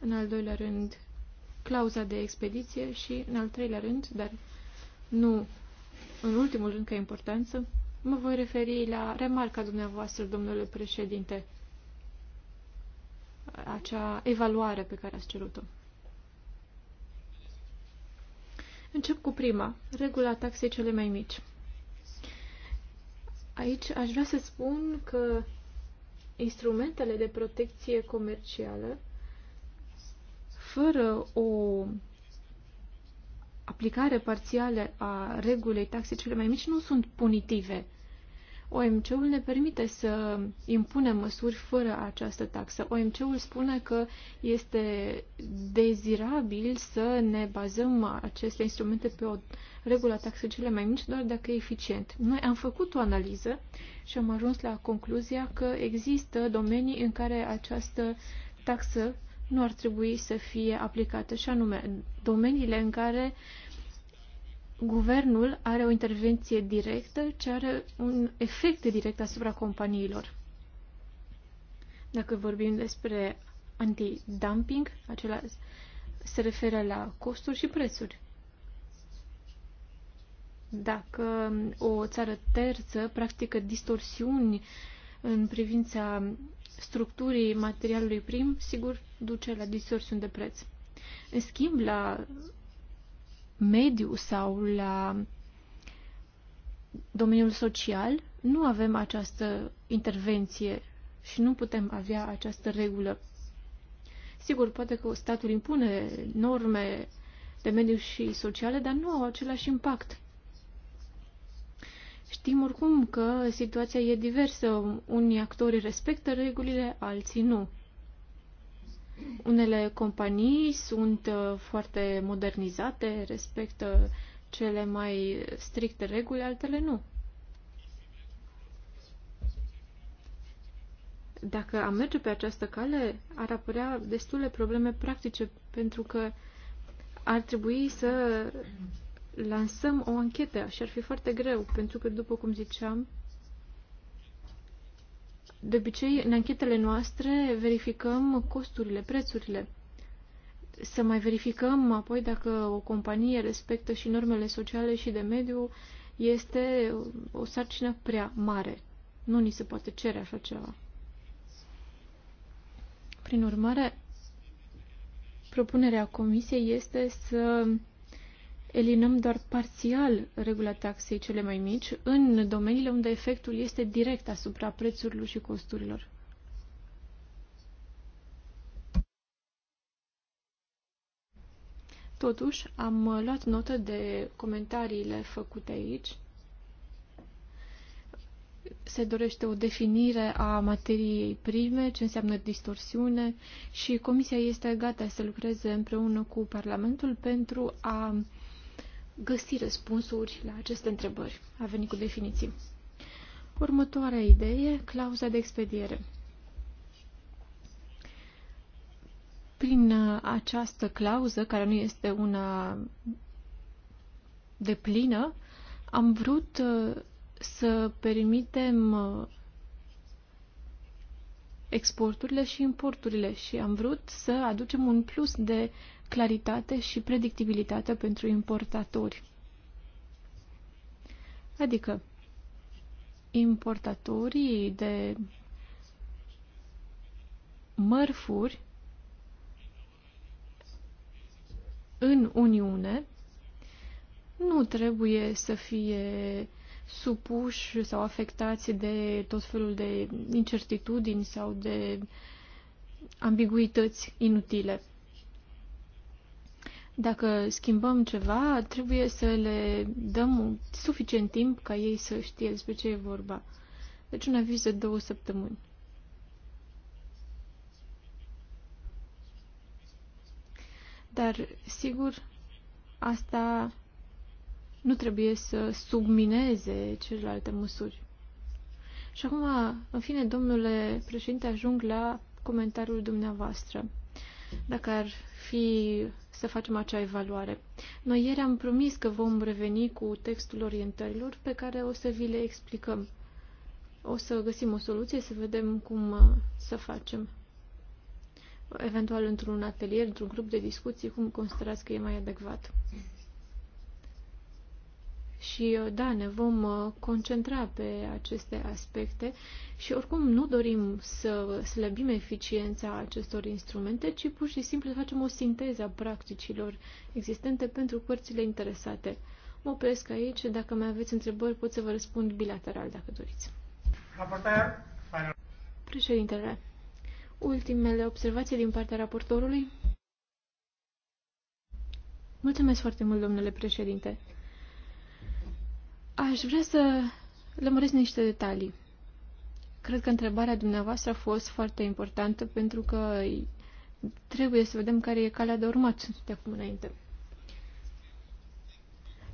în al doilea rând clauza de expediție și, în al treilea rând, dar nu în ultimul rând ca importanță, Mă voi referi la remarca dumneavoastră, domnule președinte, acea evaluare pe care ați cerut-o. Încep cu prima, regula taxei cele mai mici. Aici aș vrea să spun că instrumentele de protecție comercială, fără o aplicare parțială a regulei taxei cele mai mici, nu sunt punitive. OMC-ul ne permite să impunem măsuri fără această taxă. OMC-ul spune că este dezirabil să ne bazăm aceste instrumente pe o regulă taxe cele mai mici, doar dacă e eficient. Noi am făcut o analiză și am ajuns la concluzia că există domenii în care această taxă nu ar trebui să fie aplicată, și anume domeniile în care uh, guvernul are o intervenție directă ce are un efect direct asupra companiilor. Dacă vorbim despre anti-dumping, acela se referă la costuri și prețuri. Dacă o țară terță practică distorsiuni în privința structurii materialului prim, sigur duce la distorsiuni de preț. În schimb, la mediu sau la domeniul social, nu avem această intervenție și nu putem avea această regulă. Sigur, poate că statul impune norme de mediu și sociale, dar nu au același impact. Știm oricum că situația e diversă. Unii actori respectă regulile, alții nu. Unele companii sunt uh, foarte modernizate, respectă cele mai stricte reguli, altele nu. Dacă am merge pe această cale, ar apărea destule probleme practice, pentru că ar trebui să lansăm o anchetă și ar fi foarte greu, pentru că, după cum ziceam, de obicei, în anchetele noastre verificăm costurile, prețurile. Să mai verificăm apoi dacă o companie respectă și normele sociale și de mediu este o sarcină prea mare. Nu ni se poate cere așa ceva. Prin urmare, propunerea comisiei este să elinăm doar parțial regula taxei cele mai mici în domeniile unde efectul este direct asupra prețurilor și costurilor. Totuși, am luat notă de comentariile făcute aici. Se dorește o definire a materiei prime, ce înseamnă distorsiune, și Comisia este gata să lucreze împreună cu Parlamentul pentru a găsi răspunsuri la aceste întrebări. A venit cu definiții. Următoarea idee, clauza de expediere. Prin uh, această clauză, care nu este una de plină, am vrut uh, să permitem uh, exporturile și importurile și am vrut să aducem un plus de claritate și predictibilitate pentru importatori. Adică, importatorii de mărfuri în Uniune nu trebuie să fie supuși sau afectați de tot felul de incertitudini sau de ambiguități inutile. Dacă schimbăm ceva, trebuie să le dăm suficient timp ca ei să știe despre ce e vorba. Deci un aviz de două săptămâni. Dar, sigur, asta nu trebuie să submineze celelalte măsuri. Și acum, în fine, domnule președinte, ajung la comentariul dumneavoastră. Dacă ar fi să facem acea evaluare. Noi ieri am promis că vom reveni cu textul orientărilor pe care o să vi le explicăm. O să găsim o soluție, să vedem cum uh, să facem. Eventual într-un atelier, într-un grup de discuții, cum considerați că e mai adecvat. Și uh, da, ne vom uh, concentra pe aceste aspecte și oricum nu dorim să slăbim eficiența acestor instrumente, ci pur și simplu să facem o sinteză a practicilor existente pentru părțile interesate. Mă opresc aici. Dacă mai aveți întrebări, pot să vă răspund bilateral dacă doriți. Președintele, ultimele observații din partea raportorului? Mulțumesc foarte mult, domnule președinte. Aș vrea să lămuresc niște detalii. Cred că întrebarea dumneavoastră a fost foarte importantă pentru că trebuie să vedem care e calea de urmat de acum înainte.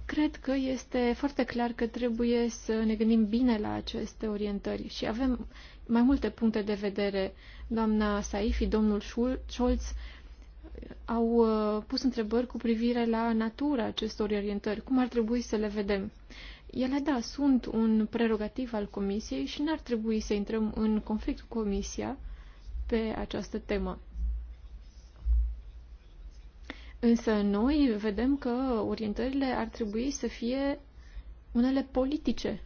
Cred că este foarte clar că trebuie să ne gândim bine la aceste orientări și avem mai multe puncte de vedere. Doamna Saifi, domnul Scholz au uh, pus întrebări cu privire la natura acestor orientări, cum ar trebui să le vedem. Ele, da, sunt un prerogativ al Comisiei și n-ar trebui să intrăm în conflict cu Comisia pe această temă. Însă noi vedem că orientările ar trebui să fie unele politice.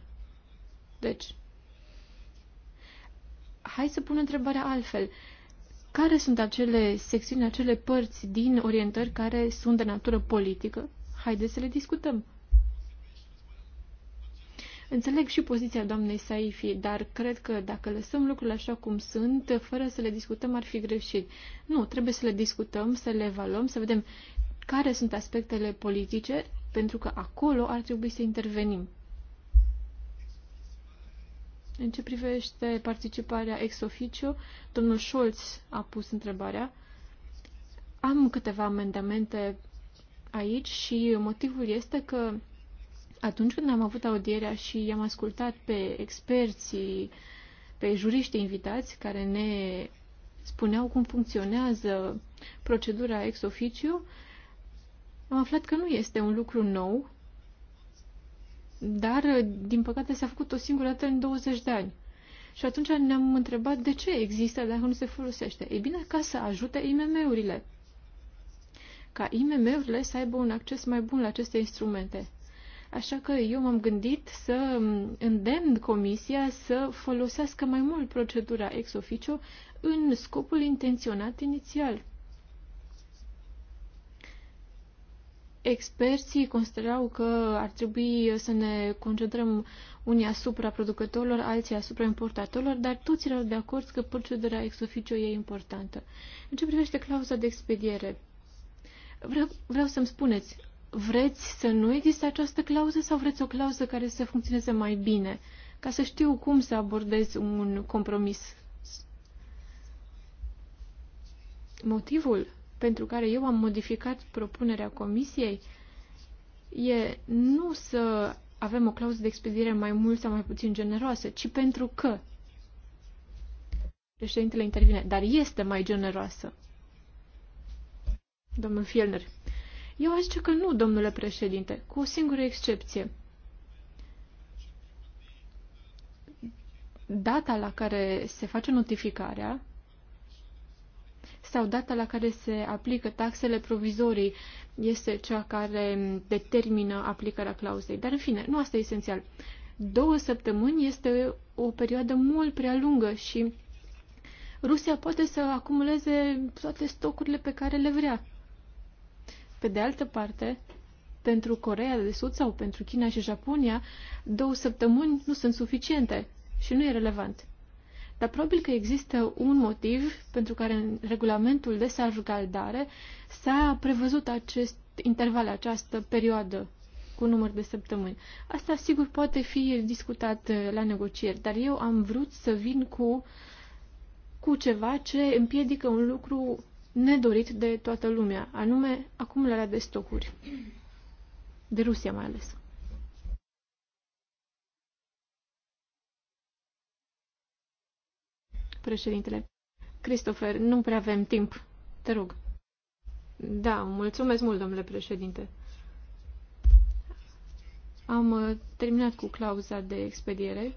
Deci, hai să pun întrebarea altfel. Care sunt acele secțiuni, acele părți din orientări care sunt de natură politică? Haideți să le discutăm. Înțeleg și poziția doamnei Saifi, dar cred că dacă lăsăm lucrurile așa cum sunt, fără să le discutăm, ar fi greșit. Nu, trebuie să le discutăm, să le evaluăm, să vedem care sunt aspectele politice, pentru că acolo ar trebui să intervenim. În ce privește participarea ex officio, domnul Scholz a pus întrebarea. Am câteva amendamente aici și motivul este că atunci când am avut audierea și i-am ascultat pe experții, pe juriști invitați care ne spuneau cum funcționează procedura ex officio, am aflat că nu este un lucru nou, dar, din păcate, s-a făcut o singură dată în 20 de ani. Și atunci ne-am întrebat de ce există dacă nu se folosește. Ei bine, ca să ajute IMM-urile. Ca IMM-urile să aibă un acces mai bun la aceste instrumente. Așa că eu m-am gândit să îndemn Comisia să folosească mai mult procedura ex officio în scopul intenționat inițial. Experții considerau că ar trebui să ne concentrăm unii asupra producătorilor, alții asupra importatorilor, dar toți erau de acord că procedura ex officio e importantă. În ce privește clauza de expediere, vreau, vreau să-mi spuneți, Vreți să nu existe această clauză sau vreți o clauză care să funcționeze mai bine? Ca să știu cum să abordez un compromis. Motivul pentru care eu am modificat propunerea comisiei e nu să avem o clauză de expediere mai mult sau mai puțin generoasă, ci pentru că președintele intervine, dar este mai generoasă. Domnul Fielner. Eu aș că nu, domnule președinte, cu o singură excepție. Data la care se face notificarea sau data la care se aplică taxele provizorii este cea care determină aplicarea clauzei. Dar, în fine, nu asta e esențial. Două săptămâni este o perioadă mult prea lungă și Rusia poate să acumuleze toate stocurile pe care le vrea. Pe de altă parte, pentru Corea de Sud sau pentru China și Japonia, două săptămâni nu sunt suficiente și nu e relevant. Dar probabil că există un motiv pentru care în regulamentul de salvgaldare s-a prevăzut acest interval, această perioadă cu număr de săptămâni. Asta, sigur, poate fi discutat uh, la negocieri, dar eu am vrut să vin cu, cu ceva ce împiedică un lucru nedorit de toată lumea, anume acumularea de stocuri, de Rusia mai ales. Președintele, Christopher, nu prea avem timp, te rog. Da, mulțumesc mult, domnule președinte. Am uh, terminat cu clauza de expediere.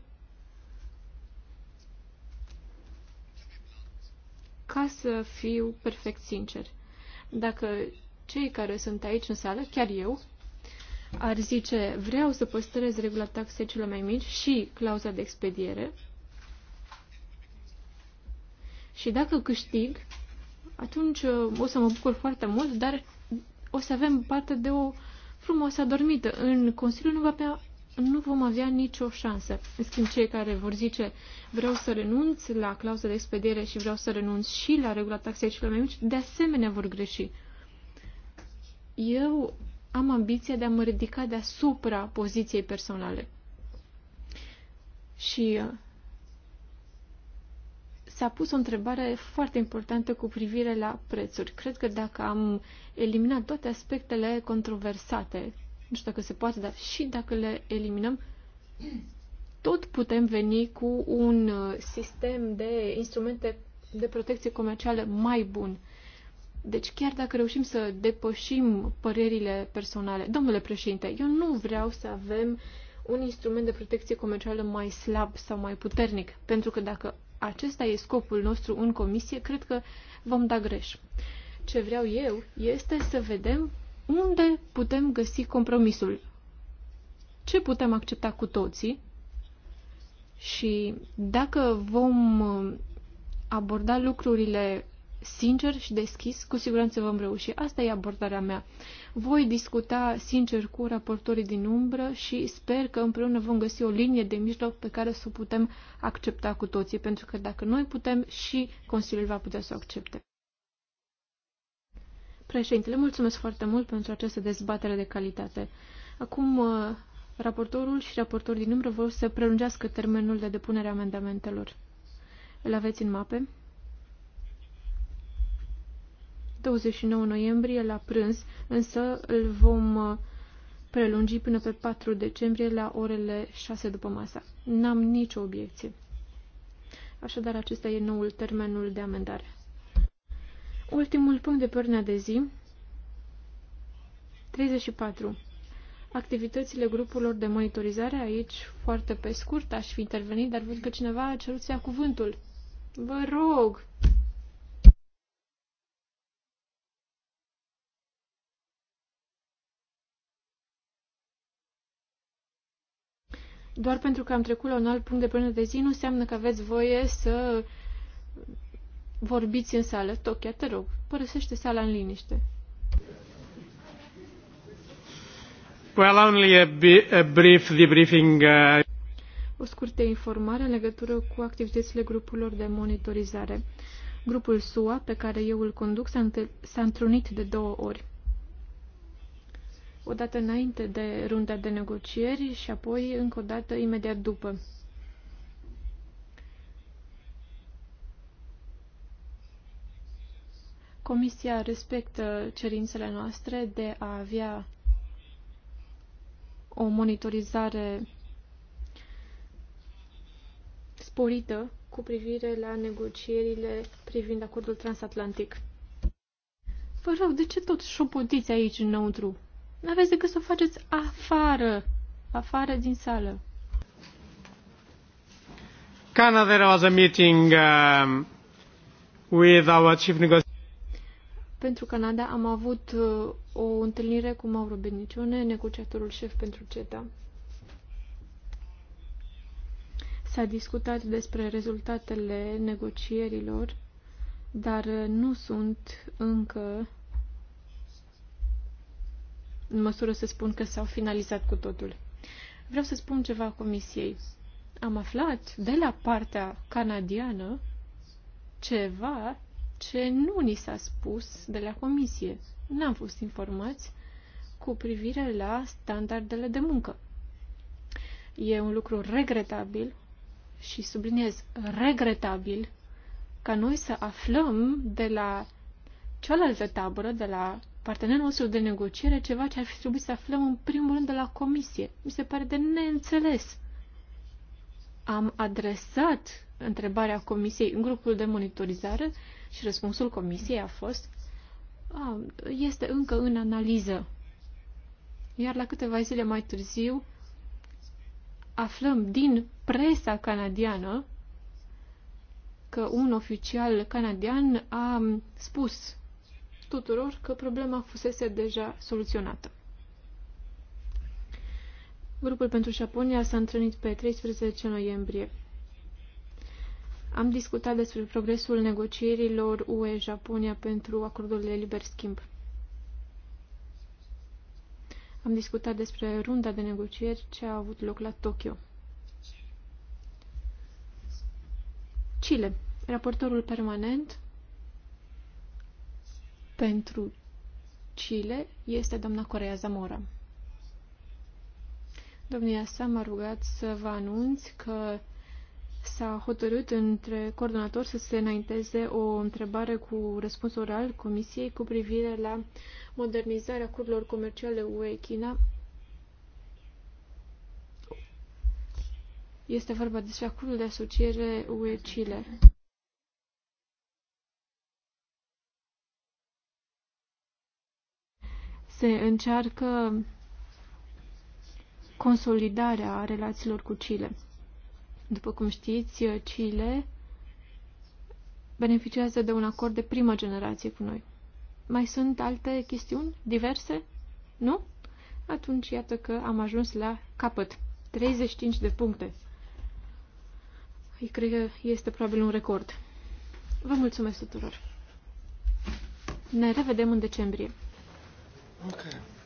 Ca să fiu perfect sincer, dacă cei care sunt aici în sală, chiar eu, ar zice vreau să păstrez regula taxei cele mai mici și clauza de expediere, și dacă câștig, atunci uh, o să mă bucur foarte mult, dar o să avem parte de o frumoasă adormită. În Consiliu nu va nu vom avea nicio șansă. În schimb, cei care vor zice vreau să renunț la clauza de expediere și vreau să renunț și la regula taxei celor mai mici, de asemenea vor greși. Eu am ambiția de a mă ridica deasupra poziției personale. Și uh, s-a pus o întrebare foarte importantă cu privire la prețuri. Cred că dacă am eliminat toate aspectele controversate nu știu dacă se poate, dar și dacă le eliminăm, tot putem veni cu un uh, sistem de instrumente de protecție comercială mai bun. Deci chiar dacă reușim să depășim părerile personale, domnule președinte, eu nu vreau să avem un instrument de protecție comercială mai slab sau mai puternic, pentru că dacă acesta e scopul nostru în comisie, cred că vom da greș. Ce vreau eu este să vedem unde putem găsi compromisul? Ce putem accepta cu toții? Și dacă vom uh, aborda lucrurile sincer și deschis, cu siguranță vom reuși. Asta e abordarea mea. Voi discuta sincer cu raportorii din umbră și sper că împreună vom găsi o linie de mijloc pe care să o putem accepta cu toții, pentru că dacă noi putem, și Consiliul va putea să o accepte. Președintele, mulțumesc foarte mult pentru această dezbatere de calitate. Acum, uh, raportorul și raportorii din umbră vor să prelungească termenul de depunere a amendamentelor. Îl aveți în mape? 29 noiembrie la prânz, însă îl vom uh, prelungi până pe 4 decembrie la orele 6 după masa. N-am nicio obiecție. Așadar, acesta e noul termenul de amendare. Ultimul punct de pârnea de zi. 34. Activitățile grupurilor de monitorizare aici, foarte pe scurt, aș fi intervenit, dar văd că cineva a cerut să ia cuvântul. Vă rog! Doar pentru că am trecut la un alt punct de până de zi, nu înseamnă că aveți voie să vorbiți în sală. Tokia, te rog, părăsește sala în liniște.
Well, only a, a brief debriefing. Uh...
O scurtă informare în legătură cu activitățile grupurilor de monitorizare. Grupul SUA, pe care eu îl conduc, s-a întrunit de două ori. Odată înainte de runda de negocieri și apoi încă o dată imediat după. Comisia respectă cerințele noastre de a avea o monitorizare sporită cu privire la negocierile privind acordul transatlantic. Vă rog, de ce tot șopotiți aici înăuntru? Nu aveți decât să o faceți afară, afară din sală.
Canada there was a meeting um, with our chief negotiator
pentru Canada am avut uh, o întâlnire cu Mauro Benicione, negociatorul șef pentru CETA. S-a discutat despre rezultatele negocierilor, dar uh, nu sunt încă în măsură să spun că s-au finalizat cu totul. Vreau să spun ceva comisiei. Am aflat de la partea canadiană ceva ce nu ni s-a spus de la comisie. N-am fost informați cu privire la standardele de muncă. E un lucru regretabil și subliniez regretabil ca noi să aflăm de la cealaltă tabără, de la partenerul nostru de negociere, ceva ce ar fi trebuit să aflăm în primul rând de la comisie. Mi se pare de neînțeles. Am adresat întrebarea comisiei în grupul de monitorizare și răspunsul comisiei a fost, a, este încă în analiză. Iar la câteva zile mai târziu aflăm din presa canadiană că un oficial canadian a spus tuturor că problema fusese deja soluționată. Grupul pentru Japonia s-a întâlnit pe 13 noiembrie. Am discutat despre progresul negocierilor UE-Japonia pentru acordul de liber schimb. Am discutat despre runda de negocieri ce a avut loc la Tokyo. Chile. Raportorul permanent pentru Chile este doamna Corea Zamora. Domnia sa m-a rugat să vă anunț că s-a hotărât între coordonator să se înainteze o întrebare cu răspuns oral Comisiei cu privire la modernizarea curilor comerciale UE-China. Este vorba despre acordul de asociere UE-Chile. Se încearcă consolidarea relațiilor cu Chile. După cum știți, Chile beneficiază de un acord de primă generație cu noi. Mai sunt alte chestiuni diverse? Nu? Atunci iată că am ajuns la capăt. 35 de puncte. Eu cred că este probabil un record. Vă mulțumesc tuturor. Ne revedem în decembrie.
Okay.